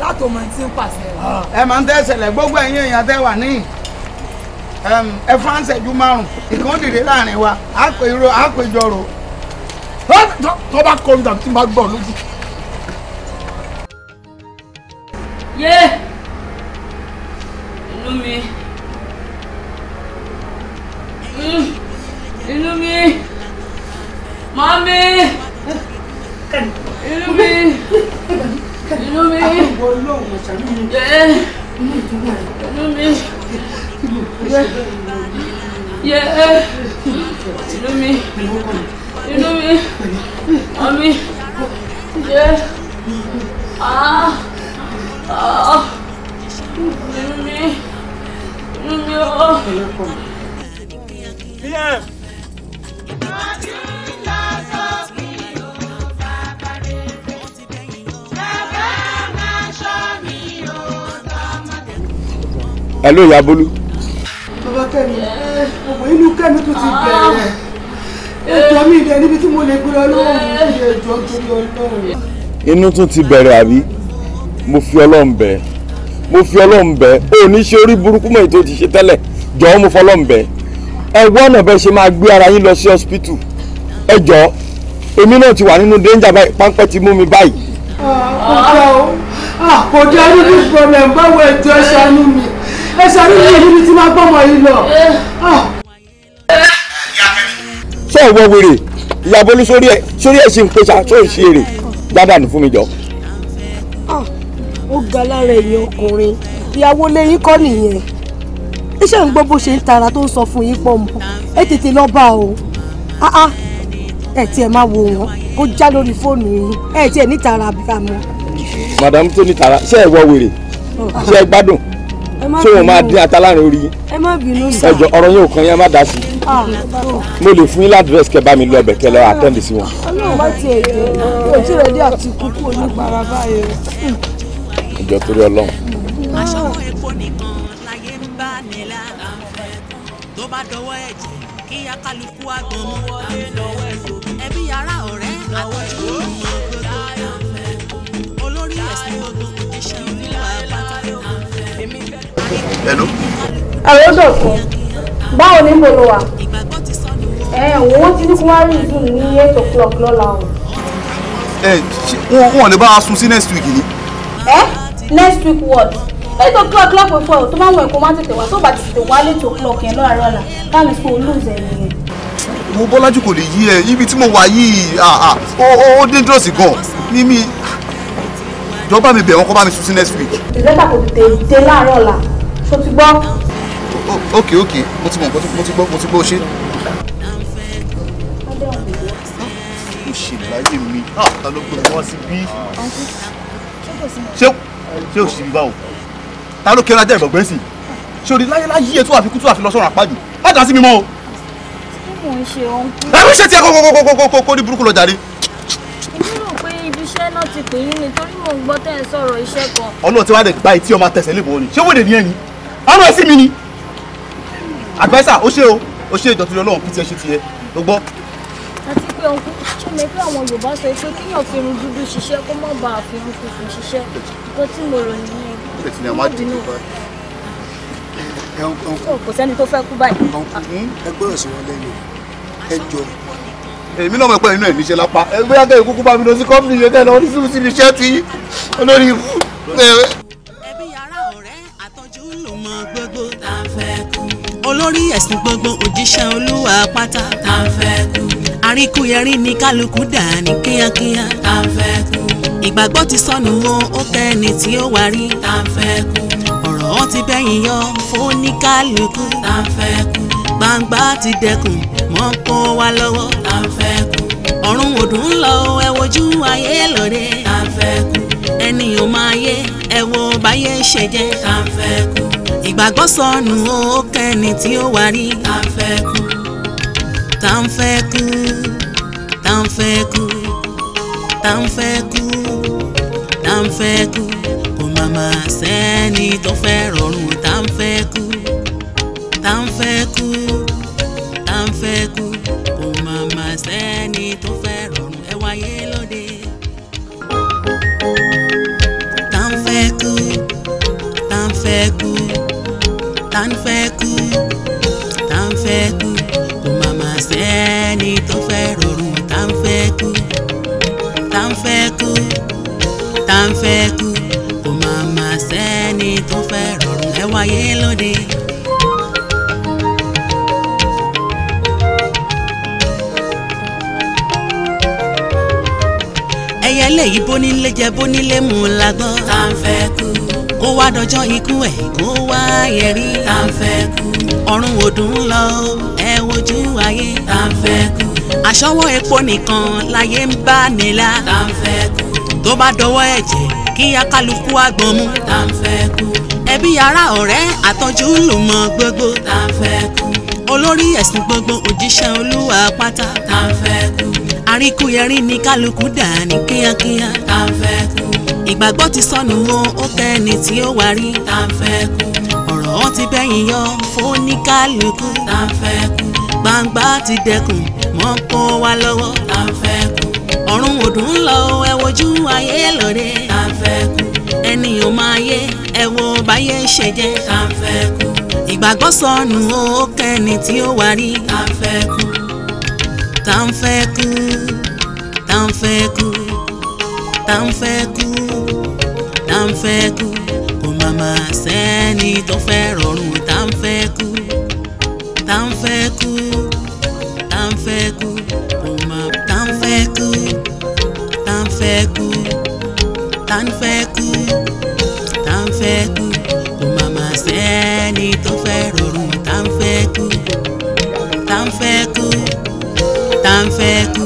látò mọ̀ tí ń pàṣẹ. ẹ máa ń tẹ̀sẹ̀lẹ̀ gbogbo ẹ̀yin èèyàn tẹ́ wà ní ẹ fáńsẹ̀ ju márùn-ún ìkan dìde láàrin wa àpèrò àpèjọrò tó bá kọrin tàbí tí n bá gbọ́ lójú. yé inú mi hmm, inú mi màmí inú mi. Yeah. Yeah. inú mi inú mi yẹ inú mi inú mi ọmi Yeah. ah ah inú mi inú mi ọ. Yeah. ẹ ló ya bólú. bàbá kẹ́mi ọ̀pọ̀ inú kẹ́mi tó ti bẹ̀rẹ̀ ètò mi ìdẹ níbi tí mo lè gbé ọlọ́run ní ẹjọ́ torí tún ti bẹ̀rẹ̀ àbí mo fi ọlọ́run bẹ̀ mo fi ọlọ́run bẹ̀ ó ní ṣe orí burúkú mọ̀ ètò ti tẹ́lẹ̀ jọ̀ọ́ mo fọlọ́run bẹ̀ ẹ wọ́nà bẹ́ẹ̀ ṣe máa gbé ara yín lọ sí hospital ẹ jọ̀ọ́ èmi náà ti wà nínú danger báyìí páńpẹ́ ti mú mi báyìí. Ah, kò dá o ah, kò dá irú problem báwo ẹjọ́ ṣàánú mi ẹ ṣàánú mi níbi tí máa gbọ́mọ yìí lọ. Ah. ṣé ìwọ wèrè ìyá Bólú sórí ẹ sórí ẹ ṣe ń pèsè àtúnṣe ìṣeré dáadáa nù fún mi jọ. Ah, ó ga lára ẹ̀yìn ọkùnrin ìyàwó lẹ́yìn kọ́ nìyẹn iṣẹ́ ń gbọ́ bó ṣe ń tara tó ń sọ fún yín pọ̀ mọ́ ẹ tètè lọ bá o ah, ẹ tiẹ̀ máa wò wọ́n kó já lórí fóònù yín ẹ tiẹ̀ níta ara àbúrò mọ́. madam tó níta ara ṣé ẹ wọ wèrè ṣé ẹ gbádùn ṣé wọn máa dín ata láàrin orí ẹjọ ọ̀rọ̀ yín ò kàn má dá sí ah, oh. mo lè fún yín ládírẹ́sì kẹ́ bá mi lọ ọbẹ̀ kẹ́ lọ àtẹ́ǹdì sí wọn. ọlọ́run bá ti èdè kò tí rẹ̀ dé àti kúkú onípara báyìí. ìjọ torí ọlọ́run. aṣọ epo nìkan láyé ń bá nílá àǹfẹ́ tó bá dọwọ́ ẹ̀jẹ̀ kí akálukú àgbọn mọ́ ẹbí yàrá ọ̀rẹ́ àtọ́jú ìmọ̀ gbogbo olórí ẹ̀sìn gbogbo ìṣẹ̀lú àbátà Hello. Ẹ̀rọ dọ̀tun, báwo ni mo lọ wà? Ẹ wò wọ́n ti ní kí wọ́n rí ìdùn ní eight o'clock o. Ẹ wọn wọn lè bá wa sùn next week ni. Ẹ next week what? eight o'clock lọ́pọ̀ fún ẹ̀ tó bá wọn ẹ̀kọ́ má tètè wá tó bá tètè wá eight o'clock yẹn lọ́la lọ́la káàmì fún olóòzẹ̀ nìyẹn. Mo Bọ́lájú kò lè yí ẹ ibi tí mo wà yìí ó dangerous gan ní mi jọba mi bẹ̀ wọ́n kọ́ bá mi sùn sí next week. Ìrẹ́ta kò tètè dé láàárọ̀ ọ̀la ṣó ti gbọ́. ok ok mo ti mọ nǹkan mo ti gbọ́ mo ti gbọ́ ṣé. mo ṣe láyé mi ah, ta ló gbé wọn sí bí. ṣé ṣé o ṣì ń bá o ta ló kẹ́ra jẹ́ ìbọ̀gbẹ́ sí ṣé o rí láyé láyé ẹ̀ tó àfikún tó àfi lọ sọ́run àpájù má dá sí mi mọ́ o. mo ń ṣe ohun. ẹ̀rú ṣe tiẹ̀ kókókókókó kó ní burúkú lọ jàre iṣẹ́ náà ti pè yín ni torí mò ń gbọ́ tẹ́ ẹ sọ̀rọ̀ iṣẹ́ kan. ọlọ́run ti wá dẹ̀ gba etí ọmọ tẹsẹ̀ lébo ni ṣé wòde ní ẹ̀yìn ọ̀rọ̀ sí mi ni àgbẹ̀sà ó ṣe o ó ṣe ìdọ̀tí ọlọ́run pété ṣe tiẹ̀ ló gbọ́. àti pé òun tún mi pé àwọn yorùbá sọ pé kíyàn fi irun dúdú ṣiṣẹ́ kó má bàa fi irun funfun ṣiṣẹ́ tó tí mo rò nìyẹn. kò sẹ́ni tó fẹ́ kú báyìí. ẹgbẹ́ òsì wọn lẹ́nu ẹ jọ èmi náà mọ̀ pé inú ẹ̀ níṣẹ́ lápá ẹgbẹ́ akẹ́kọ̀ọ́ kúkú bá mi lọ sí kọ́mpìnì yẹn tẹ́lẹ̀ wọ́n ní síbi sí iṣẹ́ tí olórí ẹ̀. olórí ẹ̀sìn gbogbo òjíṣẹ́ olúwa pátá. tá a fẹ́ kú. àríkúyẹrí ni kálukú dà ní kíákíá. tá fẹ́ kú. ìgbàgbọ́ ti sọnù o ó tẹ́ni tí ó wà rí. tá fẹ́ kú. ọ̀rọ̀ ti bẹ́yìn yọ fóníkálukú. tá a fẹ́ kú. gbangba ti dẹkùn mọ́ kó wa lọ́wọ́. tá a fẹ́ kú. ọ̀run ọdún lọ ẹ wojú ayé lóde. tá fẹ́ kú. ẹni ò máa yé ẹ wo báyé ṣe jẹ́. tá fẹ́ kú ìgbàgbọ́ sọnù ó kẹ́ni tí ó wà rí. tá ń fẹ́ kú tá ń fẹ́ kú tá ń fẹ́ kú tá ń fẹ́ kú tá ń fẹ́ kú kò má má sẹ́ni tó fẹ́ rọrùn tá ń fẹ́ kú tá ń fẹ́ kú tá ń fẹ́ kú kò má má sẹ́ni tó fẹ́ rọrùn. tá ń fẹ́ kú tá ń fẹ́ kú kò má má sẹ́ni tó fẹ́ rọrùn tá ń fẹ́ kú tá ń fẹ́ kú tá ń fẹ́ kú kò má má sẹ́ni tó fẹ́ rọrùn ẹ wáyé lóde. ẹyẹ lè bónílé jẹ bónílé mú la gbọ́. tá ń fẹ́ kú kó wá dọjọ́ ikú ẹ̀ kó wá yẹrí. a fẹ́ kú. ọ̀run òdùn lọ ẹ wojú ayé. a fẹ́ kú. àṣọwọ́ epo nìkan láyé ń bá nílá. a fẹ́ kú. tó bá dọwọ́ ẹ̀jẹ̀ kí akálukú àgbọn mú. a fẹ́ kú. ẹbí ará ọ̀rẹ́ àtọ́jú lùmọ̀ gbogbo. a fẹ́ kú. olórí ẹ̀sìn gbogbo òjíṣẹ́ olúwa pátá. a fẹ́ kú. àríkúyẹrí ni kálukú dà ní kíákíá. a fẹ́ kú ìgbàgbọ́ ti sọnù o ó kẹ́ni tí ó wà rí. tá n fẹ́ kú. ọ̀rọ̀ wọn ti bẹ́yìn yọ fóníkálukú. tá n fẹ́ kú. gbangba ti dẹkùn mọ́ kó wa lọ́wọ́. tá n fẹ́ kú. ọ̀run òdùn lọ ẹ wojú ayé lóde. tá n fẹ́ kú. ẹni máa yé ẹ wo báyé ṣe jẹ́. tá n fẹ́ kú. ìgbàgbọ́ sọnù o ó kẹ́ni tí ó wà rí. tá n fẹ́ kú. tá n fẹ́ kú. tá n fẹ́ kú. tá n fẹ́ kú ń fẹ́ kú kò má má sẹ́ni tó fẹ́ rọrùn tá ń fẹ́ kú tá ń fẹ́ kú tá ń fẹ́ kú kò má tá ń fẹ́ kú tá ń fẹ́ kú tá ń fẹ́ kú tá ń fẹ́ kú kò má má sẹ́ni tó fẹ́ rọrùn tá ń fẹ́ kú tá ń fẹ́ kú tá ń fẹ́ kú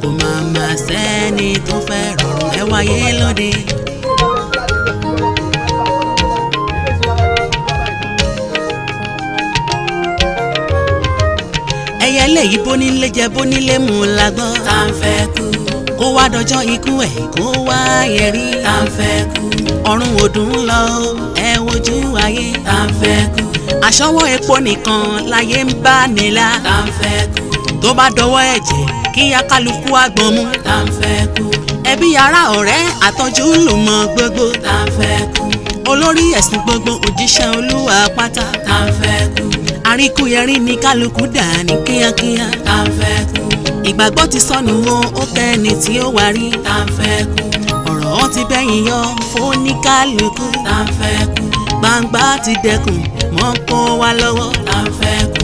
kò má má sẹ́ni tó fẹ́ rọrùn ẹ wáyé lóde. eléyìí bónílé jẹ bónílé mu la gbọ́. tá n fẹ́ kú. kó wá dọjọ́ ikú ẹ̀ kó wá yẹrí. tá n fẹ́ kú. ọ̀run òdùn lọ ẹ wojú ayé. tá n fẹ́ kú. àṣọwọ́ epo nìkan láyé ń bá nílá. tá n fẹ́ kú. tó bá dọwọ́ ẹ̀jẹ̀ kí akálukú àgbọn mú. tá n fẹ́ kú. ẹbí ará ọ̀rẹ́ àtọ́jú lùmọ̀ gbogbo. tá n fẹ́ kú. olórí ẹ̀sìn gbogbo òjíṣẹ́ olúwa pátá. tá n fẹ́ kú àríkúyẹrí ni kálukú dà ní kíákíá. tá a fẹ́ kú. ìgbàgbọ́ ti sọnù o ó tẹ́ni tí ó wà rí. tá fẹ́ kú. ọ̀rọ̀ ó ti bẹ́yìn yọ fóníkálukú. tá a fẹ́ kú. gbangba ti dẹkùn mọ́ kó wa lọ́wọ́. tá a fẹ́ kú.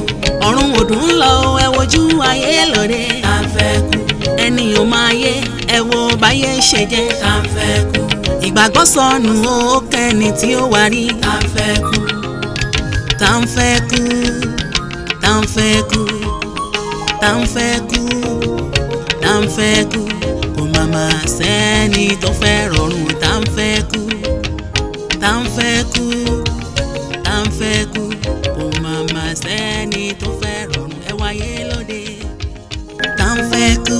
ọ̀run ọdún lọ ẹ wojú ayé lóde. tá fẹ́ kú. ẹni ò máa yé ẹ wo báyé ṣe jẹ́. tá fẹ́ kú. ìgbàgbọ́ sọnù o ó kẹ́ni tí ó wà rí. tá fẹ́ kú Tan ń fẹ́ kú tan ń fẹ́ kú tá ń fẹ́ kú tan ń fẹ́ kú kò má má sẹ́ni tó fẹ́ rọrùn tá ń fẹ́ kú tá ń fẹ́ kú tá ń kú kò má má tó fẹ́ rọrùn ẹ wáyé lóde tá ń kú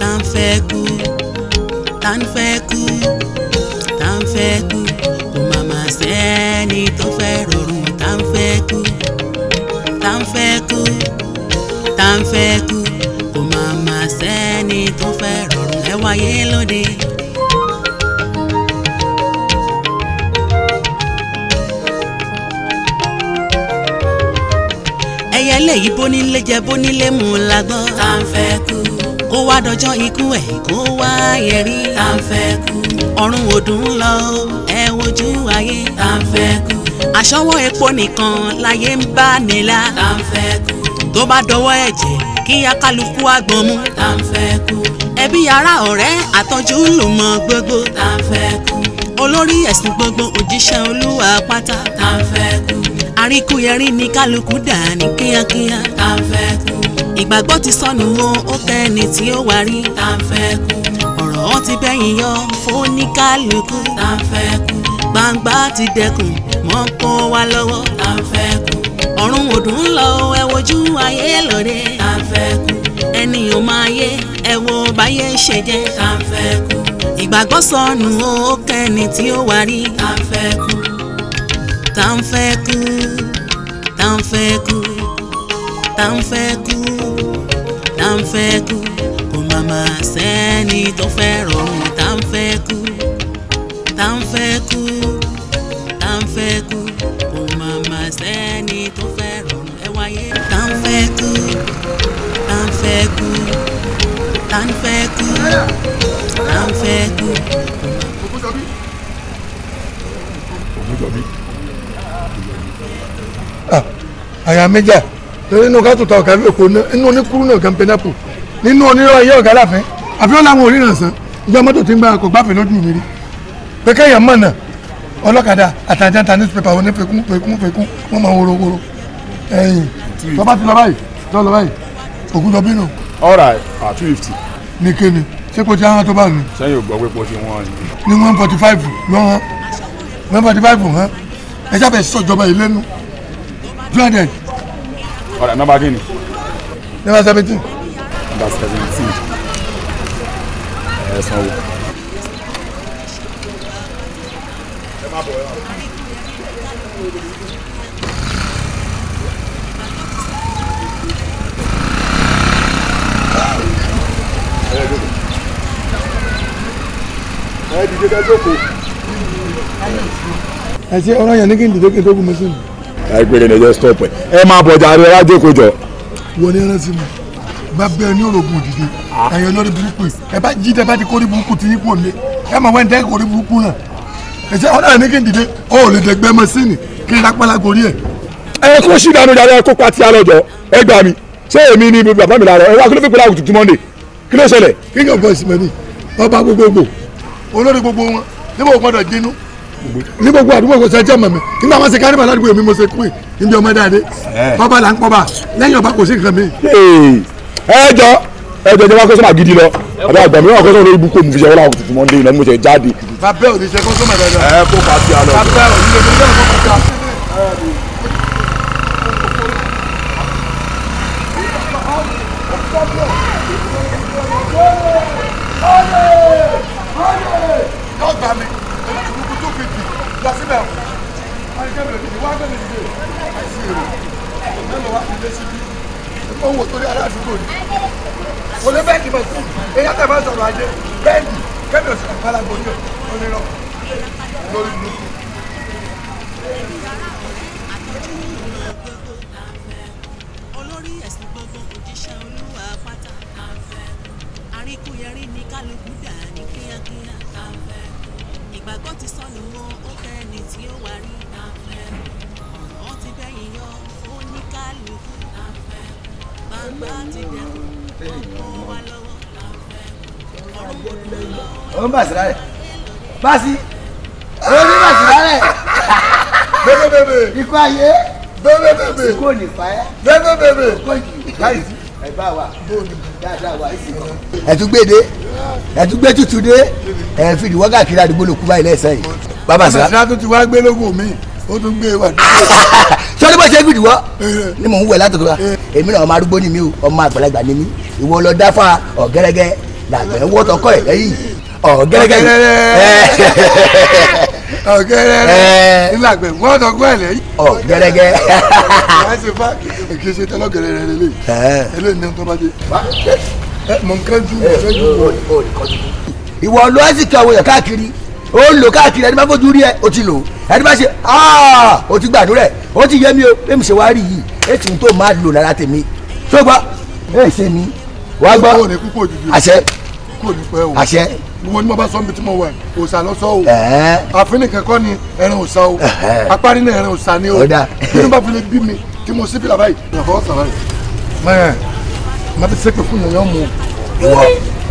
tá ń kú tá ń kú. fẹ́ kú kò máa máa sẹ́ni tó fẹ́ rọrùn ẹ wáyé lóde. ẹyẹlé yìí bónílé jẹ bónílé mu la gbọ́. tá n fẹ́ kú. kó wá dọjọ́ ikú ẹ̀ kó wá yẹrí. tá n fẹ́ kú. ọ̀run òdùn lọ ẹ wojú ayé. tá n fẹ́ kú. àṣọwọ́ epo nìkan láyé ń bá nílá. tá n fẹ́ kú tó bá dọwọ́ ẹ̀jẹ̀ kí akálukú àgbọn mú. tá n fẹ́ kú. ẹbí ará ọ̀rẹ́ àtọ́jú ló mọ gbogbo. tá n olórí ẹ̀sìn gbogbo òjíṣẹ́ olúwa pátá. àríkúyẹrí ni kálukú dà ní kíákíá. tá n ìgbàgbọ́ ti sọnù o ó kẹ́ni tí ó wà rí. tá n fẹ́ kú. ọ̀rọ̀ wọn ti bẹ́yìn yọ fóníkálukú. tá gbangba ti dẹkùn mọ́ kó wa lọ́wọ́. tá ọ̀run ọdún lọ ẹ wojú ayé lóde. ta fẹ́ kú. ẹni ò máa yé ẹ wo báyé ṣe jẹ́. ta fẹ́ kú. ìgbàgbọ́ sọnù ó kẹ́ni tí ó wà rí. ta fẹ́ kú. ta ń fẹ́ kú. ta ń fẹ́ kú. ta ń fẹ́ kú. ta ń fẹ́ kú. kò má má sẹ́ni tó fẹ́ rọrùn ta ń fẹ́ kú. ta ń fẹ́ kú. àyà méjà torí inú ká tó ta ọ̀kà lóko inú oníkúrú náà kan pẹ́nápù nínú onírọ̀ ayé ọ̀gá láfẹ́ àfihàn làwọn oríran sàn ìjọ mọ́tò tí ń gbà kọ̀ gbáfẹ́ lójú mi rí pé kéèyàn mọ̀ náà ọlọ́kadà àtàjà ta newspaper wọn ní pẹ̀kún pẹ̀kún pẹ̀kún wọ́n máa woro woro ẹ̀yìn lọ́ba ti lọ báyìí lọ́ lọ báyìí ògùn lọ bínú. ọ̀rà à two fifty. ní kéne ṣé kò tí a hàn tó bá mi. sẹ́yìn ò gbọ́ pé pọ̀ sí wọn. ní one forty five lọ́wọ́ one forty five hàn ẹ sábẹ̀ sọ̀jọba ìlẹ́nu two hundred. ọ̀rẹ́ nọ́mbà kí ni. nọ́mbà seventeen. nọ́mbà seventeen. ẹ sanwó. ẹ má bọ̀ ẹ má bọ̀. ẹ dìde ká jókòó. ẹ ṣe ọ̀rọ̀ yẹn ní kí n dìde kí n tó gun mọ́sìn àìpé kí ni stop ẹ ẹ máa bọjà rẹ wá jókòó jọ. wọ́n ní ẹran sí mi bá bẹ ẹ ní orogún òdìdí ẹ̀yàn lórí burúkú ẹ bá jí dábàá di kórí burúkú ti yípo lé ẹ máa wá ní dẹ́kun kórí burúkú náà ẹ̀jẹ̀ ọ̀nà ní kí n dìde ó lè dẹ̀gbẹ́ mọ́sínì kí n lápá lágorí ẹ̀. ẹ kó sí ìdáná ìdáná ẹ kó pa ti alọ́jọ ẹ gbà mí ṣé èmi ni bàbá mi lára ẹ wá kí ló fi pẹ̀lú ní gbogbo àdúgbò kò sẹ́jẹ́ mọ̀ mi nígbà wọn ṣe kárìbà ládùúgbò mi mo ṣe kú ìdí ọmọ dáadé bàbá là ń pọ́bà lẹ́yìn ọba kò sí nǹkan mi. ẹ jọ ẹ jọ jọba kọsọmọ gidi lọ àbí àgbà mi wà kọsọmọ lórí ibùkún mi fi ṣe wọn làwọn tuntun mọ ní ìlànà mo ṣe jáde. bàbá ò ní ṣe kọsọmọ dáadáa. ẹ kó bá ti àlọ. bàbá ò ní ṣe kọsọmọ dáadáa. owó torí aládùúgbò ni mo lé bẹ́ẹ̀kì mọ̀ sí èyí àtàbà sọ̀rọ̀ ajé bẹ́ẹ̀kì kẹ́mi òsì àpálágbó ní onírọ̀ lórí mi. ìgbàgbọ́ ti sọnù wọn ó fẹ́ ni tí ó wà rí ọ̀nà ti bẹ́yìn yọ ó ní kálukú ó ń bàṣírà rẹ̀ báṣí ó ní bàṣírà rẹ̀ bẹ́ẹ̀bẹ́ẹ̀bẹ́ ikú ayé bẹ́ẹ̀bẹ́ẹ̀bẹ́ ikú òní fàáyà bẹ́ẹ̀bẹ́ẹ̀bẹ́ ikú òjì báyìí ẹ wa dáadáa wa ìsìn kan. ẹ̀túgbèdè ẹ̀túgbè tuntun dé ẹ̀ fìdí wọ́gà kiri àdúgbò ló kú báyìí lẹ́sẹ̀ yìí. bàbá sira bàbá sira tó ti wá gbé lógún mi ó tún gbé wà nílé. sọ́ni bó ṣe gbìdì wọ́ eh. ni mò ń wẹ̀ látọ̀tọ̀ wa eh. èmi náà ọmọ arúgbó ni mi o ọmọ àgbàlagbà ni mi ìwọ lọ dáfà ọ̀gẹ́rẹ́gẹ́ làgbẹ̀ ń wọ́tọ̀ kọ́ ẹ̀ lẹ́yìn ọ̀gẹ́rẹ́gẹ́ eh. ọ̀gẹ́rẹ́gẹ́ ìlàgbẹ̀ wọ́tọ̀ kọ́ ẹ̀ lẹ́yìn ọ̀gẹ́rẹ́gẹ́. kì í ṣe tọ́lọ́gẹ̀rẹ́ rẹ lélẹ̀ ẹlẹ́ni tó bá dé mọ̀ nǹkan jù mọ̀ nǹkan jù. ìwọ lọ́ọ́ sì kàwé káàkiri ó ń lò káàkiri ẹni bá fojú rí ẹ o ti lò ẹni bá ṣe aa o ti gbàdúrà ẹ o ti yẹ mi o èmi ṣe wá rí yìí ètò tó máa lò lára tèmi tó gbọ́ ẹ ṣe mi wá gbọ́ àṣẹ àṣẹ wọn ni mo bá sọ mi tí mo wà òòsà lọ sọ o àfin nìkan kọ́ ni ẹran òòsà o apárí náà ẹran òòsà ni o bí mo bá fi lè bí mi tí mo sí fìlà báyìí ìyàfọwọ́ sàrà rẹ̀ mẹ́rin má fi sépè fún yẹn yọ mu o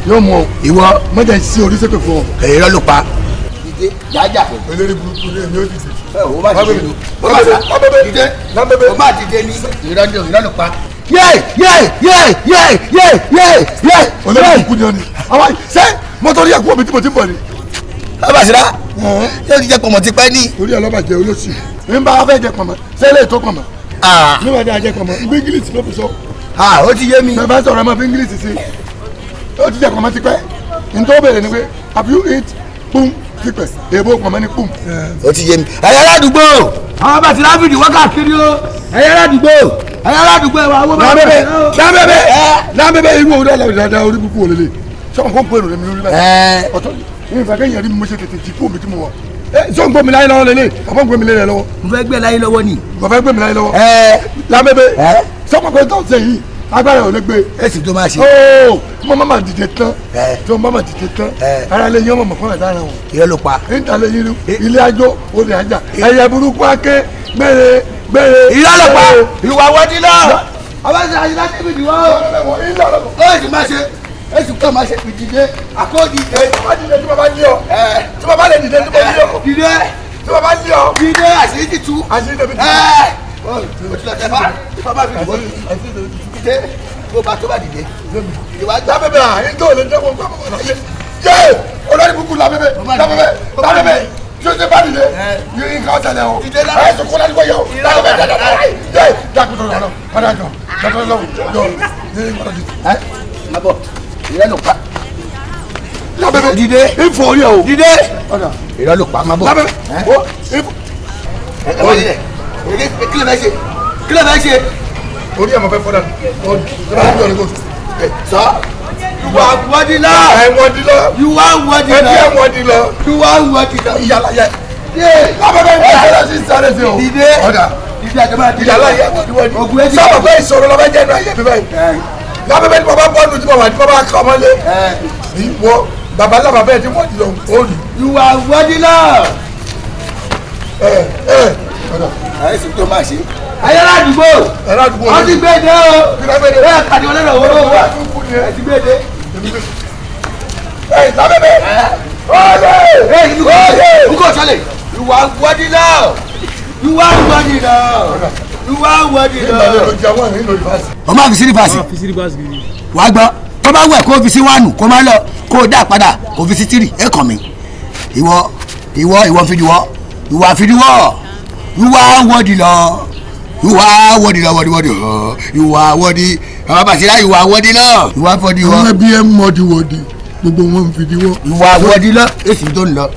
yọ mu o ìwọ mọ̀jà sí orí sépè fún ọ. èyí lọ́lùpa dìde jájà. olórí burúkú ni èmi ò dìde. ẹ o má dìde ni o má dìde o má dìde ni ìrọ́dọ̀ ìrọ́dọ̀ pa. yé yé yé yé yé yé yé. olórí burúkú ni ọ ni àwọn ṣe mọ́tò rí ẹ̀kú omi tí mo ti ń bọ̀ ni. abasira yóò ti jẹ pọmọ ti pẹ ní. orí ọlọ́ba jẹ olóṣì n bá fẹ́ jẹ pọmọ sẹ́lẹ̀ tó pọmọ. níwọ̀n dáa jẹ pọmọ ibi English ló fi sọ. ó ti yé mi. bẹ́ẹ̀ bá sọ̀rọ̀ ọmọ fi English sí i ti jẹ pọmọ ti pẹ́ ntọ́ bẹ̀rẹ̀ ni pé have you eat boom pípẹ́ èbó pọ̀nmọ́ ní pùm. ó ti yé mi ẹ̀yà aládùúgbò àwọn bàtí láfíìdì wákàkiri o ẹ̀yà aládùúgbò ẹ̀yà aládùúgbò ẹ̀wà owó bá bẹ̀rẹ̀ lábẹ́bẹ́ lábẹ́bẹ́ ìwé òwúrọ̀ ẹ̀là ìdáadáa orí kúkú òlele sọ̀rọ̀ kó ń pèrò lẹ́mi lórí báyìí ọ̀tọ̀ ní ìfẹ́ kẹ́yìn rí mi mo ṣe tètè tí kò mi tí mo wà sọ ń gbé mi láyé lọ́wọ́ lélẹ̀ àbọ̀ ń gbé mi lélẹ̀ lọ́wọ́. mo fẹ́ gbé láyé lọ́wọ́ ni. mo fẹ́ gbé mi láyé lọ́wọ́. lábẹ́bẹ́ sọ́kọ̀ pé tó ń sẹ́yìn agbára ò lè gbé. ẹ sì tó máa ṣe. ooo mo máa ma dìde tán. tí mo máa ma dìde tán. ara lè yín ọmọ mọ̀kànlá dára wọn. ìrẹ́ ló pa. níta lè yín ilé ajó olè ajá. ẹyẹ burúkú aké gbére gbére. ìrẹ́ ló pa ìwà wọ́dí náà. abájá ayé láti ibi ìwà o. ó sì máa ṣe ó sì kọ́ máa ṣe ìdílé àkóòdì. ẹ tí bàbá dìde tí bàbá yí ọ. tí bàbá lè dìde tí bàbá yí ọ. dìde tí bàbá yí ọ. dìde àṣírí ti tú. àṣírí tẹ̀mí tú dìde bó bá tó bá dìde ìwà já bẹ́bẹ́ à ń tó lè jẹ́ kó gbà bọ̀ láyé jẹ́ olórí burúkú la bẹ́bẹ́ la bẹ́bẹ́ la bẹ́bẹ́ tí o ṣe bá dìde yìí nǹkan ọ̀tẹ̀lẹ̀ o ẹ̀ tó kó láti wọ̀ yẹ o la bẹ́bẹ́ dẹ́dẹ́ láyé jẹ́ dákútọ̀ lọ́wọ́ padà jọ dákútọ̀ lọ́wọ́ jọ yìí nǹkan ọ̀tẹ̀lẹ̀. má bọ̀ ìrẹ́ ló pa la bẹ́bẹ́ dìde ifo orí o dìde ìrẹ́ ló pa má bọ̀ la bẹ́bẹ́ o ifo. ẹ ẹ wọlé dẹ kílẹ̀ bẹ́ẹ̀ ṣe kílẹ̀ bẹ́ẹ̀ ṣe orí ẹ̀ mọ̀ fẹ́ fọ́dà sá. You are Wadila. I am Wadila. You are Wadila. Ẹbí ẹ̀ Wadila. You are Wadila. Ìyàlá ayé ládùúgbò wọ́n ti gbé dé o bẹ́ẹ̀ kàdé wọlé rẹ̀ wọ́n wà ẹ ti gbé dé. ẹ ìsàbẹ̀bẹ̀ ọ̀lẹ́ ẹ ìlú ọ̀lẹ́ ìlú ọ̀sálẹ̀ ìwà wọ́dí náà ìwà wọ́dí náà ìwà wọ́dí náà. ọmọ àfi sírí paasi wàá gbọ́ tó bá wẹ̀ kó fi sí wánù kó má lọ kó dà padà kó fi sí tìrì ẹ kàn mí ìwọ ìwọ ìwọ fi diwọ ìwà fi diwọ ìwà wọ́dí náà you are worthy na worthy worthy oh you are worthy baba basira you are worthy náà you are worthy wọn. àwọn ẹbí ẹ ń mọdì wọdì gbogbo wọn ń fìdíwọ́. you are worthy náà èsì tó ń lọ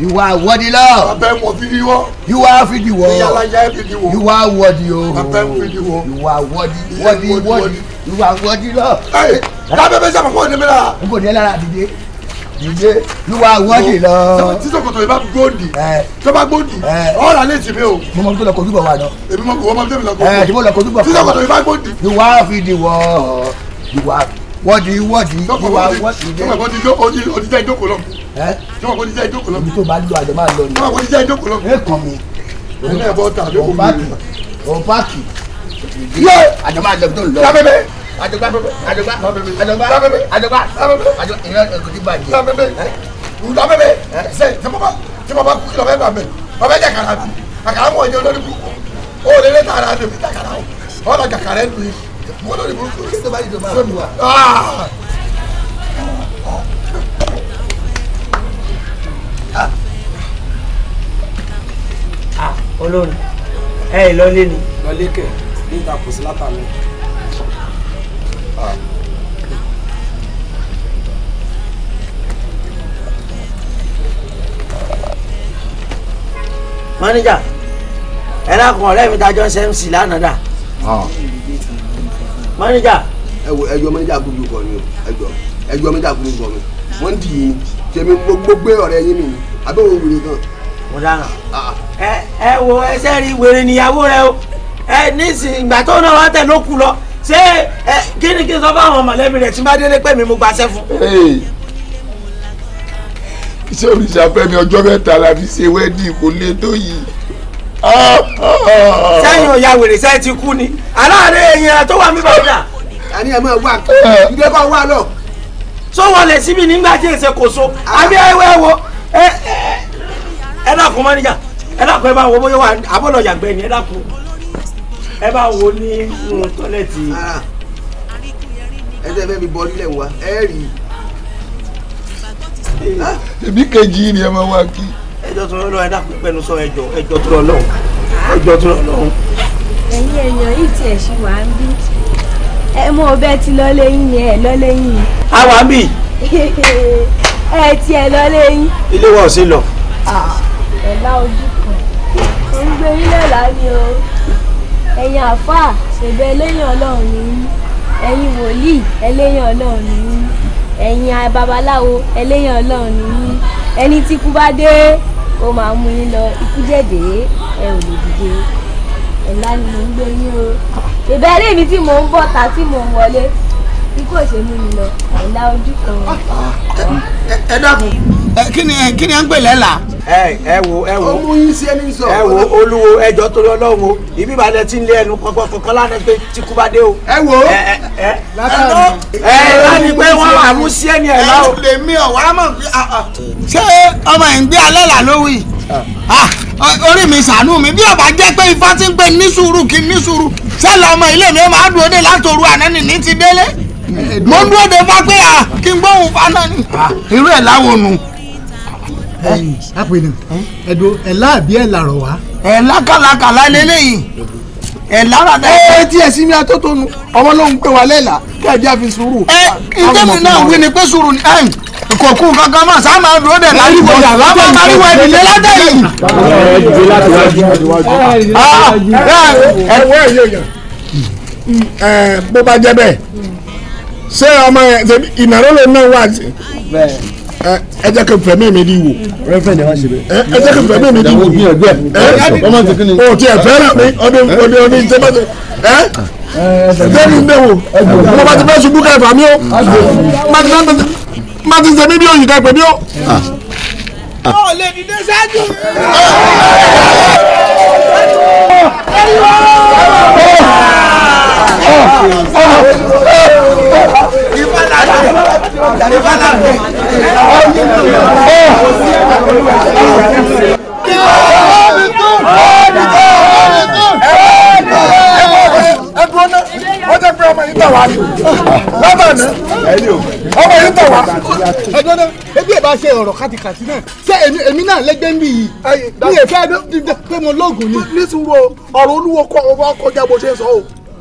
you are worthy náà. abẹ́ mọ fìdíwọ́. you are fìdíwọ́. ìyálàyà ẹ fìdíwọ́. you are worthy o. abẹ́ fìdíwọ́. you are worthy worthy worthy you are worthy náà. ẹ kábẹ́bẹ́ sábà fún ọ̀dẹ́mẹ́ra. n kò ní jíde lúwa wọ́n dì lọ. tí sọ̀kòtò yìí bá gbòdì tó bá gbòdì ọ̀rọ̀ alẹ́ ti mi o. mo mọ tó lọ kojú bọ̀ wa lọ. èmi mọ kò wọ́n mọ tó lọ kojú mo lọ kojú bọ̀ fún mi. tí sọ̀kòtò bá gbòdì. ìwà fi di wọ́ ìwà wọ́dì wọ́dì ìwà wọ́dì dé. sọ̀kòtò ti jẹ́ ìjókòó lọ. sọ̀kòtò ti jẹ́ ìjókòó lọ àjọgbá àjọgbá àjọgbá àjọgbá àjọgbá ìran ẹ̀gùdí bàjẹ́. ǹdọ́ bẹ́ẹ̀ ṣe tí mo bá kú kí lọ bẹ́ẹ̀ bà mẹ́ ọ bẹ́ẹ̀ jàkàrà mi àkàrà mọ̀ ọ̀jẹ̀ olórí burúkú ó lè lé tààrà mi fi jàkàrà o ọ lọ jàkàrà ẹ̀ lùyẹ mo lórí burúkú ó sì bá yìí tó bá mi wà. olórin ẹ ẹ lọ lé ni. lọ lé kẹ ní ìtàkùn sí látàmì. Ah. mọ́níjà ẹ lákùn ọ̀rẹ́ mi tajọ́ ṣẹ́mc lánàá dà. Ah. mọ́níjà. ẹ wo ẹjọ́ mọ́níjà kọ mi o ẹjọ́ ẹjọ́ mọ́níjà kúrú ju kọ mi wọ́n ń dì tèmi gbogbo ọ̀rẹ́ yín mi àbí òun wèrè kan. mo dára ah, ẹ ẹ wo ẹsẹ rí wèrè níyàwó rẹ o ẹ nísìnyí ìgbà tó náà wá tẹ ló kú lọ ṣé ẹ kí ni kí n sọ fáwọn mọ̀lẹ́bí rẹ̀ tí bá délé pé mi mo gbàṣẹ fún. iṣẹ́ òrìṣà ọjọ́ mẹ́ta la fi ṣe wẹ́ẹ̀dì tó yìí ah. sẹ́yìn ò ya wèrè sẹ́yìn ti kú ni aláàárẹ̀ tó wà mí àní ẹ̀ máa eh. kan lọ. wọlé síbi nígbà tí èsè kò so àbí ẹwẹ́ wo eh, eh. ẹ mọ́níjà ẹ ẹ wọ bóyá wà abọ́lọ̀ yàgbẹ́ ni ẹ ẹ bá wo ní tọ́lẹ̀tì. Ah. ẹ tẹ́ fẹ́ mi bọ́ nílẹ̀ wa ẹ rí i. èmi kejì ni ẹ máa wá kí. ẹjọ́ tó lọ́wọ́ ẹ dákun pẹ́ẹ́nu sọ ẹjọ́ ẹjọ́ tó lọ́wọ́ ẹjọ́ tó lọ́wọ́. ẹ̀yin èèyàn yìí tiẹ̀ ṣì wá ń bí ẹ mú ọbẹ̀ tí lọ́lé yín ni ẹ yín. a wà ń bì. ẹ tiẹ̀ lọ́lé yín. ilé wa ò sí lọ. Ah, ẹ̀la ojú kan ò ń gbé ilé ọ̀la ni o ẹ̀yin àfáà ṣèbẹ̀ ẹlẹ́yìn ọlọ́run ni yín ẹ̀yin wòlíì ẹlẹ́yìn ọlọ́run ni yín ẹ̀yin babaláwo ẹlẹ́yìn ọlọ́run ni yín ẹni tí ikú bá dé ó máa mú yín lọ ikú jẹ̀dẹ̀ ẹ ò lè dìde ẹ̀la ni mò ń gbé yín o ìbẹ̀rẹ̀ mi tí mò ń bọ̀ ta tí mò ń wọlé ikú òṣè mú mi lọ àìlá ojú kan. ẹ dákun kí ni kí ni à ń pè lẹ́la. ẹ ẹ wo ẹ wo ọmú yín sí ẹni sọ. ẹ wo olúwo ẹjọ́ torí Ọlọ́run o ibi ìbàdàn ti ń lé ẹnu kọkọ kọkọ lánàá pé tí kú bá dé o. ẹ wo ẹ ẹ ẹ ẹ láti pé wọn wà mú sí ẹni ẹ lọ. ẹ lè mi ọ̀ wá mọ̀ pé. Ah, ah. ṣé ọmọ yìí ń gbé alẹ́ là lówù yìí ah. orí mi ṣàánú mi bí ọba jẹ́ pé ifá ti ń pè ní sùúrù kí ní sùúrù ṣé lọ́mọ ilé mi máa dúró dé látòru àná nìní ti délé mo ń dúró de fa pé à kí n gbóhùn fa náà ni. irú ẹ̀ láwo nu. àpèlè ẹ̀dùn ẹ̀là àbí ẹ̀là rọ̀ wá. ẹ̀là kàlàkàlà lélẹ́yìn ẹ̀là ràdà. ẹ ti ẹ̀ sí mi atótónu ọmọ ló ń pè wá lẹ́la kí ẹ̀ jẹ́ àfi sùúrù. ẹ ìdẹ́mi náà wí ni pé sùúrù ni kò kú kankan mọ sáà máa dúró dẹ láríwọ lábọ láríwọ ìdílé látẹ̀yìn. ẹ ẹ ẹ bó bá jẹ́ bẹ́ẹ̀ ṣé ọmọ yẹn ṣe ìnáwó lòun náà wà sí. ẹ jẹ́ kí n fẹ̀mí mi di wò. ẹ jẹ́ kí n fẹ̀mí mi di wò. o ti ẹ̀ fẹ́ràn mi ọdún ọdún ọdún ìjẹ́bàjẹ́ ẹ lẹ́nu ń bẹ̀ wò mo bá ti fẹ́ ṣubú ká ẹ̀fà mi o má ti ṣe mí bí òyìnká pè mí o. ọ̀ lè dìde ṣáájú mi ṣe ọ̀rọ̀ kàtìkàtì náà ṣé èmi náà lẹ́gbẹ́ ń bì yìí mi ò fẹ́ pé mo lóògùn ni. nísìnyí ọ̀rọ̀ olúwo kọ́ ọba kọjá bó ṣe sọ o.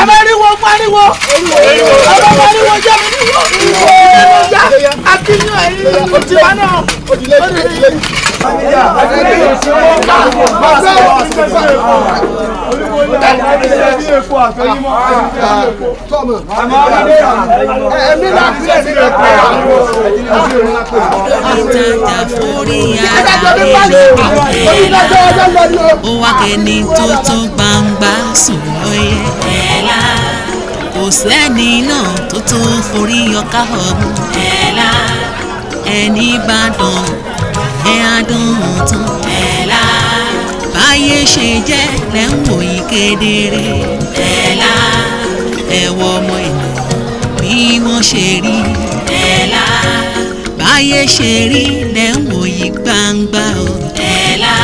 abẹ́rìwò pariwo ọ̀rọ̀ pariwo jẹ́ mi níwò ìlú ya akínyàn ẹ̀yìn òtìwá náà òdìlé yìí. Àtàtà forí ara rẹ̀ lókè. Ó wá kẹ́ni tó tó gbangba sùn lóye. Kò sẹ́ni náà tó tó forí ọkà ọ̀mù. Ẹni bá dán, ẹ̀ á dán tán báyé ṣe jẹ́ lẹ́ ń wò yí kedere. ẹ̀la ẹ̀wọ̀ ọmọ ìlú bí wọ́n ṣe rí. ẹ̀la báyé ṣe rí lẹ́ ń wò yí gbangba o. ẹ̀la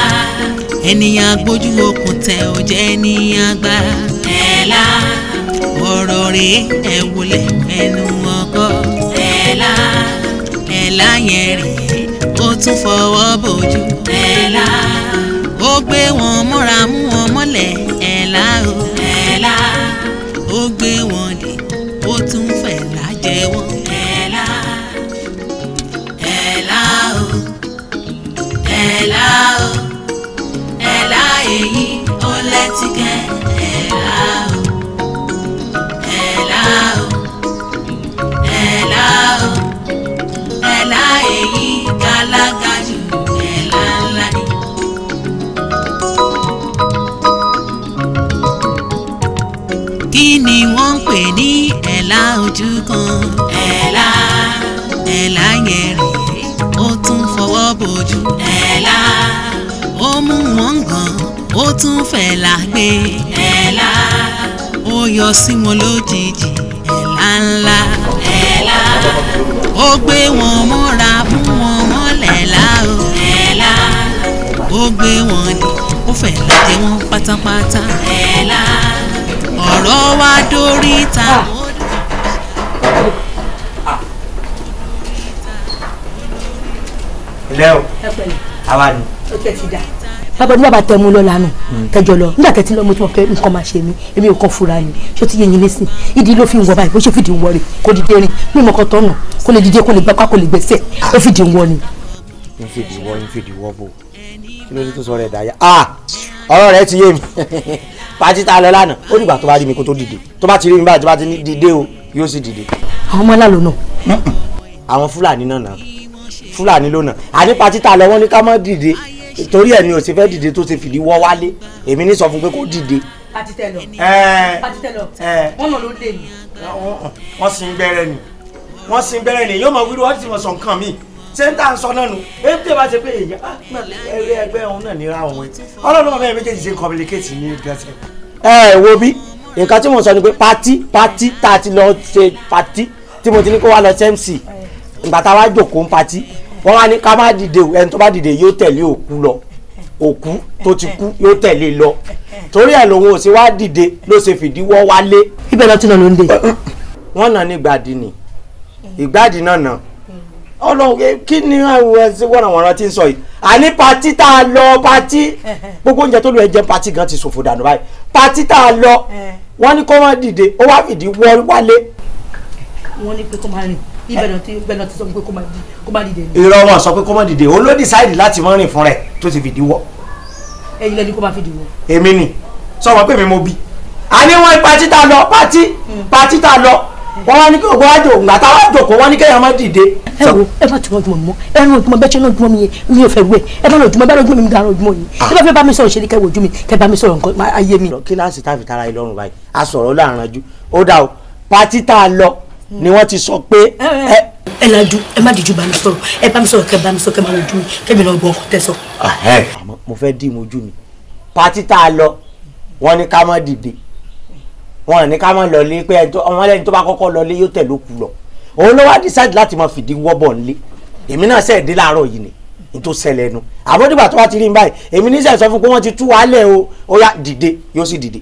ènìyàn gbójú okùn tẹ ò jẹ́ ènìyàn gbà. ẹ̀la ọ̀rọ̀ rèé ẹ̀ wọlé ẹnu ọkọ. ẹ̀la ẹ̀la yẹn rèé ó tún fọwọ́ bójú. ẹ̀la gbé wọn mọ́ra mú wọn mọ́lẹ̀ ẹ̀la o. ẹ̀la. ó gbé wọn dè ó tún fẹ̀ lájẹ wọn. ẹ̀la. ẹ̀la o. ẹ̀la o. pè ní ẹ̀là ojú kan. ẹ̀là. ẹ̀là yẹn rèé ó tún fọwọ́ bojú. ẹ̀là. ó mú wọn gan ó tún fẹ̀là gbé. ẹ̀là. ó yọ sí wọn lójijì ẹ̀là ńlá. ẹ̀là. ó gbé wọn mọ́ra mú wọn mọ́lẹ̀ láò. ẹ̀là. ó gbé wọn ni ó fẹ̀là jẹ wọn pátápátá. ẹ̀là ọ̀rọ̀ wa dórí ta mọ́dọ̀. Ah. ilé o àwa ni. bàbá ní bàbá tẹmu lọ lánàá tẹjọ hmm. lọ nígbà tẹtí lọ mo ti mọ pé nǹkan máa ṣe mí èmi ò kàn fura ni ṣó ti yé yín nísìn ìdí ló fi ń wọ báyìí bó ṣe fìdí ń wọ rè kó dìde rìn mí mọ̀kàn tọ̀nà kó lè dìde kó lè gbapá kó lè gbẹ̀sẹ̀ ó fìdí ń wọ ni. n fìdí wọ n fìdí wọ bò kí ló dé tó sọ rẹ dáyà ah! ọ̀rọ̀ rẹ ti yé mi. pàtí tá a lọ lánàá ó dìgbà tó bá rí mi kó tó dìde tó bá ti rí mi báyìí tó bá ti ní dìde o yóò sì dìde. àwọn ọmọ làlọ́ náà. àwọn fúlàní náà náà fúlàní ló náà àní pàtí tá a lọ wọ́n ní ká má dìde torí ẹ̀ ni ò sì fẹ́ dìde tó ti fìdí wọ́ wálé èmi ní sọ fún pé kó dìde. pàtí tẹ lọ pàtí tẹ lọ wọn náà ló dé mi. wọ́n sin bẹ́rẹ̀ ni wọ́n sin bẹ́rẹ̀ ni yóò máa wíwọ́ ti sẹ́ńtà ń sọ náà nù èyí tí ẹ bá ṣe pé èèyàn ah, ẹgbẹ́ ẹgbẹ́ òun náà nira òun ọlọ́run ọmọ ẹ méjèèjì ṣe ń communicate ní gẹ̀ẹ́sẹ̀. ẹ ẹ wo bí nǹkan tí mo sọ ni pé pati pati tá a ti lọ ṣe pati tí mo ti ní kó wá lọ ṣe mc ìgbà tá a wá jòkó ń pati wọn wá ní ká má dìde o ẹni tó bá dìde yóò tẹ̀lé òkú lọ òkú tó ti kú yóò tẹ̀lé e lọ torí ẹ̀ lòun ò sí wá dìde ló ṣe fìdíwọ́ wálé. ibẹ̀ lọ tí ló ń dé. wọ́n nà ní gbàdí ni ìgbàdí náà nà ọlọ́run kí ni wọ́nàwọ́nà ti ń sọ yìí àní patí tá a lọ patí gbogbo oúnjẹ tó lọ ẹjẹ patí gan ti ṣòfò dànù báyìí patí tá a lọ eh. wọ́n ní kó má dìde ó wá fìdí wọ́ wálé. wọ́n ní pé kó má rìn ibẹ̀ náà ti ibẹ̀ náà ti sọ pé kó má dìde. irọ́ wọn sọ pé kó má dìde òun ló decide láti mọ́ rìn fún rẹ̀ tó ti fìdí wọ́. ẹyin lẹni kó má fìdí wọ́. èmi ni sọ wọn pé mi mo bí. àní wọn patí tá a lọ patí hmm. patí tá a lọ wọ́n wá ní kí ògbó wájú ògbà tá a wá jòkó wọ́n ní kéèyàn má dìde. ẹ wo ẹ má tún ọdún mọ ẹran ojúmọ bẹ́ẹ̀ ṣe náà ojúmọ mi yẹn mi ò fẹ́ wẹ̀ ẹ bá lọ ojúmọ bá lọ ojúmọ mi dára ojúmọ yìí ẹ ah. bá fẹ́ bá mi sọ̀rọ̀ ṣe ni kẹ́ wojú mi kẹ́ bá mi sọ̀rọ̀ nǹkan ayé mi. kíláàsì tá a fi tara ẹ lọ́rùn báyìí a sọ̀rọ̀ láàránjú ó dà o pátí tá a lọ ni wọ́n ti sọ pé ẹ lajú ẹ má dìjú bá mi sọ̀rọ̀ ẹ bá mi sọ̀rọ̀ kẹ́ bá mi sọ kẹ́ wọn ní ká má lọlé pé ọmọlẹ́ni tó bá kọ́kọ́ lọlé yóò tẹ̀ ló kú lọ òun ló wá decide láti mọ fìdí wọ́bọ̀ ńlé èmi náà sẹ́ẹ̀ dé láàárọ̀ yìí ni n tó ṣẹlẹ̀ nu àmọ́ dìgbà tó wá ti rí n báyìí èmi ní sẹ́ẹ̀ sọ fún pé wọ́n ti tú wa lẹ̀ o ó yá dìde yóò sì dìde.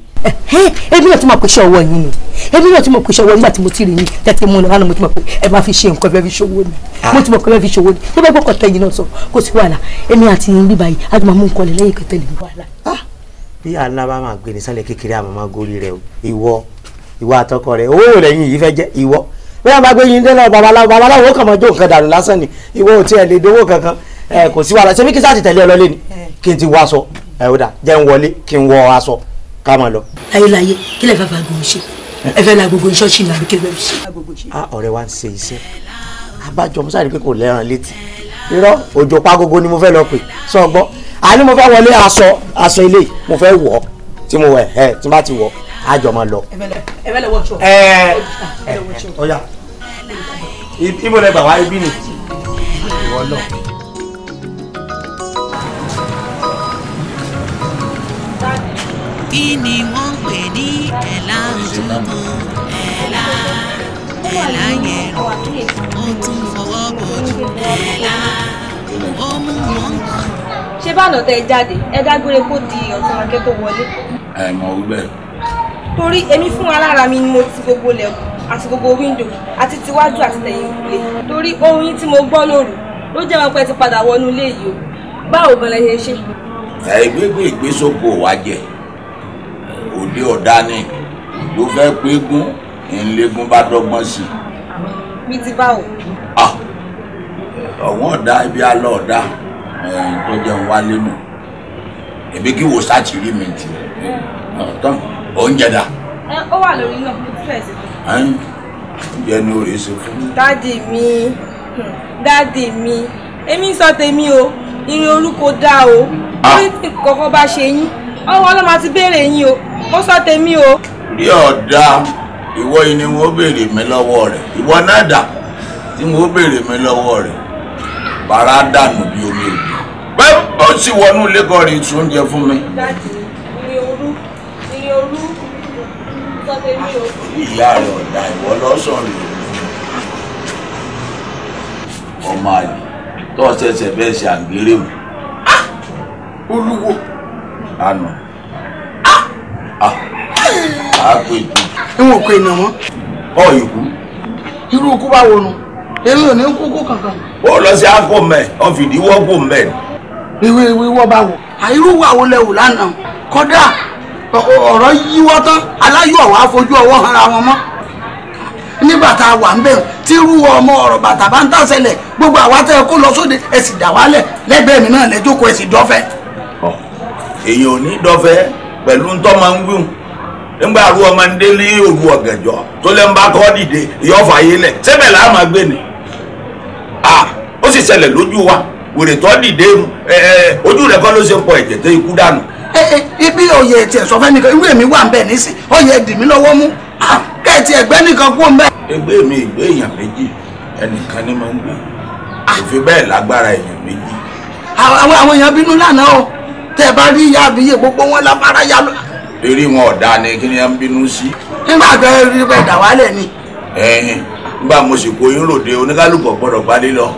ebi náà ti máa pèsè ọwọ́ yín ni ebi náà ti máa pèsè ọwọ́ nígbà tí mo ti rí yín tẹ́tí mú un lọ́wọ́ mo ti máa pè ẹ máa fi ṣe nǹkan bẹ́ẹ̀ fi ṣòwò ni ah. mo ti máa pè bẹ́ẹ̀ fi ṣòwò ni tó bá gbọ́kọ̀ tẹ́yìn náà sọ kó sì wàhálà èmi àti yín bíbáyìí a ti máa mú nǹkan lẹ̀ lẹ́yìn kẹtẹ́lẹ̀ wàhálà bí àná bá máa gbé ní sálẹ̀ kékeré àmọ́ máa gorí rẹ o ìwọ ìwọ àtọkọ rẹ owó rẹ yìí fẹ́ jẹ́ ìwọ bí wọ́n bá gbé yín délẹ̀ babaláwo babaláwo kàn máa jó nǹkan dànù lásán ni ìwọ ò tiẹ̀ lè dowó kankan ẹ kò sí wàhálà ṣebí kí sáà ti tẹ̀lé ẹ lọ́lé ni kí n ti wọ aṣọ ẹ ó dà jẹ́ ń wọlé kí n wọ aṣọ ká máa lọ. ayélujáyé kí lè fẹ́ fà gùn ṣe ẹ fẹ́ la gbogbo ṣọ́ọ̀ṣì náà àbí kí lè fẹ́ ṣe. a ọ̀rẹ́ wa ń ṣe iṣẹ́ abájọ musa rí pé kò lẹ́ràn létí irọ́ òjò pa gógó ni mo fẹ́ lọ pè sọ́gbọ́n àní mo fẹ́ wọlé aṣọ aṣọ ilé mo fẹ́ wọ̀ tí mo wẹ̀ ẹ tí n bá ti wọ̀ á jọ máa lọ. ẹ bẹ́ẹ̀ wọ́ọ̀ṣọ. ẹ ẹ ọ̀ya ibo lẹ gbà wá ibi ni ìwọ lọ. kí ni wọ́n ń pè ní ẹ̀là ojúmọ́ ẹ̀là ẹ̀là yẹn ó tún fọwọ́ bójú ẹ̀là ó mú wọn kàn ṣé báànà tẹ jáde ẹ dágbére kó di ọ̀sán akẹ́ tó wọlé. ẹ mọ̀ wí bẹ́ẹ̀. torí èmi fún alára mi ni mo ti gbogbo lẹ̀kùn àti gbogbo wíńdò àti tiwájú àti tẹ̀yìn ìkùlé torí ohun yín tí mo gbọ́ lóru ló jẹ́ wọn pé ti padà wọnú ilé yìí o báwo gan lẹ ṣe ṣe. ẹ gbégbé ìgbésókò wá jẹ òde ọ̀dá ni ló fẹ́ pégún ńlẹ́gún bá dọ́gbọ́n sí i. mi ti báwo. Ah! ọ̀wọ́n ọ̀dá ibi alọ́ ọ̀dá tó jẹ́ ń wálé nù èmi kí wo sá ti rí mi jù tán oúnjẹ dà. ó wà lórí náà mo ti fẹ́ sí fún. oúnjẹ ni orí ṣe fún. dáàdì mi dáàdì hmm, mi èmi sọ tèmi o ìrìn orúkọ dá o orí ah. tí kọ̀ọ̀kan bá ṣe yín ọwọ́ ọlọ́mọ ti béèrè yín o ó sọ tèmi o. rí ọ̀dà ìwọ yìí ni wọ́n béèrè mi lọ́wọ́ rẹ̀ ìwọ náà dà tí wọ́n béèrè mi lọ́wọ́ rẹ̀ bàrà dànù bí omi òkú bẹ́ẹ̀ bó sì wọnú lẹ́kọ̀ọ́ rẹ̀ tún oúnjẹ fún mi. ìyá rẹ̀ ọ̀dà ìwọ lọ́sọ̀rọ̀ ọmọ àlè tó ṣẹ̀ṣẹ̀ bẹ́ẹ̀ ṣe àgbèrè mu. Ah! olúwo. àná a ah! ah! pè é. ìwọ̀n kò ènìyàn mọ́. ọ̀ ìkú. irú ikú bá wọnú èmi ò ní kúkú kankan. ó lọ sí akọ mẹ ọ fìdí wọ́pọ̀ mẹ. ìwé ìwé wọ́n àìrúwò àwọn lẹ́wù lánàá kọ́dà ọ̀rọ̀ yíwọ́ aláyọ̀ afojú ọwọ́ hanra wọn mọ́ nígbà tá a wà ń bẹ̀ tí irú ọmọ ọ̀rọ̀ bàtà bá ń tàṣẹlẹ̀ gbogbo àwa tẹ́ ẹ kó lọ sóde ẹ sì dà wálẹ̀ lẹ́gbẹ̀ẹ́ mi náà ẹ sì dọ́fẹ́. ò ní dọ́fẹ́ pẹ̀lú ń ń nígbà ọmọ ń òru ọ̀gànjọ́ tó lẹ́ ń lójú wa. wèrè tó dìde ojú rẹ̀ kọ́ ló ṣe ń pọ ẹ̀jẹ̀ tó ikú dànù. ibi oyè tiẹ̀ sọ fẹ́ nìkan irú èmi wà ń bẹ̀ nísì oyè dì mí lọ́wọ́ mú kẹ́ẹ̀tì ẹ̀gbẹ́ nìkan kú ń bẹ̀. ẹgbẹ́ mi ìgbé èèyàn méjì ẹnìkan ní máa ń gbé kò fi bẹ́ẹ̀ lágbára èèyàn méjì. àwọn èèyàn bínú lánàá o tẹ́ ẹ bá rí ìyá àbíyè gbogbo wọn lábára yá lọ. eré wọn ọ̀dà ni kí ni ẹ ń bínú sí. nígbà tó rí bẹ́ẹ̀ dà wálẹ̀ ni. nígbà mo sì kó yín ròde oníkálùkù gbọ́dọ̀ gbálé lọ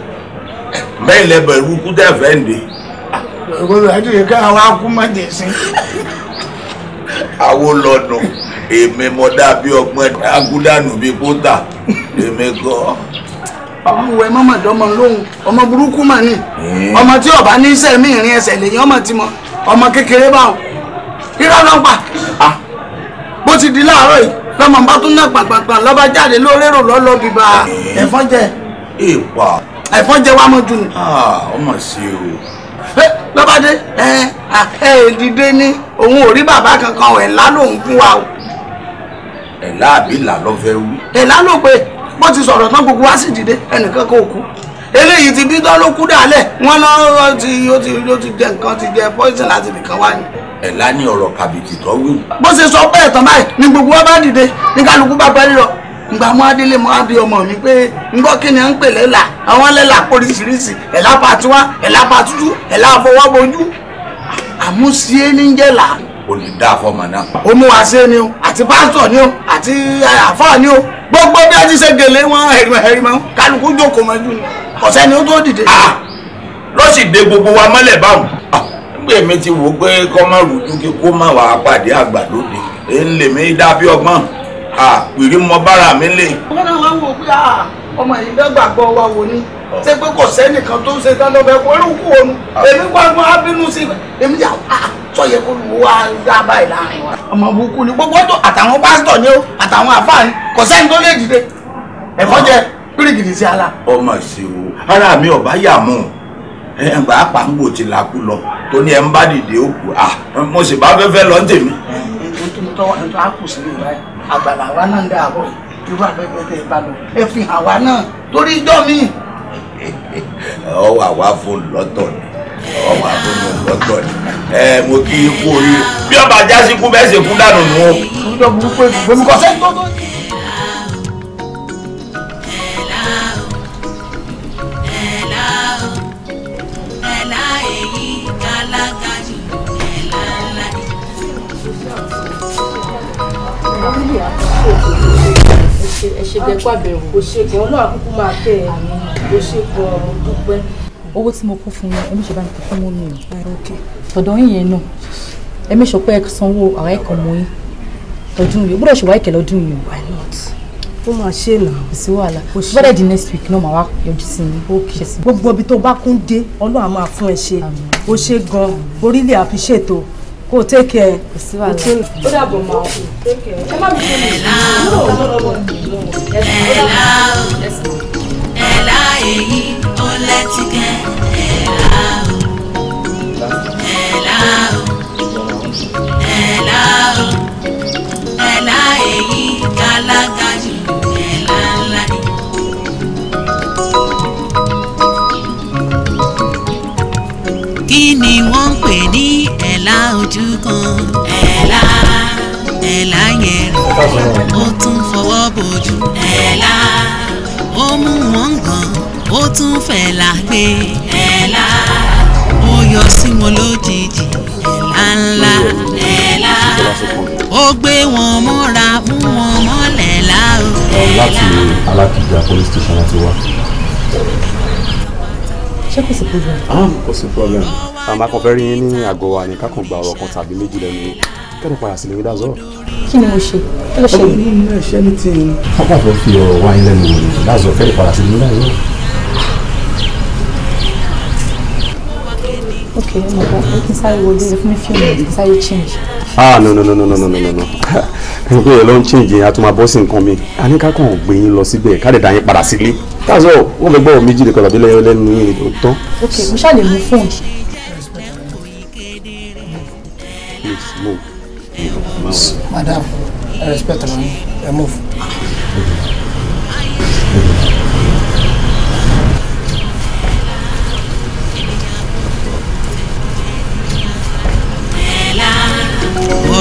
bẹ́ẹ̀ lẹ́bọ̀ irú kú tẹ̀ fẹ́ ń de. ìgbọ́dọ̀ àdúyẹ ká àwọn akú má jẹ sí. àwo lọ́nà èmi mo dàbí ọgbọ́n dágúdànù bíi kóńtà èmi gan. ọmọ ẹ mọ́mọ́ dọ́mọ lóhùn ọmọ burúkú mà ní eh. ọmọ tí ọba ní iṣẹ́ mi ìrìn ẹsẹ̀ lèyìn ọmọ tí mo ọmọ kékeré báwọn irọ́ ló ń pa ah. bó ti di láàárọ̀ yìí lọ́mọ bá tún náà gbàgbàgbà lọ́ba jáde lórérò lọ́lọ́ bíbá eh. ẹ̀fọn jẹ. ìpà ẹ̀fọn jẹ wá mọ́jú ni. Ah, ọmọ sí o. lọ́bàdé ẹ ẹ dìde ní òun ò rí bàbá kankan ẹ̀ ńlá fún wa o. ẹ̀lá àbí ìlà lọ fẹ́ wí. ẹ̀lá ló pe bó ti sọ̀rọ̀ tán gbogbo wá sì dìde ẹnìkan kò kú eléyìí ti dídán ló kú dálẹ̀ wọ́n lọ ti ó ti ó ti jẹ nǹkan ti jẹ poison láti nìkan wá ni. ẹ̀lá ní ọ̀rọ̀ kàbìkì tó wí. bó ṣe sọ bẹ́ẹ̀ tán báyìí ni gbogbo wa bá dìde ní kálukú bá pẹ́ lílọ ngbà mú adélé mú adé ọmọ mi pé ngbọ́ kí ni à ń pè lẹ́là àwọn lẹ́là oríṣiríṣi ẹ̀là pàtiwá ẹ̀là pàtútù ẹ̀là àfọwọ́bojú àmúṣe ní jẹ́là. o lè dá àfọmọ náà. ó mú wa ṣe ni o àti pásítọ̀ ni o àti àfáà ni o gbogbo bí a ti ṣe gèlè wọn hẹrìmọ hẹrìmọ kálukú jókòó mọ́jú ni ọ̀sẹ̀ ni ó tó dìde. ló sì de gbogbo wa mọ́lẹ̀ báwọn. nígbà èmi ti wò pé kọ́ máa rùjú kí kó má wàá pàdé àgbà lóde èmi lèmi dá bí ọgbọ́n. pèrè mọ bára mi lè. wọ́n náà wá wò pé ọmọ yìí lọ́gbàgbọ́ wa wò ni ṣé pé kò sẹ́nìkan tó ń ṣe dáná bẹ́ẹ̀ kó irú kú òun èmi gbàgbọ́ abínú sí ọmọ burúkú ni gbogbo àtàwọn pásítọ̀ ni ó àtàwọn àfáàní kò sẹ́ni tó lè dìde ẹ̀kọ́ ọmọ ara mi ọba yà pàǹgbò ti làkú lọ tó ní ẹ ń bá dìde ó kù mo àgbàlá wa náà ń dá àbọ̀ yìí irú àgbẹ̀gbẹ̀ tẹ̀ bá lọ ẹ fi hàn wá náà torí ijọ́ mi. ọwọ́ àwa fún lọ́tọ̀ ni ọwọ́ àfọ̀nù lọ́tọ̀ ni ẹ mo kí ikú orí bí ọba jásí kú bẹ́ẹ̀ ṣe kú dànù nù. ìjọba burúkú ètò gbẹmí kọ́sẹ́ owó tí mo kó fún wọn ẹmí ṣèbá nìkan fún mọ́mí o tọ̀dọ̀ yín yẹn náà ẹmí sọ pé ẹ sanwó àwọn ẹ̀kọ́ mọ́ yín tọdún yìí gbọ́dọ̀ ṣe wá ìkẹ́ lọ́dún yìí why not ó máa ṣe nà kò sí wàhálà bọ́dẹ̀ di next week náà màá wá yọjú sí ni ó kì í ṣe sí. gbogbo ibi tó bá kún dé ọlọ́run á máa fún ẹ ṣe ó ṣe gan-an orílẹ̀ àfiṣètò Go take care kò sí wàhálà take care ẹ má mi ṣe lè lọ ọ lọ́wọ́ ẹ̀la ẹ̀la èyí ó lẹ́tìkẹ́ ẹ̀la ẹ̀la ẹ̀la ẹ̀la èyí gálágájì ẹ̀la ńlá ni. kí ni wọ́n ń ẹ̀là ojú kan ẹ̀là ẹ̀là yẹn rẹ̀ ó tún fọwọ́ bojú ẹ̀là ó mú wọn gan ó tún fẹ̀là gbé ẹ̀là ó yọ sí wọn lójijì ẹ̀là ńlá ẹ̀là ó gbé wọn mọ́ra mú wọn mọ́lẹ̀ láàrú. láti alákìjà police station láti wá ṣé kò sí problem. Ah, kò sí problem àmọ́ akọ̀fẹ́rí yín ní àgọ́ wa ní kákan gba ọ̀rọ̀ kan tàbí méjì lẹ́nu yín kẹ́ni padà sí lórí dazọ́. kí ni mo ṣe kí ló ṣe. ọmọ inú ẹṣẹ ní tí pápá tó fi ọ̀rọ̀ wá ilé mi dazọ́ kẹ́ni padà sí lórí dazọ́. ok ọmọ kan kí n sáré wo délé fún mi fíìmù kí n sáré change. ah no no no no no no no no ẹni ẹ lọ ń change yẹn a tún máa bọ́ sí nǹkan mi a ní ká kàn gbé yín lọ síbẹ̀ ká lè dá yín padà sílé táàzọ wọn fẹ́ gbọ́rọ̀ méjì nìkan tàbí lẹ́yìn lẹ́nu yín tó tán. ok mo ṣàlè mú fóònù.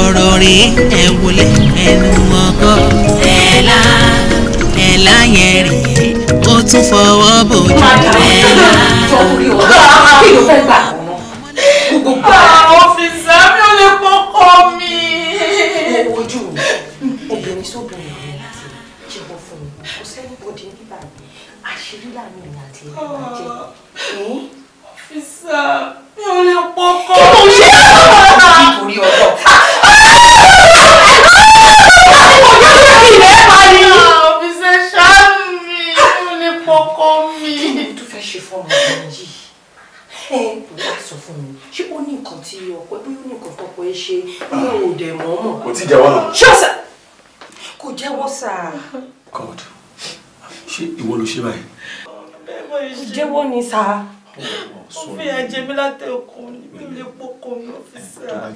ọ̀rọ̀ rè é ẹ wọlé ẹnu ọkọ. ẹ̀la ẹ̀la yẹn rè é ó tún fọwọ́ bòjú. ẹ̀la kí ló fẹ́ gbà gbogbo. ọ̀fíìsì mi ò lè kọ́kọ́ mi. ojú obìnrin sóbìnrin àwọn láti jẹ́wọ́ fún mi kò sẹ́nibọ́dì nígbà mi àṣírí láàmì ìrìn àti ìbàjẹ́. ọ̀fíìsì mi ò lè kọ́kọ́ mi. kí ló ń ṣe é. nítorí ọjọ́ nígbà tí mo gbé lórí mi ilẹ̀ pa ni. ọ̀fíìsẹ̀ ṣáàmù mi mo lè pọkọ mi. kí ni tó fẹ́ ṣe fún ọmọ mi yìí ẹ wá sọ fún mi ṣé ó ní nǹkan tí ọkọ ẹ bóyá ó ní nǹkan tọkọ ẹ ṣe bóyá God ṣé ìwọ ló ṣe báyìí. jẹ́wọ́ ni sáà ó fi ẹ̀jẹ̀ mi látẹ̀ òkun mi lè pọ́kọ́ mi ó fi sáà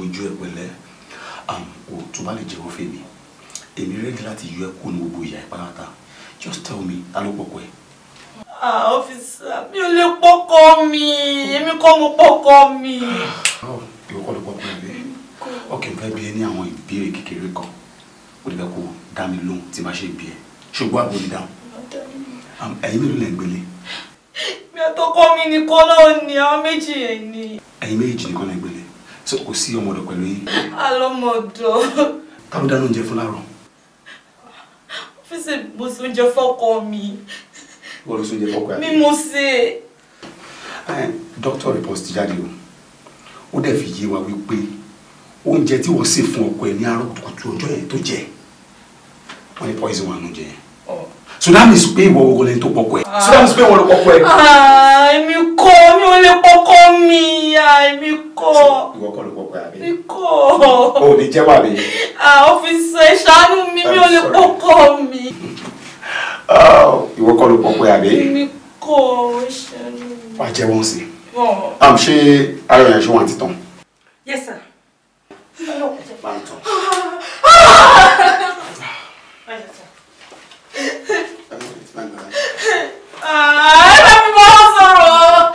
ojú ẹ pẹ̀lẹ́ o tó bá lè jẹ́wọ́ fèmí èmi rẹ́dí láti yọ ẹ kó ní gbogbo ìyá ìpáráta just tell me ta ló pọ̀kọ ẹ. ọ́fíìsà ah, mi ò lè pọ́kọ mi èmi kọ́ mo pọ́kọ mi. Oh, ìwọ kọ́ ló pọ́kọ ẹ lé ọkẹ́ nfẹ́ bí ẹ ní àwọn ìbéèrè kékeré kan ó lè fẹ́ kó dá mi lóhùn tí bá ṣe bí ẹ ṣùgbọ́n àbò ní dáhùn ẹ̀yin mélòó lẹ́ ń gbélé. mi àtọkọ mi nìkan náà ni àwọn méjì yẹn ni. ẹ̀yin méjì nìkan lẹ́ ń gbélé ṣé kò sí ọmọ ọ̀dọ̀ pẹ̀lú yín. alọ́mọdọ̀. ta ló dáná oúnjẹ fún láàárọ̀. ọ́fíìsì mo ṣe oúnjẹ fọ́kọ mi. ìwọ ló ṣe oúnjẹ fọ́kọ yàrá. mi mo ṣe. doctor report ti jáde o ó dẹ̀ fi yé wa wípé oúnjẹ tí wọ́n sè fún ọkọ ẹ̀ ní àárọ̀ kùtùkùtù ọjọ́ yẹn tó jẹ wọ́n ní poison wà nù jẹ yẹn so that means pé ìwọ wo lè tó pọkọ ẹ so that means pé ìwọ lè pọkọ ẹ. èmi kọ́ mi ò lè pọkọ mi èmi kọ́. ìwọ kọ́ ló pọkọ ẹ àbí. mi kọ́. o ò ní jẹ́wọ́ àbí. ọ́fíìsì ẹ ṣàánú mi mi ò lè pọkọ mi. Ah, ìwọ kọ́ ló pọkọ ẹ àbí. èmi kọ́ ṣàánú mi. wàá jẹ́ wọ́n sí. àm um, ṣe ara ẹ̀ ṣe wọ́n àti tán. yes sir. máa ń tán. Ah, Ah! ẹ fi bọ́ sọ̀rọ̀.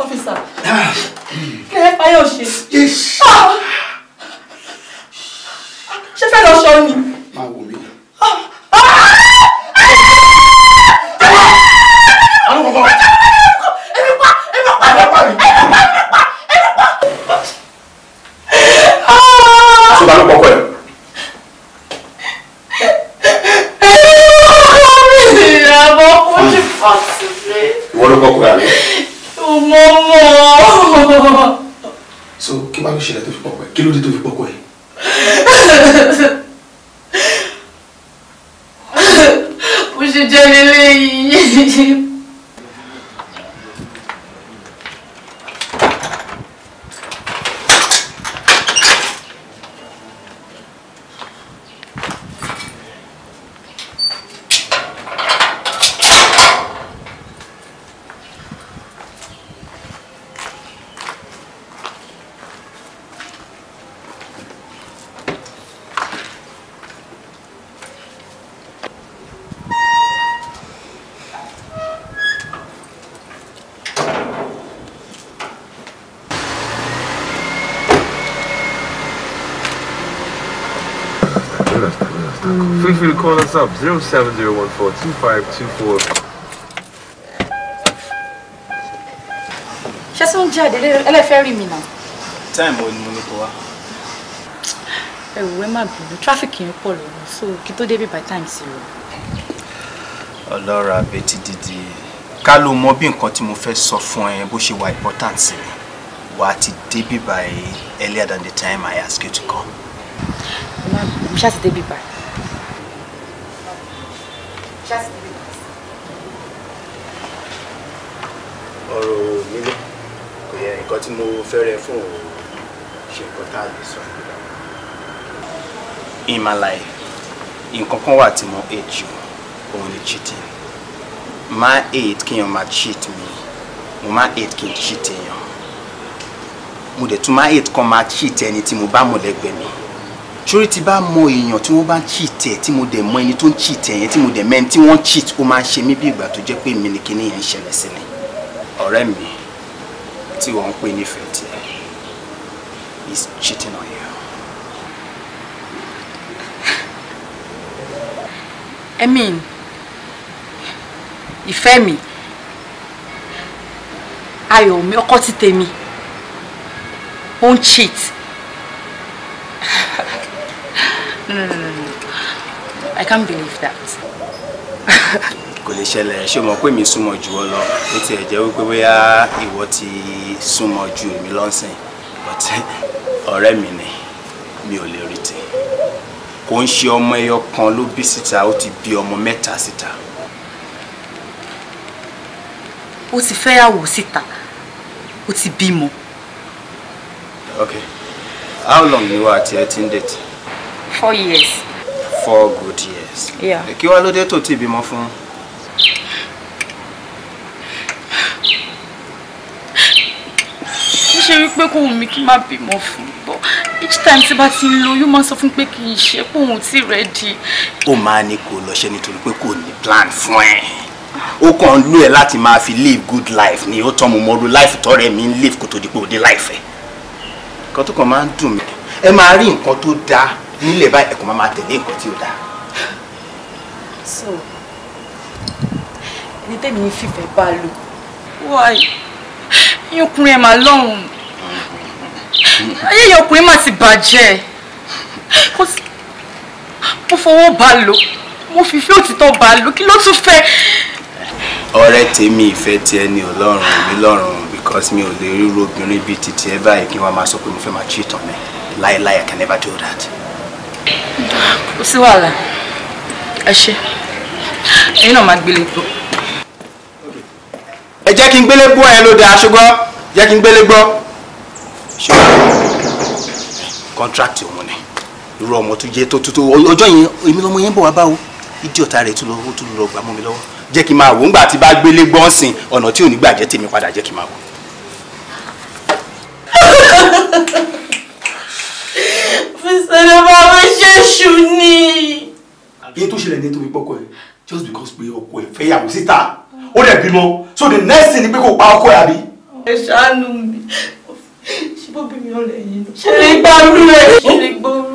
ọ́fíìsà kí de dé tó fi gbọ́kọ̀ 070142524. ṣé sún jáde ẹlẹ́fẹ́ rí mi náà. time wo ni mo ní kó wá. ẹ̀wù ẹ má bínú traffic yẹn pọ̀ lọ́wọ́ so kí tó débi by time sí o. ọlọ́ra betty Didi, ká ló mọ bí nǹkan tí mo fẹ́ sọ fún ẹ bó ṣe wà important sí mi wà á ti débi by earlier than the time I ask you to come. ẹ má bínú ṣáà ti débi by. tí mo fẹ́rẹ̀ fún o ṣe nǹkan tá a lè sọ. in my life nǹkan kan wà tí mo hate you òun ni cheating máa hate kéèyàn máa cheat mi mo máa hate kí n cheat èèyàn mo dẹ̀ tún máa hate kan máa cheat ẹni tí mo bá mọ̀lẹ́gbẹ̀ẹ́ mi sórí tí bá mọ èèyàn tí wọ́n bá ń cheat ẹ̀ tí mo dẹ̀ mọ ẹni tó ń cheat ẹ̀ yẹn tí mo dẹ̀ mẹ́ni tí wọ́n cheat ó máa ń ṣe mí bí ìgbà tó jẹ́ pé mi ni kíní yẹn ń ṣẹlẹ̀ sí ni ọ̀rẹ́ mi tí wọ́n ń pè nífẹ̀ẹ́ tiẹ̀ is cheating on you. I mean ìfẹ́ mi ayọ̀ mi ọkọ ti tèmi ó ń cheat no no no no I can't believe that. kò lè ṣẹlẹ̀ ṣé o mọ̀ pé mi súnmọ́ jù ọ lọ ó ti ẹ̀ jẹ́ wípé bóyá ìwọ ti súnmọ́ ju èmi lọ́sìn but ọ̀rẹ́ mi ni mi ò lè rí ti kò ń ṣe ọmọ ẹyọ kan ló bí síta ó ti bí ọmọ mẹ́ta síta. ó ti fẹ́yàwó síta ó ti bímọ. ok how long ni wàá ti ẹ ti ń date. four years. four good years. kí wàá ló dé tó ti bímọ fún pé kò mí kí n má bímọ fún bọ each time tí bá ti ń lóyún máa sọ fún pé kì í ṣe pé òun ti rẹ́dí. ó máa ní kó lọ ṣe nítorí pé kò ní plan fún ẹ ó kàn ń lò ẹ láti máa fi live good life ni ó tán mo mọ ru life tọrẹ mi ń live kó tó di pé òde life ẹ nǹkan tó kàn máa ń dùn mí ẹ máa rí nǹkan tó dáa nílẹ̀ báyìí ẹ̀kọ́ máa máa tẹ̀lé nǹkan tí ó dáa. so ẹni tẹ́mi ní fífẹ́ bá lò. wáyé yín kùnrin ẹ̀ máa lọ́hùn-ún ayé yẹn ọkùnrin mà ti bàjẹ́ mo fọwọ́ bá lò mo fi òtítọ́ bá lò kí ló tún fẹ́. ọ̀rẹ́ tèmi ìfẹ́ tiẹ̀ ni ọlọ́run mi lọ́rùn because mi ò lè ríro obìnrin bíi titi ẹ báyìí kí wọ́n máa sọ pé mo fẹ́ máa cheat on ẹ láéláé I can never do that. kò sí wàhálà ẹ ṣe ẹ̀yin náà máa gbélé gbọ́. ẹ jẹ́ kí n gbélé gbọ́ ẹ lóde aṣọ́gbọ́ jẹ́ kí n gbélé gbọ́ ṣé kọ́ńtrákìtì òun ni irú ọmọ tó jẹ́ tó tó tó yẹn èmi lọ́mọ yẹn bọ̀ wá bá ìdí ọ̀tá rẹ̀ tún lọ tún lọ gbà mọ́ mi lọ́wọ́ jẹ́ kí n máa wò ńgbà tí bá gbélé gbọ́n sìn ọ̀nà tí ò ní gbà jẹ́ tèmi padà jẹ́ kí n máa wò. fẹsẹ̀lẹ̀ máa fẹ́ ṣẹ́ṣù ni. àbí tó ṣẹlẹ̀ ní ètò ìpọ́kọ̀ ẹ̀ just because pé ọkọ ẹ̀ fẹ́ yàwó síta ó dẹ̀ bímọ so the next thing ni pé kò pa ọkọ ẹ̀ àbí. ẹ ṣàánú mi ṣùgbọ́n ṣe lè gbá rú ẹ.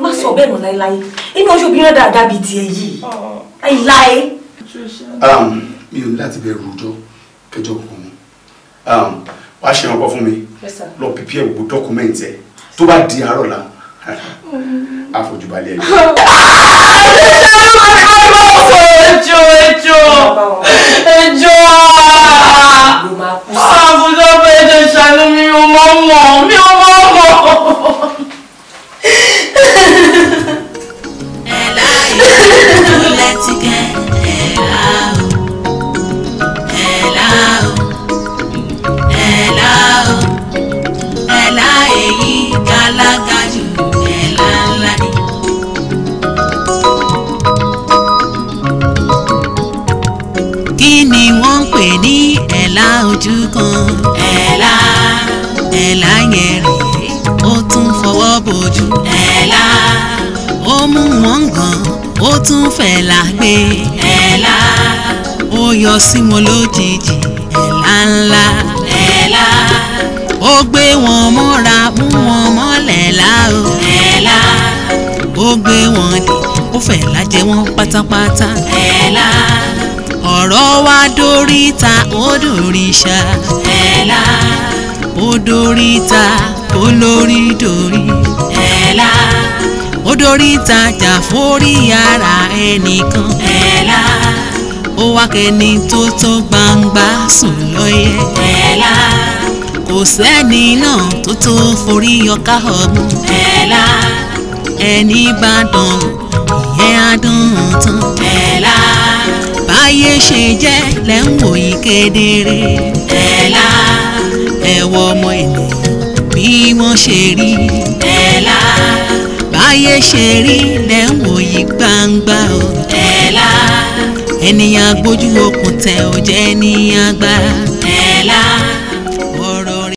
má sọ bẹ́ẹ̀ mọ̀ láéláé inú oṣù obìnrin dáadáa bíi tiẹ̀ yìí láéláé. Um, mi ò ní láti bẹ rojọ́ kẹjọ kankan mu um, wàá ṣe ìrànwọ́ fún mi lọ pípí ẹ̀ gbogbo dọ́kúmẹ́ǹtì ẹ̀ tó bá di àárọ̀ la àfojúbalẹ̀ ẹ̀. ẹjọ́ ẹjọ́ ẹjọ́ ẹjọ́ mọ̀ mọ̀ mi ò mọ̀ mọ̀. mú wọn gan ó tún fẹ̀là gbé ẹ̀la ó yọ sí wọn lójijì ẹ̀la ńlá ẹ̀la ó gbé wọn mọ́ra mú wọn mọ́lẹ̀ la o ẹ̀la ó gbé wọn dì ó fẹ̀là jẹ wọn pátápátá ẹ̀la ọ̀rọ̀ wa dóríta ó dòrìṣà ẹ̀la ó dóríta ó lórí dòrí ẹ̀la ó dorí ìtajà forí ara ẹnìkan. ẹ̀la. ó wá kẹni tó tó gbangba sùn lóye. ẹ̀la. kò sẹ́ni náà tó tó forí ọká ọ̀gbun. ẹ̀la. ẹni bá dán ìyẹn á dán tán. ẹ̀la. báyé ṣe jẹ́ lẹ́ ń wò yí kedere. ẹ̀la. ẹ̀wọ̀ ọmọ ènìyàn bí wọ́n ṣe rí. ẹ̀la báyé ṣe rí lẹ́ ń wò yí gbangba o. tẹ́lá. ènìyàn gbójú okùn tẹ ò ní àgbà. tẹ́lá.